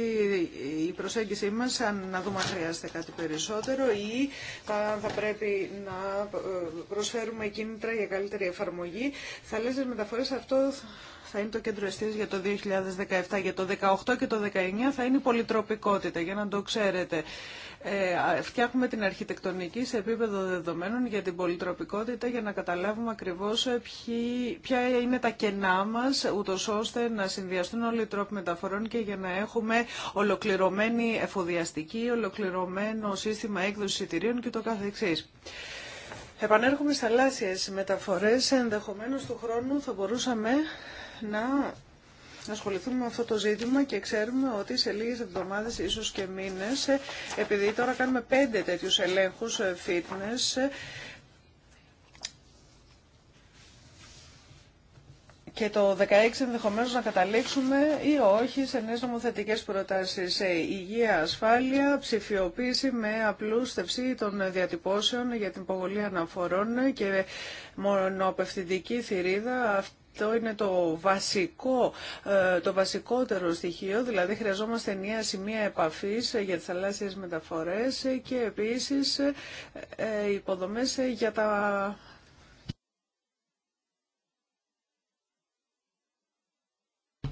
η προσέγγιση μας αν να δούμε αν χρειάζεται κάτι περισσότερο ή θα, θα πρέπει να ε, προσφέρουμε κίνητρα για καλύτερη εφαρμογή. Θαλάσσιες μεταφορές αυτό θα είναι το κέντρο εστίας για το 2017. Για το 2018 και το 2019 θα είναι η πολυτροπικότητα, για να το ξέρετε. Ε, φτιάχνουμε την αρχιτεκτονική σε επίπεδο δεδομένων για την πολυτροπικότητα για να καταλάβουμε ακριβώς ε, ποια είναι τα κενά μας ούτως ώστε να συνδυαστούν όλοι οι τρόποι μεταφορών και για να έχουμε ολοκληρωμένη εφοδιαστική, ολοκληρωμένο σύστημα έκδοση εισιτηρίων και το καθεξής. Επανέρχομαι στα λάσια μεταφορές, ενδεχομένως του χρόνου θα μπορούσαμε να να ασχοληθούμε με αυτό το ζήτημα και ξέρουμε ότι σε λίγες εβδομάδες, ίσως και μήνες, επειδή τώρα κάνουμε πέντε τέτοιους ελέγχους ε, fitness, ε, και το 16 ενδεχομένω να καταλήξουμε ή όχι σε νέε νομοθετικέ προτάσει σε υγεία, ασφάλεια, ψηφιοποίηση με απλούστευση των διατυπώσεων για την υποβολή αναφορών και μονοπευθυντική θηρίδα. Το είναι το βασικό, ε, το βασικότερο στοιχείο, δηλαδή χρειαζόμαστε μια σημεία επαφής ε, για τις θαλάσσιες μεταφορές ε, και επίσης υποδομές για τα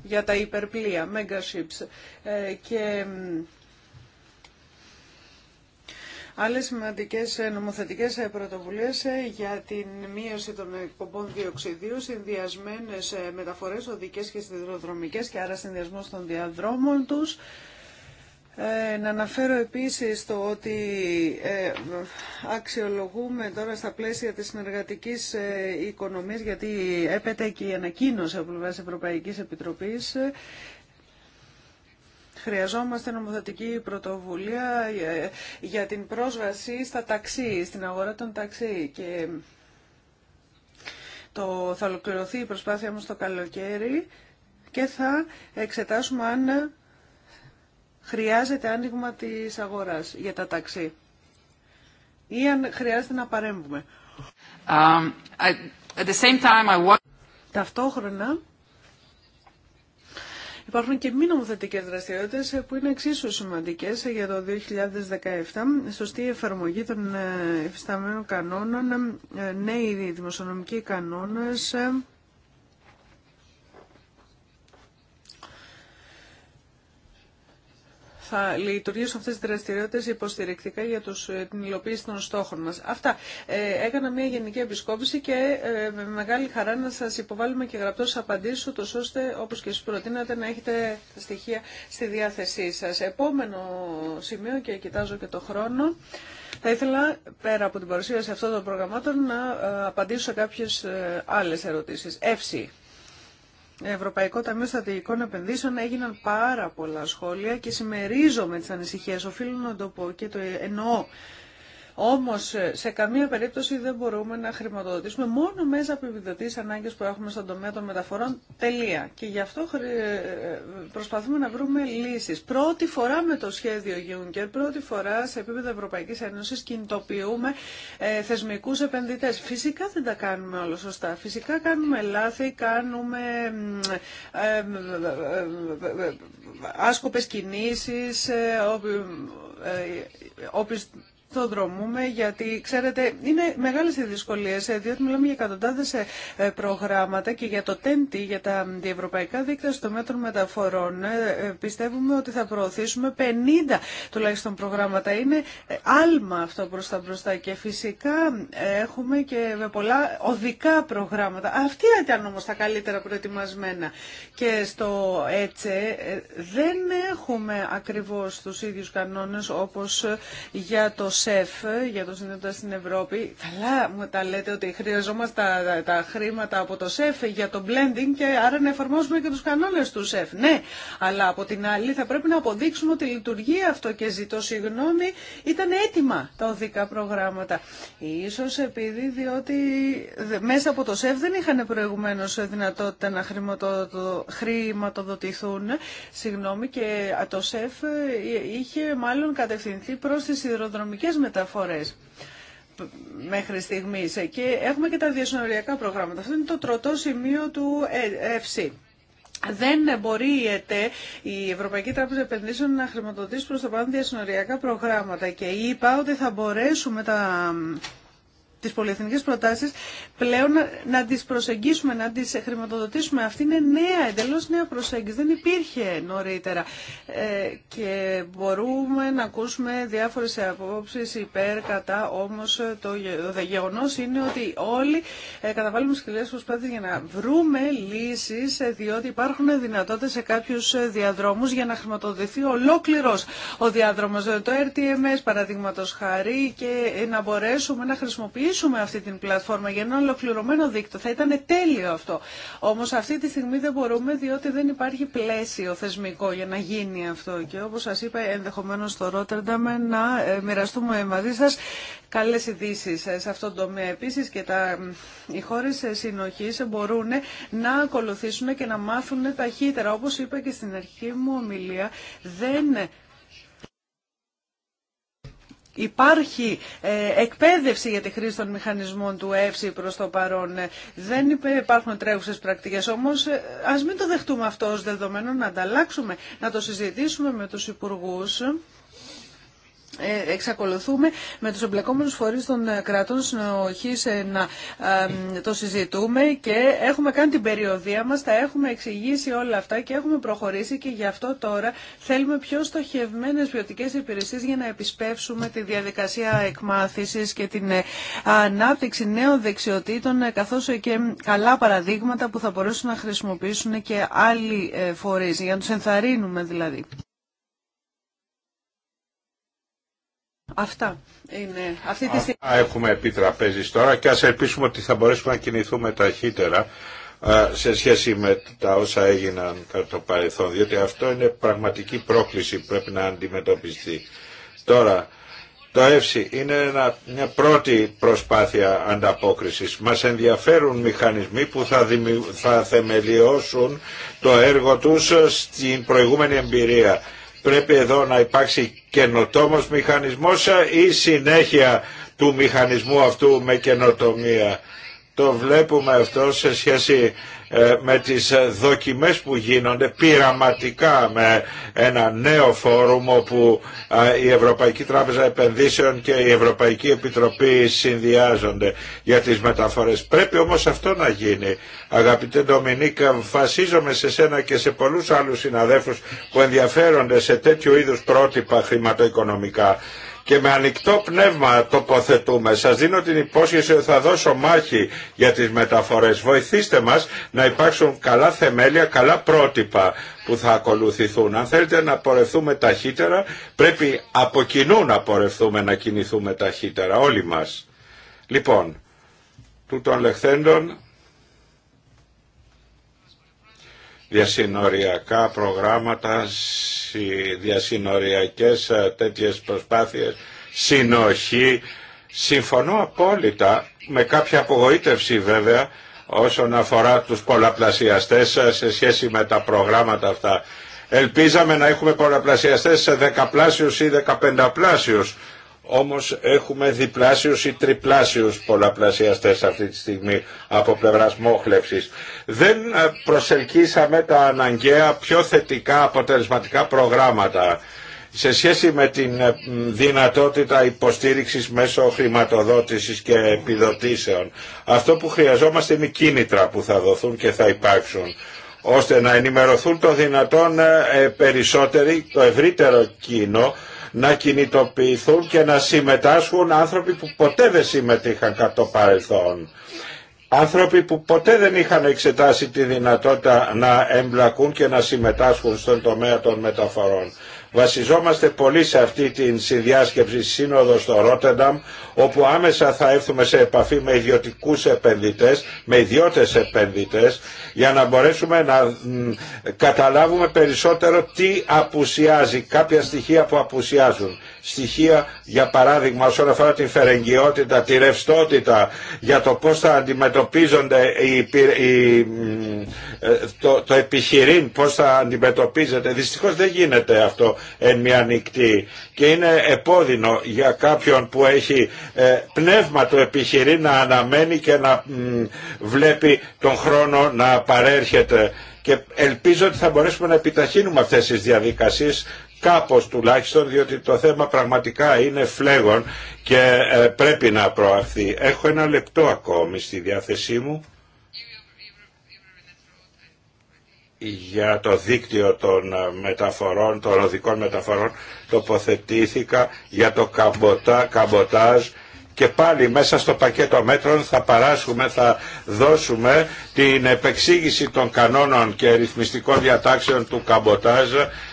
για τα υπερπλοία, mega ships. και Άλλες σημαντικές ε, νομοθετικές ε, πρωτοβουλίες ε, για την μείωση των εκπομπών διοξιδίου, συνδυασμένες μεταφορές οδικές και σιδηροδρομικές και άρα συνδυασμός των διαδρόμων τους. να αναφέρω επίσης το ότι αξιολογούμε τώρα στα πλαίσια της συνεργατικής ε, οικονομίας, γιατί έπεται και η ανακοίνωση από πλευράς Ευρωπαϊκής Επιτροπής, Χρειαζόμαστε νομοθετική πρωτοβουλία ε, για την πρόσβαση στα ταξί, στην αγορά των ταξί. Και το, θα ολοκληρωθεί η προσπάθεια μας το καλοκαίρι και θα εξετάσουμε αν χρειάζεται άνοιγμα της αγοράς για τα ταξί ή αν χρειάζεται να παρέμβουμε. Um, Ταυτόχρονα Υπάρχουν και μη νομοθετικέ δραστηριότητε, που είναι εξίσου σημαντικέ για το 2017. Σωστή εφαρμογή των εφισταμένων κανόνων, ε, νέοι δημοσιονομικοί κανόνε. Ε, θα λειτουργήσουν αυτές τις δραστηριότητες υποστηρικτικά για τους, ε, την υλοποίηση των στόχων μας. Αυτά. Ε, έκανα μια γενική επισκόπηση και ε, με μεγάλη χαρά να σας υποβάλουμε και γραπτώς απαντήσεις, τόσο ώστε όπως και σας προτείνατε να έχετε τα στοιχεία στη διάθεσή σας. Επόμενο σημείο και κοιτάζω και το χρόνο. Θα ήθελα, πέρα από την παρουσίαση αυτών των προγραμμάτων, να ε, απαντήσω σε κάποιες άλλες ερωτήσεις. Εύση. Ευρωπαϊκό Ταμείο Στατηγικών Επενδύσεων έγιναν πάρα πολλά σχόλια και συμμερίζομαι τις ανησυχίες. Οφείλω να το πω και το εννοώ. Όμως σε καμία περίπτωση δεν μπορούμε να χρηματοδοτήσουμε μόνο μέσα από επιδοτήσει ανάγκες που έχουμε στον τομέα των μεταφορών. Τελεία. Και γι' αυτό προσπαθούμε να βρούμε λύσεις. Πρώτη φορά με το σχέδιο Γιούγκερ, πρώτη φορά σε επίπεδο Ευρωπαϊκής Ένωσης κινητοποιούμε ε, θεσμικούς επενδυτές. Φυσικά δεν τα κάνουμε όλα σωστά. Φυσικά κάνουμε λάθη, κάνουμε ε, ε, άσκοπες κινήσεις, το δρομούμε γιατί ξέρετε είναι μεγάλες οι δυσκολίες ε, διότι μιλάμε για εκατοντάδες ε, ε, προγράμματα και για το τέντι για τα διευρωπαϊκά δίκτυα στο μέτρο μεταφορών πιστεύουμε ότι θα προωθήσουμε 50 τουλάχιστον προγράμματα. Είναι άλμα αυτό προς τα μπροστά και φυσικά έχουμε και πολλά οδικά προγράμματα. Αυτή ήταν όμως τα καλύτερα προετοιμασμένα και στο έτσι δεν έχουμε ακριβώς τους ίδιους κανόνες όπως για το ΣΕΦ για το Συνέδριο στην Ευρώπη. Καλά μου τα λέτε ότι χρειαζόμαστε τα, τα, χρήματα από το ΣΕΦ για το blending και άρα να εφαρμόσουμε και τους κανόνες του ΣΕΦ. Ναι, αλλά από την άλλη θα πρέπει να αποδείξουμε ότι λειτουργεί αυτό και ζητώ συγγνώμη, ήταν έτοιμα τα οδικά προγράμματα. Ίσως επειδή διότι μέσα από το ΣΕΦ δεν είχαν προηγουμένω δυνατότητα να χρηματοδοτηθούν συγγνώμη, και το ΣΕΦ ε, είχε μάλλον κατευθυνθεί προς τι Μεταφορέ μεταφορές μέχρι στιγμής και έχουμε και τα διασυνοριακά προγράμματα. Αυτό είναι το τρωτό σημείο του FC. Ε, Δεν μπορεί η ΕΤΕ, η Ευρωπαϊκή Τράπεζα Επενδύσεων, να χρηματοδοτήσει προς το πάνω διασυνοριακά προγράμματα και είπα ότι θα μπορέσουμε τα τις πολυεθνικές προτάσεις πλέον να τις προσεγγίσουμε, να τις χρηματοδοτήσουμε. Αυτή είναι νέα, εντελώς νέα προσέγγιση. Δεν υπήρχε νωρίτερα. Ε, και μπορούμε να ακούσουμε διάφορες απόψεις υπέρ, κατά, όμως το, το γεγονό είναι ότι όλοι ε, καταβάλουμε σκληρές προσπάθειες για να βρούμε λύσεις, ε, διότι υπάρχουν δυνατότητες σε κάποιους διαδρόμους για να χρηματοδοτηθεί ολόκληρος ο διάδρομος. Το RTMS, παραδείγματος χαρή, και να μπορέσουμε να χρησιμοποιήσουμε χρησιμοποιήσουμε αυτή την πλατφόρμα για ένα ολοκληρωμένο δίκτυο. Θα ήταν τέλειο αυτό. Όμω αυτή τη στιγμή δεν μπορούμε διότι δεν υπάρχει πλαίσιο θεσμικό για να γίνει αυτό. Και όπω σα είπα ενδεχομένω στο Ρότερνταμ να ε, μοιραστούμε μαζί σα καλέ ειδήσει ε, σε αυτόν τον τομέα. Επίση. και τα, οι χώρε συνοχή μπορούν ε, να ακολουθήσουν και να μάθουν ταχύτερα. Όπω είπα και στην αρχή μου ομιλία, δεν Υπάρχει ε, εκπαίδευση για τη χρήση των μηχανισμών του ΕΦΣΥ προς το παρόν. Ε, δεν υπάρχουν τρέχουσες πρακτικές, όμως ε, ας μην το δεχτούμε αυτό ως δεδομένο, να ανταλλάξουμε, να το συζητήσουμε με τους υπουργούς. Ε, εξακολουθούμε με τους εμπλεκόμενους φορείς των ε, κρατών συνοχής ε, να το συζητούμε και έχουμε κάνει την περιοδία μας, τα έχουμε εξηγήσει όλα αυτά και έχουμε προχωρήσει και γι' αυτό τώρα θέλουμε πιο στοχευμένες ποιοτικέ υπηρεσίες για να επισπεύσουμε τη διαδικασία εκμάθησης και την ανάπτυξη νέων δεξιοτήτων καθώς και καλά παραδείγματα που θα μπορέσουν να χρησιμοποιήσουν και άλλοι φορείς, για να τους ενθαρρύνουμε δηλαδή. Αυτά είναι. Αυτή τη στιγμή... έχουμε επί τώρα και ας ελπίσουμε ότι θα μπορέσουμε να κινηθούμε ταχύτερα ε, σε σχέση με τα όσα έγιναν κατά το παρελθόν, διότι αυτό είναι πραγματική πρόκληση που πρέπει να αντιμετωπιστεί. Τώρα, το ΕΦΣΙ είναι ένα, μια πρώτη προσπάθεια ανταπόκρισης. Μας ενδιαφέρουν μηχανισμοί που θα, θα θεμελιώσουν το έργο τους στην προηγούμενη εμπειρία πρέπει εδώ να υπάρξει καινοτόμος μηχανισμός ή συνέχεια του μηχανισμού αυτού με καινοτομία το βλέπουμε αυτό σε σχέση ε, με τις ε, δοκιμές που γίνονται πειραματικά με ένα νέο φόρουμ όπου ε, η Ευρωπαϊκή Τράπεζα Επενδύσεων και η Ευρωπαϊκή Επιτροπή συνδυάζονται για τις μεταφορές. Πρέπει όμως αυτό να γίνει. Αγαπητέ Ντομινίκα, βασίζομαι σε σένα και σε πολλούς άλλους συναδέλφους που ενδιαφέρονται σε τέτοιου είδους πρότυπα χρηματοοικονομικά και με ανοιχτό πνεύμα τοποθετούμε. Σας δίνω την υπόσχεση ότι θα δώσω μάχη για τις μεταφορές. Βοηθήστε μας να υπάρξουν καλά θεμέλια, καλά πρότυπα που θα ακολουθηθούν. Αν θέλετε να πορευτούμε ταχύτερα, πρέπει από κοινού να πορευτούμε να κινηθούμε ταχύτερα, όλοι μας. Λοιπόν, τούτων λεχθέντων διασυνοριακά προγράμματα, διασυνοριακές ε, τέτοιες προσπάθειες, συνοχή. Συμφωνώ απόλυτα, με κάποια απογοήτευση βέβαια, όσον αφορά τους πολλαπλασιαστές ε, σε σχέση με τα προγράμματα αυτά. Ελπίζαμε να έχουμε πολλαπλασιαστές σε δεκαπλάσιους ή δεκαπενταπλάσιους όμως έχουμε διπλάσιους ή τριπλάσιους πολλαπλασιαστές αυτή τη στιγμή από πλευράς μόχλευσης. Δεν ε, προσελκύσαμε τα αναγκαία πιο θετικά αποτελεσματικά προγράμματα σε σχέση με την ε, δυνατότητα υποστήριξης μέσω χρηματοδότησης και επιδοτήσεων. Αυτό που χρειαζόμαστε είναι κίνητρα που θα δοθούν και θα υπάρξουν ώστε να ενημερωθούν το δυνατόν ε, περισσότεροι, το ευρύτερο κοινό να κινητοποιηθούν και να συμμετάσχουν άνθρωποι που ποτέ δεν συμμετείχαν κατά το παρελθόν. Άνθρωποι που ποτέ δεν είχαν εξετάσει τη δυνατότητα να εμπλακούν και να συμμετάσχουν στον τομέα των μεταφορών. Βασιζόμαστε πολύ σε αυτή τη συνδιάσκεψη σύνοδο στο Ρότενταμ όπου άμεσα θα έρθουμε σε επαφή με ιδιωτικού επενδυτέ, με ιδιώτε επενδυτέ, για να μπορέσουμε να καταλάβουμε περισσότερο τι απουσιάζει, κάποια στοιχεία που απουσιάζουν στοιχεία, για παράδειγμα όσον αφορά την φερεγγιότητα, τη ρευστότητα, για το πώς θα αντιμετωπίζονται ε, το, το επιχειρήν, πώς θα αντιμετωπίζεται. Δυστυχώς δεν γίνεται αυτό εν μια νυχτή και είναι επώδυνο για κάποιον που έχει ε, πνεύμα το επιχειρήν να αναμένει και να βλέπει τον χρόνο να παρέρχεται και ελπίζω ότι θα μπορέσουμε να επιταχύνουμε αυτές τις διαδικασίες κάπως τουλάχιστον διότι το θέμα πραγματικά είναι φλέγον και ε, πρέπει να προαρθεί. Έχω ένα λεπτό ακόμη στη διάθεσή μου για το δίκτυο των ε, μεταφορών, των οδικών μεταφορών τοποθετήθηκα για το καμποτά, καμποτάζ και πάλι μέσα στο πακέτο μέτρων θα παράσχουμε, θα δώσουμε την επεξήγηση των κανόνων και ρυθμιστικών διατάξεων του Καμποτάζ.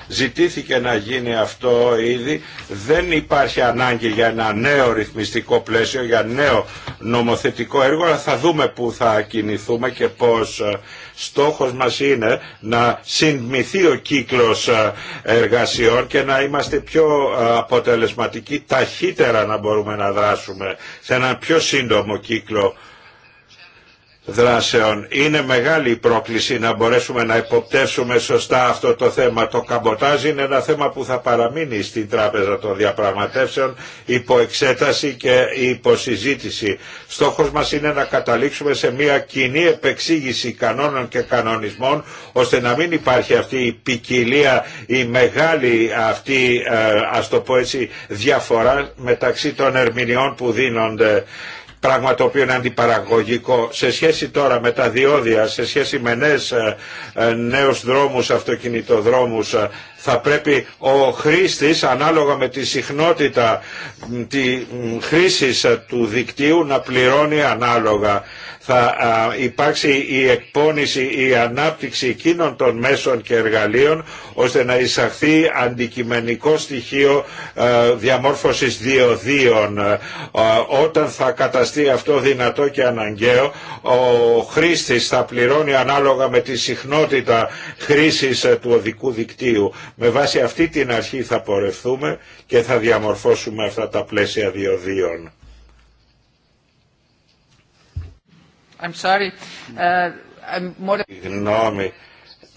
Ζητήθηκε να γίνει αυτό ήδη. Δεν υπάρχει ανάγκη για ένα νέο ρυθμιστικό πλαίσιο, για νέο νομοθετικό έργο, αλλά θα δούμε πού θα κινηθούμε και πώς. Ε, Στόχος μας είναι να συντμηθεί ο κύκλος ε, εργασιών και να είμαστε πιο ε, αποτελεσματικοί ταχύτερα να μπορούμε να δράσουμε σε έναν πιο σύντομο κύκλο δράσεων. Είναι μεγάλη η πρόκληση να μπορέσουμε να υποπτεύσουμε σωστά αυτό το θέμα. Το καμποτάζ είναι ένα θέμα που θα παραμείνει στην Τράπεζα των Διαπραγματεύσεων υπό εξέταση και υπό συζήτηση. Στόχος μας είναι να καταλήξουμε σε μια κοινή επεξήγηση κανόνων και κανονισμών ώστε να μην υπάρχει αυτή η ποικιλία, η μεγάλη αυτή ε, ας το πω έτσι διαφορά μεταξύ των ερμηνεών που δίνονται πράγμα το οποίο είναι αντιπαραγωγικό. Σε σχέση τώρα με τα διόδια, σε σχέση με νέες, ε, ε, νέους δρόμους, αυτοκινητοδρόμους, ε, θα πρέπει ο χρήστης ανάλογα με τη συχνότητα τη χρήσης ε, του δικτύου να πληρώνει ανάλογα. Θα υπάρξει η εκπόνηση, η ανάπτυξη εκείνων των μέσων και εργαλείων ώστε να εισαχθεί αντικειμενικό στοιχείο ε, διαμόρφωσης διοδίων. Ε, όταν θα καταστεί αυτό δυνατό και αναγκαίο, ο χρήστης θα πληρώνει ανάλογα με τη συχνότητα χρήσης του οδικού δικτύου. Με βάση αυτή την αρχή θα πορευθούμε και θα διαμορφώσουμε αυτά τα πλαίσια διοδίων. I'm uh,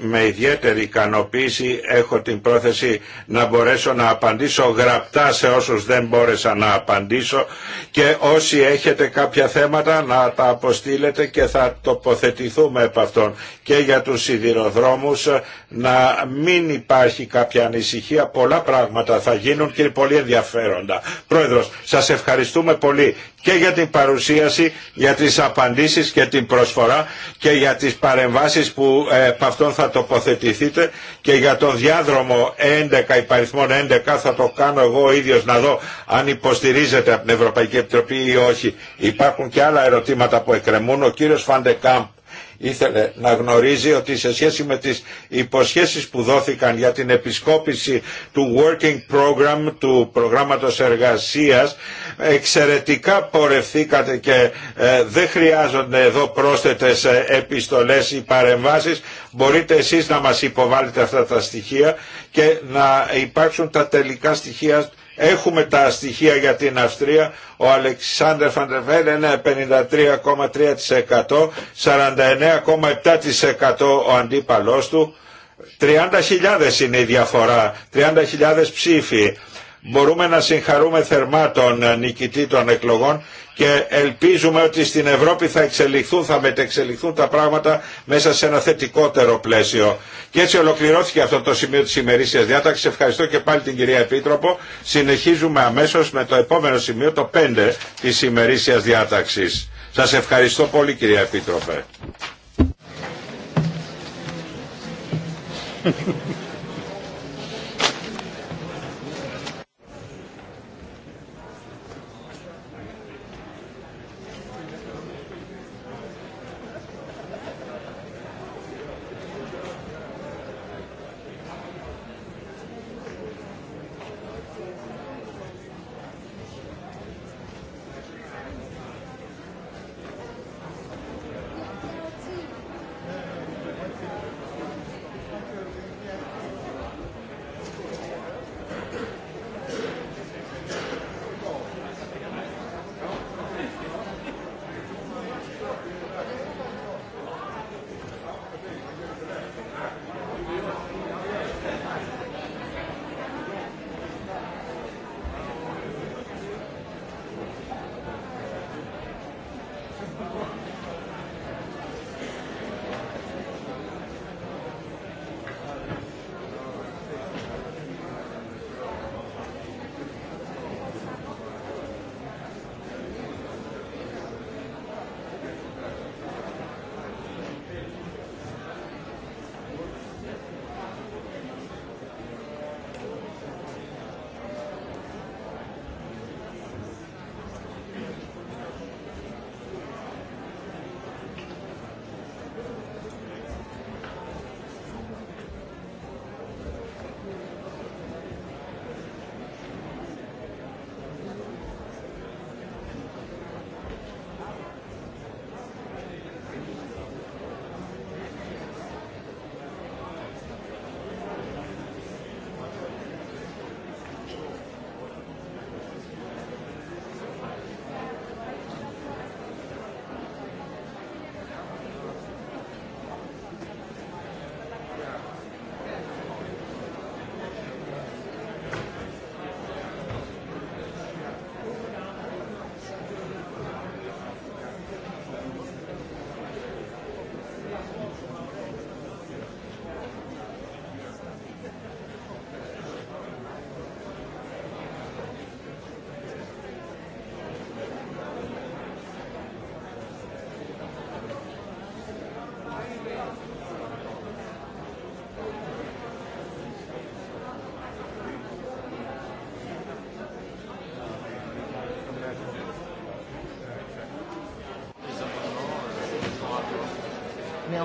με ιδιαίτερη ικανοποίηση έχω την πρόθεση να μπορέσω να απαντήσω γραπτά σε όσους δεν μπόρεσα να απαντήσω και όσοι έχετε κάποια θέματα να τα αποστείλετε και θα τοποθετηθούμε από αυτόν και για τους σιδηροδρόμους να μην υπάρχει κάποια ανησυχία πολλά πράγματα θα γίνουν και πολύ ενδιαφέροντα Πρόεδρος, σας ευχαριστούμε πολύ και για την παρουσίαση, για τις απαντήσεις και την προσφορά και για τις παρεμβάσεις που ε, θα τοποθετηθείτε και για τον διάδρομο 11 υπαριθμών 11 θα το κάνω εγώ ο ίδιος να δω αν υποστηρίζεται από την Ευρωπαϊκή Επιτροπή ή όχι. Υπάρχουν και άλλα ερωτήματα που εκκρεμούν. Ο κύριος Φαντεκάμπ ήθελε να γνωρίζει ότι σε σχέση με τις υποσχέσεις που δόθηκαν για την επισκόπηση του Working Program, του προγράμματος εργασίας, εξαιρετικά πορευθήκατε και ε, δεν χρειάζονται εδώ πρόσθετες ε, επιστολές ή παρεμβάσεις. Μπορείτε εσείς να μας υποβάλλετε αυτά τα στοιχεία και να υπάρξουν τα τελικά στοιχεία Έχουμε τα στοιχεία για την Αυστρία. Ο Αλεξάνδρ Φαντεβέν είναι 53,3%, 49,7% ο αντίπαλός του. 30.000 είναι η διαφορά, 30.000 ψήφοι Μπορούμε να συγχαρούμε θερμά τον ε, νικητή των εκλογών και ελπίζουμε ότι στην Ευρώπη θα εξελιχθούν, θα μετεξελιχθούν τα πράγματα μέσα σε ένα θετικότερο πλαίσιο. Και έτσι ολοκληρώθηκε αυτό το σημείο της ημερήσιας διάταξης. Ευχαριστώ και πάλι την κυρία Επίτροπο. Συνεχίζουμε αμέσως με το επόμενο σημείο, το 5 της ημερήσιας διάταξης. Σας ευχαριστώ πολύ κυρία Επίτροπε.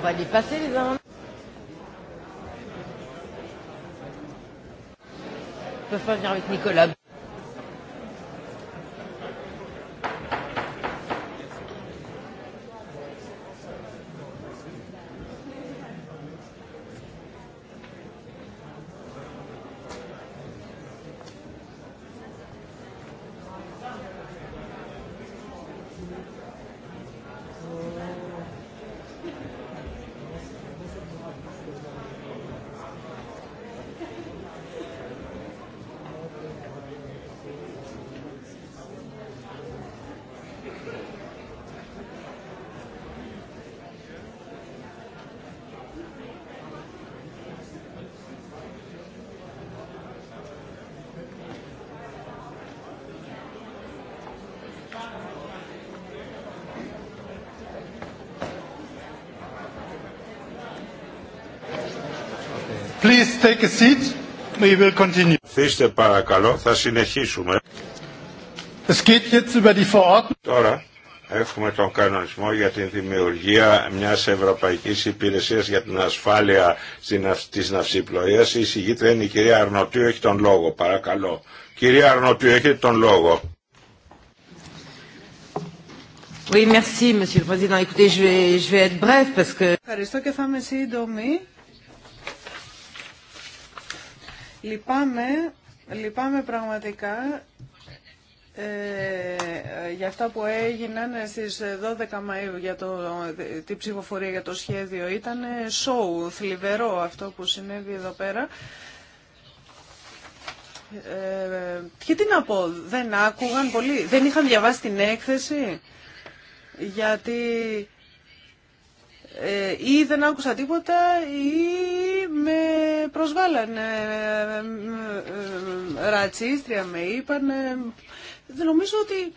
va dépasser les 20 Ils peuvent pas venir avec Nicolas. take a seat. We will continue. Αφήστε παρακαλώ, θα συνεχίσουμε. Es geht jetzt über die Verordnung. Τώρα έχουμε τον κανονισμό για την δημιουργία μιας Ευρωπαϊκής Υπηρεσίας για την Ασφάλεια της Ναυσιπλοείας. Η συγγήτρια είναι η κυρία Αρνοτίου, έχει τον λόγο, παρακαλώ. Κυρία Αρνοτίου, έχετε τον λόγο. Oui, merci, Monsieur le Président. Écoutez, je vais, je vais être bref parce que... Ευχαριστώ και θα είμαι σύντομη Λυπάμαι, λυπάμαι πραγματικά ε, για αυτά που έγιναν στις 12 Μαΐου για το, την ψηφοφορία για το σχέδιο. Ήταν σοου, θλιβερό αυτό που συνέβη εδώ πέρα. Ε, και τι να πω, δεν άκουγαν πολύ, δεν είχαν διαβάσει την έκθεση, γιατί ε, ή δεν άκουσα τίποτα ή με προσβάλλανε ε, ε, ρατσίστρια με είπαν νομίζω ότι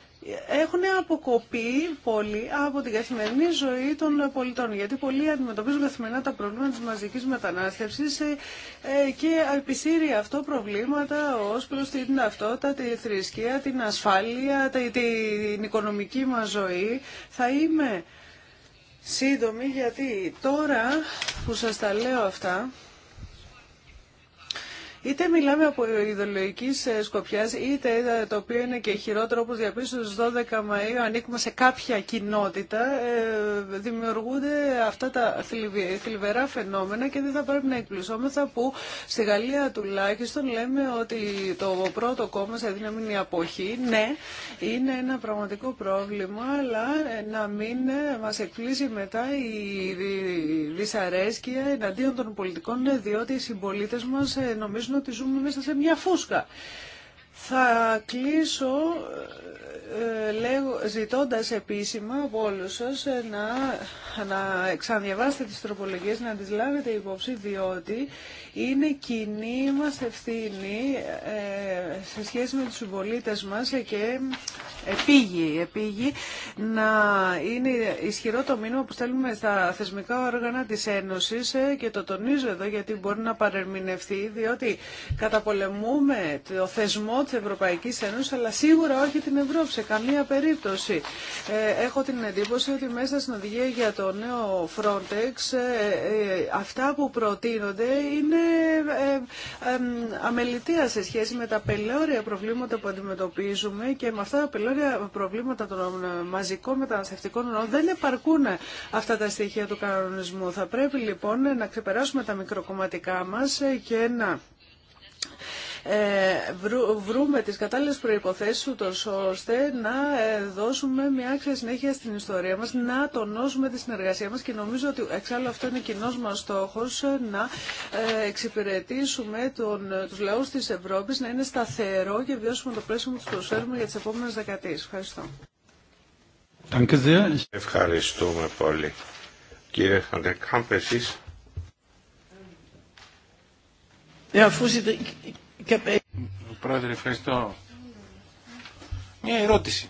έχουν αποκοπεί πολύ από την καθημερινή ζωή των πολιτών. Γιατί πολλοί αντιμετωπίζουν καθημερινά τα προβλήματα της μαζικής μετανάστευσης και επισύρει αυτό προβλήματα ως προς την ταυτότητα, τη θρησκεία, την ασφάλεια, την οικονομική μας ζωή. Θα είμαι σύντομη γιατί τώρα που σας τα λέω αυτά Είτε μιλάμε από ιδεολογική ε, σκοπιά, είτε ε, το οποίο είναι και χειρότερο, όπω διαπίστωσε στι 12 Μαου, ανήκουμε σε κάποια κοινότητα, ε, δημιουργούνται αυτά τα θλιβερά φαινόμενα και δεν θα πρέπει να εκπλησώμεθα που στη Γαλλία τουλάχιστον λέμε ότι το πρώτο κόμμα σε δύναμη είναι η αποχή. Ναι, είναι ένα πραγματικό πρόβλημα, αλλά να μην μα εκπλήσει μετά η δυσαρέσκεια εναντίον των πολιτικών, διότι οι συμπολίτε μα νομίζουν ότι ζούμε μέσα σε μια φούσκα. Θα κλείσω ε, ε λέγω, ζητώντας επίσημα από όλους σας ε, να να ξαναδιαβάσετε τις τροπολογίες, να τις λάβετε υπόψη, διότι είναι κοινή μας ευθύνη ε, σε σχέση με τους συμπολίτε μας και επίγει, επίγει να είναι ισχυρό το μήνυμα που στέλνουμε στα θεσμικά όργανα της Ένωσης ε, και το τονίζω εδώ γιατί μπορεί να παρερμηνευτεί, διότι καταπολεμούμε το θεσμό της Ευρωπαϊκής Ένωσης, αλλά σίγουρα όχι την Ευρώπη σε καμία περίπτωση. Ε, έχω την εντύπωση ότι μέσα στην οδηγία για το το νέο Frontex, ε, ε, αυτά που προτείνονται είναι ε, αμεληταία σε σχέση με τα πελώρια προβλήματα που αντιμετωπίζουμε και με αυτά τα πελώρια προβλήματα των μαζικών μεταναστευτικών νομών δεν επαρκούν αυτά τα στοιχεία του κανονισμού. Θα πρέπει λοιπόν να ξεπεράσουμε τα μικροκομματικά μας και να ε, βρούμε τις κατάλληλες προϋποθέσεις ούτως ώστε να ε, δώσουμε μια άξια συνέχεια στην ιστορία μας, να τονώσουμε τη συνεργασία μας και νομίζω ότι εξάλλου αυτό είναι κοινός μας στόχος να ε, εξυπηρετήσουμε τον, τους λαούς της Ευρώπης να είναι σταθερό και βιώσουμε το πλαίσιο που τους προσφέρουμε για τις επόμενες δεκαετίες. Ευχαριστώ. Ευχαριστούμε πολύ. Κύριε εσείς. Ja, Πρόεδρε, ευχαριστώ. Μια ερώτηση.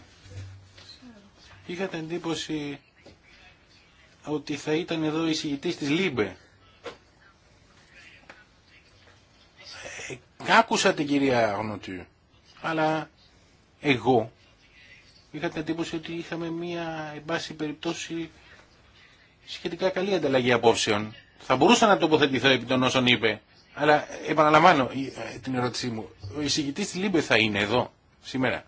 Είχατε την εντύπωση ότι θα ήταν εδώ η συγητής της Λίμπε. Ε, κάκουσα την κυρία Γνωτή, αλλά εγώ είχατε την εντύπωση ότι είχαμε μία, εν πάση περιπτώσει, σχετικά καλή ανταλλαγή απόψεων. Θα μπορούσα να τοποθετηθώ επί των όσων είπε. Αλλά επαναλαμβάνω ε, την ερώτησή μου. Ο εισηγητή τη Λίμπε θα είναι εδώ σήμερα.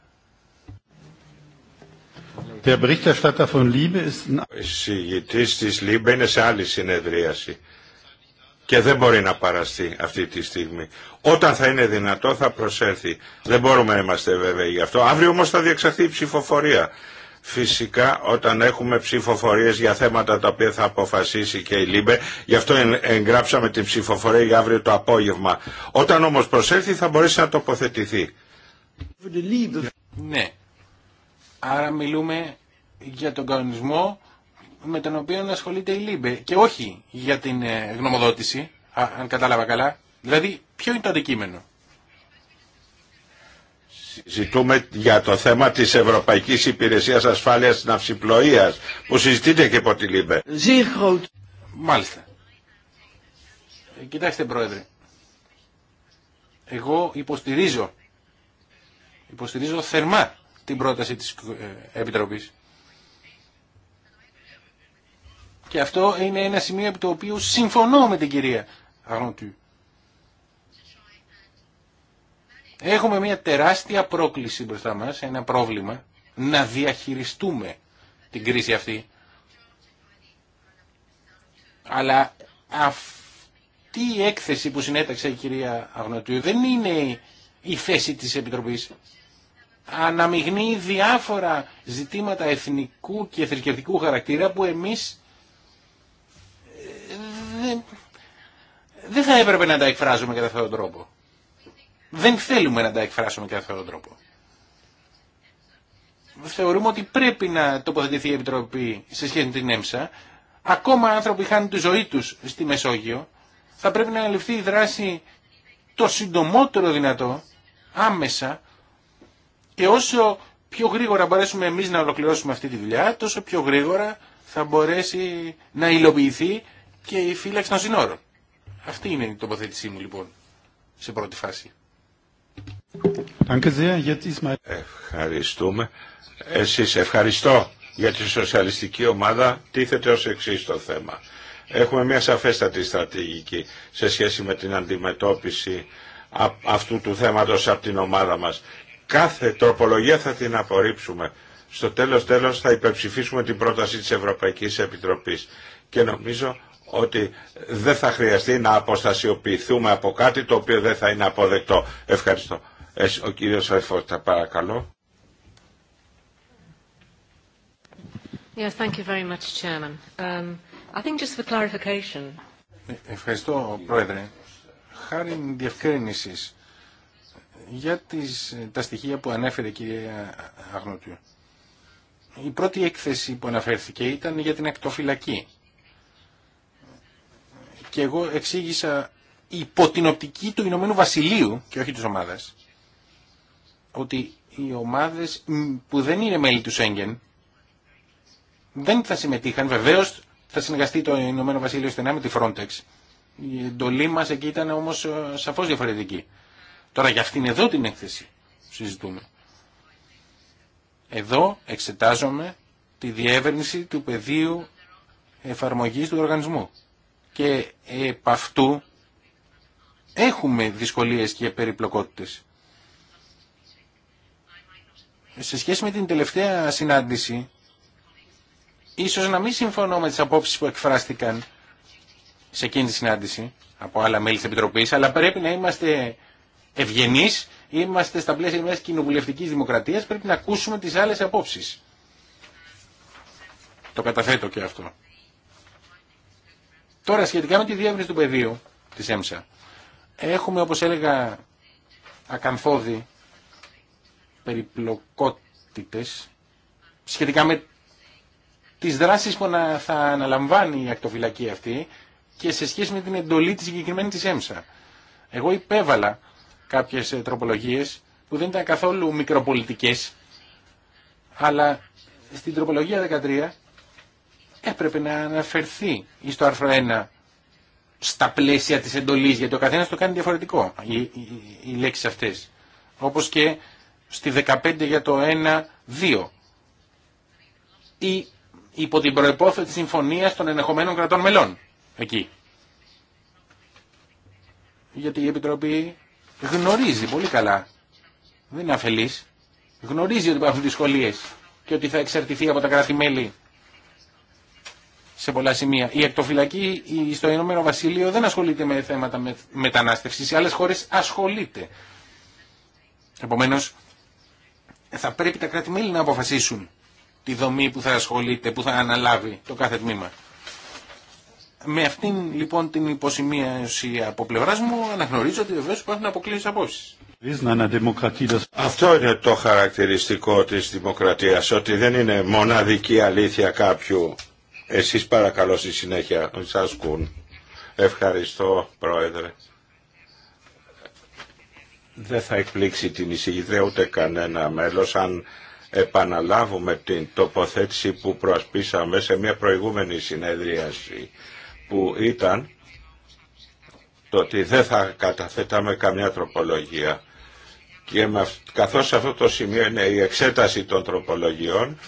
Der Ο εισηγητή τη Λίμπε είναι σε άλλη συνεδρίαση και δεν μπορεί να παραστεί αυτή τη στιγμή. Όταν θα είναι δυνατό θα προσέλθει. Δεν μπορούμε να είμαστε βέβαιοι γι' αυτό. Αύριο όμως θα διεξαχθεί η ψηφοφορία Φυσικά όταν έχουμε ψηφοφορίες για θέματα τα οποία θα αποφασίσει και η ΛΥΜΠΕ, γι' αυτό εγγράψαμε την ψηφοφορία για αύριο το απόγευμα. Όταν όμως προσέλθει θα μπορέσει να τοποθετηθεί. Ναι. Άρα μιλούμε για τον κανονισμό με τον οποίο ασχολείται η ΛΥΜΠΕ και όχι για την ε, γνωμοδότηση, αν κατάλαβα καλά. Δηλαδή ποιο είναι το αντικείμενο συζητούμε για το θέμα της Ευρωπαϊκής Υπηρεσίας Ασφάλειας Ναυσιπλοείας που συζητείται και από τη ΛΥΜΠΕ. Μάλιστα. Ε, κοιτάξτε Πρόεδρε, εγώ υποστηρίζω, υποστηρίζω θερμά την πρόταση της ε, Επιτροπής. Και αυτό είναι ένα σημείο από το οποίο συμφωνώ με την κυρία Αγνότου. Έχουμε μια τεράστια πρόκληση μπροστά μας, ένα πρόβλημα, να διαχειριστούμε την κρίση αυτή. Αλλά αυτή η έκθεση που συνέταξε η κυρία Αγνοτιού δεν είναι η θέση της Επιτροπής. Αναμειγνύει διάφορα ζητήματα εθνικού και θρησκευτικού χαρακτήρα που εμείς ε, δεν, δεν θα έπρεπε να τα εκφράζουμε κατά αυτόν τον τρόπο δεν θέλουμε να τα εκφράσουμε κατά αυτόν τον τρόπο. Θεωρούμε ότι πρέπει να τοποθετηθεί η Επιτροπή σε σχέση με την ΕΜΣΑ. Ακόμα άνθρωποι χάνουν τη ζωή τους στη Μεσόγειο. Θα πρέπει να ληφθεί η δράση το συντομότερο δυνατό, άμεσα, και όσο πιο γρήγορα μπορέσουμε εμείς να ολοκληρώσουμε αυτή τη δουλειά, τόσο πιο γρήγορα θα μπορέσει να υλοποιηθεί και η φύλαξη των συνόρων. Αυτή είναι η τοποθέτησή μου λοιπόν, σε πρώτη φάση. Ευχαριστούμε. Εσείς ευχαριστώ για τη σοσιαλιστική ομάδα τίθεται ως εξή το θέμα. Έχουμε μια σαφέστατη στρατηγική σε σχέση με την αντιμετώπιση αυτού του θέματος από την ομάδα μας. Κάθε τροπολογία θα την απορρίψουμε. Στο τέλος τέλος θα υπερψηφίσουμε την πρόταση της Ευρωπαϊκής Επιτροπής. Και νομίζω ότι δεν θα χρειαστεί να αποστασιοποιηθούμε από κάτι το οποίο δεν θα είναι αποδεκτό. Ευχαριστώ. Ο κύριος Αεφώτα, παρακαλώ. Yes, thank you very much, Chairman. Um, I think just for clarification. Ευχαριστώ, Πρόεδρε. Χάρη διευκρίνησης για τις, τα στοιχεία που ανέφερε η κυρία Η πρώτη έκθεση που αναφέρθηκε ήταν για την εκτοφυλακή και εγώ εξήγησα υπό την οπτική του Ηνωμένου Βασιλείου και όχι της ομάδας ότι οι ομάδες που δεν είναι μέλη του Σέγγεν δεν θα συμμετείχαν βεβαίως θα συνεργαστεί το Ηνωμένο Βασίλειο στενά με τη Frontex η εντολή μας εκεί ήταν όμως ε, σαφώς διαφορετική τώρα για αυτήν εδώ την έκθεση συζητούμε εδώ εξετάζομαι τη διεύρυνση του πεδίου εφαρμογής του οργανισμού και επ' αυτού έχουμε δυσκολίες και περιπλοκότητες. Σε σχέση με την τελευταία συνάντηση, ίσως να μην συμφωνώ με τις απόψεις που εκφράστηκαν σε εκείνη τη συνάντηση από άλλα μέλη της Επιτροπής, αλλά πρέπει να είμαστε ευγενείς, είμαστε στα πλαίσια μιας κοινοβουλευτικής δημοκρατίας, πρέπει να ακούσουμε τις άλλες απόψεις. Το καταθέτω και αυτό. Τώρα σχετικά με τη διεύρυνση του πεδίου της ΕΜΣΑ. Έχουμε όπως έλεγα ακαθόδη περιπλοκότητες σχετικά με τις δράσεις που θα αναλαμβάνει η ακτοφυλακή αυτή και σε σχέση με την εντολή της συγκεκριμένη τη ΕΜΣΑ. Εγώ υπέβαλα κάποιες ε, τροπολογίε που δεν ήταν καθόλου μικροπολιτικές αλλά στην τροπολογία 13 έπρεπε να αναφερθεί στο άρθρο 1 στα πλαίσια της εντολής, γιατί ο καθένας το κάνει διαφορετικό, οι, οι, οι λέξεις αυτές. Όπως και στη 15 για το 1-2. Ή υπό την προϋπόθεση συμφωνίας των ενεχομένων κρατών μελών. Εκεί. Γιατί η υπο την προυποθεση συμφωνια γνωρίζει πολύ καλά. Δεν είναι αφελής. Γνωρίζει ότι υπάρχουν δυσκολίες και ότι θα εξαρτηθεί από τα κράτη-μέλη σε πολλά σημεία. Η εκτοφυλακή στο Ηνωμένο Βασίλειο δεν ασχολείται με θέματα μετανάστευση, σε άλλε χώρε ασχολείται. Επομένω, θα πρέπει τα κράτη-μέλη να αποφασίσουν τη δομή που θα ασχολείται, που θα αναλάβει το κάθε τμήμα. Με αυτήν λοιπόν την υποσημείωση από πλευρά μου αναγνωρίζω ότι βεβαίω υπάρχουν αποκλήσει απόψει. Αυτό είναι το χαρακτηριστικό της δημοκρατίας, ότι δεν είναι μοναδική αλήθεια κάποιου. Εσείς παρακαλώ στη συνέχεια, σας κουν. Ευχαριστώ, Πρόεδρε. Δεν θα εκπλήξει την εισηγητρία ούτε κανένα μέλος αν επαναλάβουμε την τοποθέτηση που προασπίσαμε σε μια προηγούμενη συνέδριαση που ήταν το ότι δεν θα καταθέταμε καμιά τροπολογία. Και καθώς αυτό το σημείο είναι η εξέταση των τροπολογιών,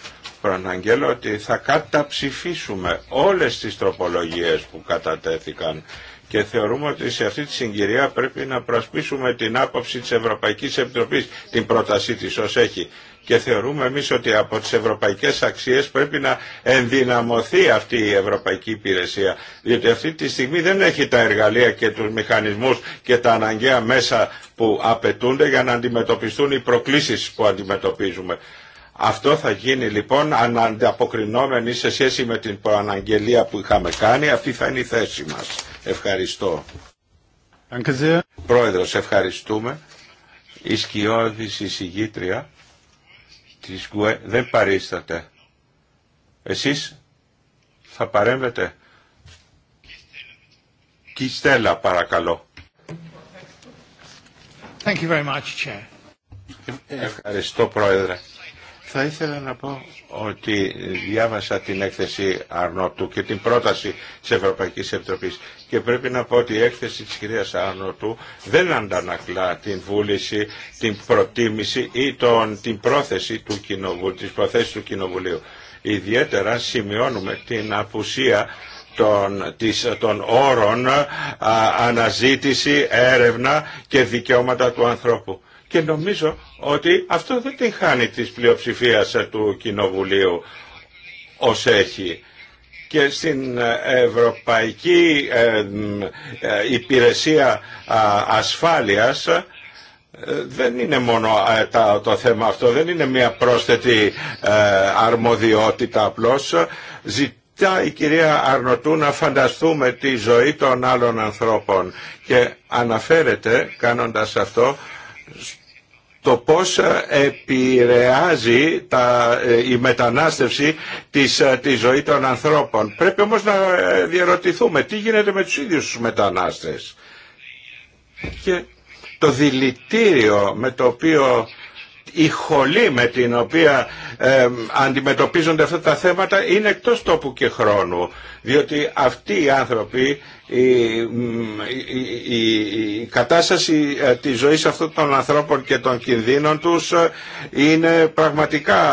προαναγγέλλω ότι θα καταψηφίσουμε όλες τις τροπολογίες που κατατέθηκαν και θεωρούμε ότι σε αυτή τη συγκυρία πρέπει να προσπίσουμε την άποψη της Ευρωπαϊκής Επιτροπής, την πρότασή της ως έχει. Και θεωρούμε εμείς ότι από τις ευρωπαϊκές αξίες πρέπει να ενδυναμωθεί αυτή η ευρωπαϊκή υπηρεσία. Διότι αυτή τη στιγμή δεν έχει τα εργαλεία και τους μηχανισμούς και τα αναγκαία μέσα που απαιτούνται για να αντιμετωπιστούν οι προκλήσεις που αντιμετωπίζουμε. Αυτό θα γίνει λοιπόν ανταποκρινόμενοι σε σχέση με την προαναγγελία που είχαμε κάνει. Αυτή θα είναι η θέση μας. Ευχαριστώ. Πρόεδρος, ευχαριστούμε. Η σκιώδης εισηγήτρια της ΓΟΕ δεν παρίσταται. Εσείς θα παρέμβετε. Κιστέλα παρακαλώ. Thank you very much, Chair. Ευχαριστώ Πρόεδρε. Θα ήθελα να πω ότι διάβασα την έκθεση Αρνότου και την πρόταση της Ευρωπαϊκής Επιτροπής και πρέπει να πω ότι η έκθεση της κυρίας Αρνότου δεν αντανακλά την βούληση, την προτίμηση ή τον, την πρόθεση του κοινοβουλίου, του Κοινοβουλίου. Ιδιαίτερα σημειώνουμε την απουσία των, των όρων αναζήτηση, έρευνα και δικαιώματα του ανθρώπου και νομίζω ότι αυτό δεν την χάνει της πλειοψηφίας ε, του Κοινοβουλίου ως έχει και στην ε, Ευρωπαϊκή ε, Υπηρεσία Ασφάλειας δεν είναι μόνο το θέμα αυτό, δεν είναι μια πρόσθετη αρμοδιότητα απλώς. Ζητά η κυρία Αρνοτού να φανταστούμε τη ζωή των άλλων ανθρώπων και αναφέρεται κάνοντας αυτό το πώς ε, επηρεάζει τα, ε, η μετανάστευση της, ε, τη ζωή των ανθρώπων. Πρέπει όμως να διαρωτηθούμε τι γίνεται με τους ίδιους τους μετανάστες. Και το δηλητήριο με το οποίο η χολή με την οποία ε, αντιμετωπίζονται αυτά τα θέματα είναι εκτός τόπου και χρόνου. Διότι αυτοί οι άνθρωποι, η, η, η, κατάσταση ε, της ζωής αυτών των ανθρώπων και των κινδύνων τους ε, είναι πραγματικά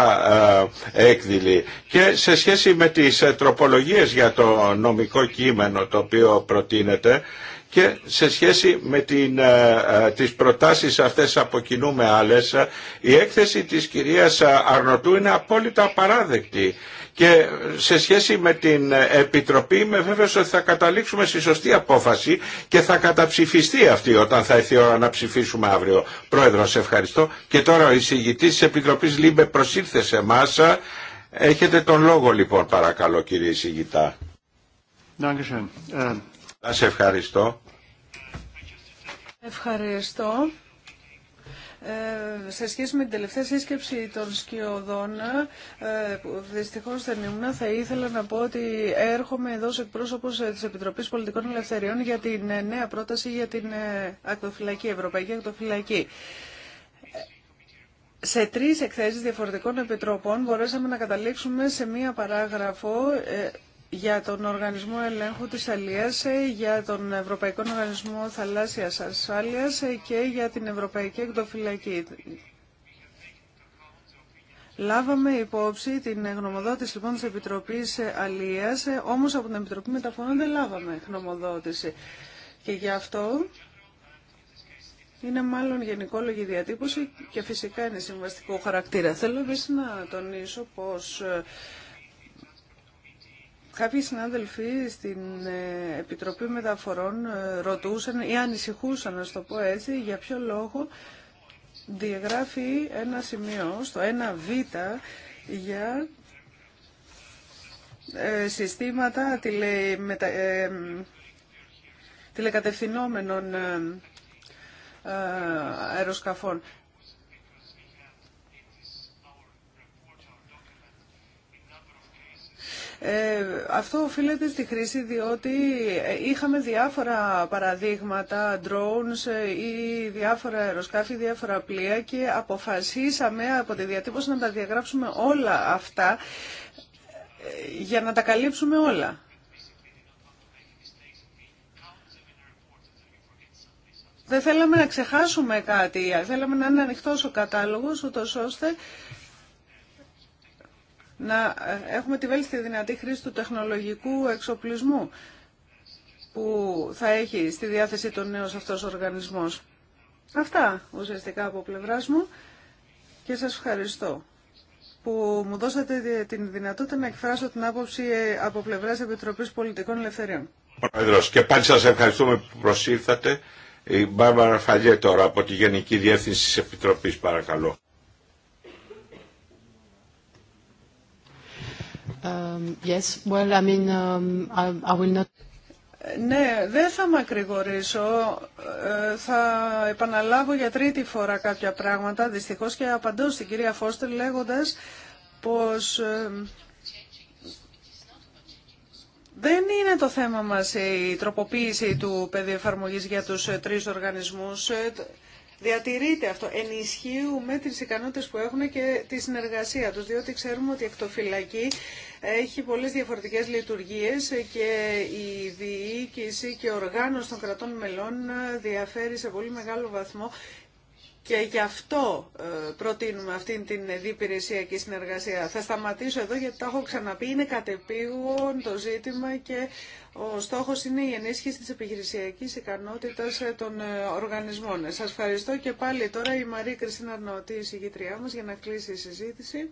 ε, έκδηλη. Και σε σχέση με τις τροπολογίες για το νομικό κείμενο το οποίο προτείνεται, και σε σχέση με την, ε, ε, τις προτάσεις αυτές από κοινού με άλλες, ε, η έκθεση της κυρίας Αρνοτού είναι απόλυτα απαράδεκτη. Και σε σχέση με την Επιτροπή είμαι βέβαιος ότι θα καταλήξουμε στη σωστή απόφαση και θα καταψηφιστεί αυτή όταν θα έρθει η ώρα να ψηφίσουμε αύριο. Πρόεδρο, σε ευχαριστώ. Και τώρα ο εισηγητής της Επιτροπής Λίμπε προσήλθε σε εμά. Έχετε τον λόγο λοιπόν παρακαλώ κύριε εισηγητά σε ευχαριστώ. Ευχαριστώ. Ε, σε σχέση με την τελευταία σύσκεψη των σκιωδών, ε, που δυστυχώ δεν ήμουν, θα ήθελα να πω ότι έρχομαι εδώ σε εκπρόσωπο ε, τη Επιτροπή Πολιτικών Ελευθεριών για την ε, νέα πρόταση για την ε, ακτοφυλακή, Ευρωπαϊκή Ακτοφυλακή. Σε τρεις εκθέσεις διαφορετικών επιτροπών μπορέσαμε να καταλήξουμε σε μία παράγραφο για τον Οργανισμό Ελέγχου της Αλίας, για τον Ευρωπαϊκό Οργανισμό Θαλάσσιας Ασφάλειας και για την Ευρωπαϊκή Εκτοφυλακή. Λάβαμε υπόψη την γνωμοδότηση λοιπόν της Επιτροπής Αλίας, όμως από την Επιτροπή Μεταφορών δεν λάβαμε γνωμοδότηση. Και γι' αυτό είναι μάλλον γενικόλογη διατύπωση και φυσικά είναι συμβαστικό χαρακτήρα. Θέλω επίσης να τονίσω πως ε, Κάποιοι συνάδελφοι στην ε, Επιτροπή Μεταφορών ε, ρωτούσαν ή ανησυχούσαν, να το πω έτσι, για ποιο λόγο διαγράφει ένα σημείο στο 1β για ε, συστήματα τηλε, τηλεκατευθυνόμενων αεροσκαφών. Ε, αυτό οφείλεται στη χρήση διότι είχαμε διάφορα παραδείγματα, drones ε, ή διάφορα αεροσκάφη, διάφορα πλοία και αποφασίσαμε από τη διατύπωση να τα διαγράψουμε όλα αυτά ε, για να τα καλύψουμε όλα. Δεν θέλαμε να ξεχάσουμε κάτι, θέλαμε να είναι ανοιχτό ο κατάλογος, ούτως ώστε να έχουμε τη βέλτιστη δυνατή χρήση του τεχνολογικού εξοπλισμού που θα έχει στη διάθεση των νέος αυτός οργανισμός. Αυτά ουσιαστικά από πλευρά μου και σας ευχαριστώ που μου δώσατε την δυνατότητα να εκφράσω την άποψη ε, από πλευράς Επιτροπής Πολιτικών Ελευθεριών. Πρόεδρος, και πάλι σας ευχαριστούμε που προσήλθατε. Η Μπάρμπαρα Φαλιέ τώρα από τη Γενική Διεύθυνση της Επιτροπής, παρακαλώ. Ναι, δεν θα μακρηγορήσω. Ε, θα επαναλάβω για τρίτη φορά κάποια πράγματα, δυστυχώς, και απαντώ στην κυρία Φώστερ λέγοντας πως ε, δεν είναι το θέμα μας η τροποποίηση του πεδίου για τους ε, τρεις οργανισμούς διατηρείται αυτό. Ενισχύουμε τις ικανότητε που έχουν και τη συνεργασία του, διότι ξέρουμε ότι η εκτοφυλακή έχει πολλές διαφορετικές λειτουργίες και η διοίκηση και οργάνωση των κρατών μελών διαφέρει σε πολύ μεγάλο βαθμό και γι' αυτό ε, προτείνουμε αυτήν την διπηρεσιακή συνεργασία. Θα σταματήσω εδώ γιατί το έχω ξαναπεί. Είναι κατεπίγον το ζήτημα και ο στόχος είναι η ενίσχυση της επιχειρησιακής ικανότητας ε, των ε, οργανισμών. Σας ευχαριστώ και πάλι τώρα η Μαρία Κριστίνα Αρναωτή, η συγγήτριά μας, για να κλείσει η συζήτηση.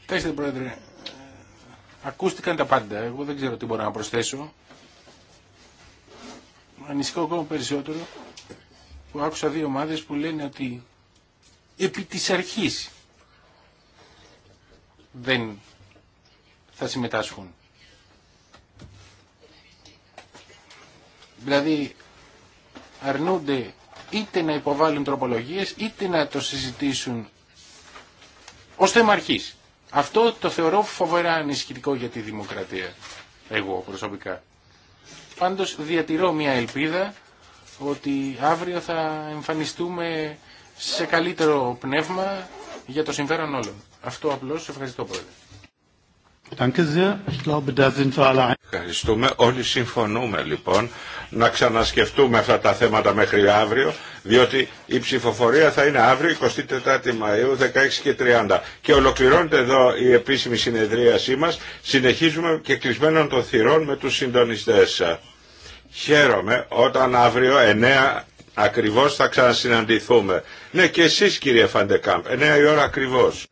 Κοιτάξτε, Πρόεδρε, ακούστηκαν τα πάντα. Εγώ δεν ξέρω τι μπορώ να προσθέσω ανησυχώ ακόμα περισσότερο που άκουσα δύο ομάδες που λένε ότι επί της αρχής δεν θα συμμετάσχουν. Δηλαδή αρνούνται είτε να υποβάλουν τροπολογίες είτε να το συζητήσουν ως θέμα αρχής. Αυτό το θεωρώ φοβερά ανησυχητικό για τη δημοκρατία, εγώ προσωπικά. Πάντως διατηρώ μια ελπίδα ότι αύριο θα εμφανιστούμε σε καλύτερο πνεύμα για το συμφέρον όλων. Αυτό απλώς. Ευχαριστώ πολύ. Ευχαριστούμε. Όλοι συμφωνούμε λοιπόν να ξανασκεφτούμε αυτά τα θέματα μέχρι αύριο, διότι η ψηφοφορία θα είναι αύριο 24η Μαΐου 16 και 30. Και ολοκληρώνεται εδώ η επίσημη συνεδρίασή μας. Συνεχίζουμε και κλεισμένων των θυρών με τους συντονιστές. Χαίρομαι όταν αύριο 9 ακριβώς θα ξανασυναντηθούμε. Ναι και εσείς κύριε Φαντεκάμπ, 9 η ώρα ακριβώς.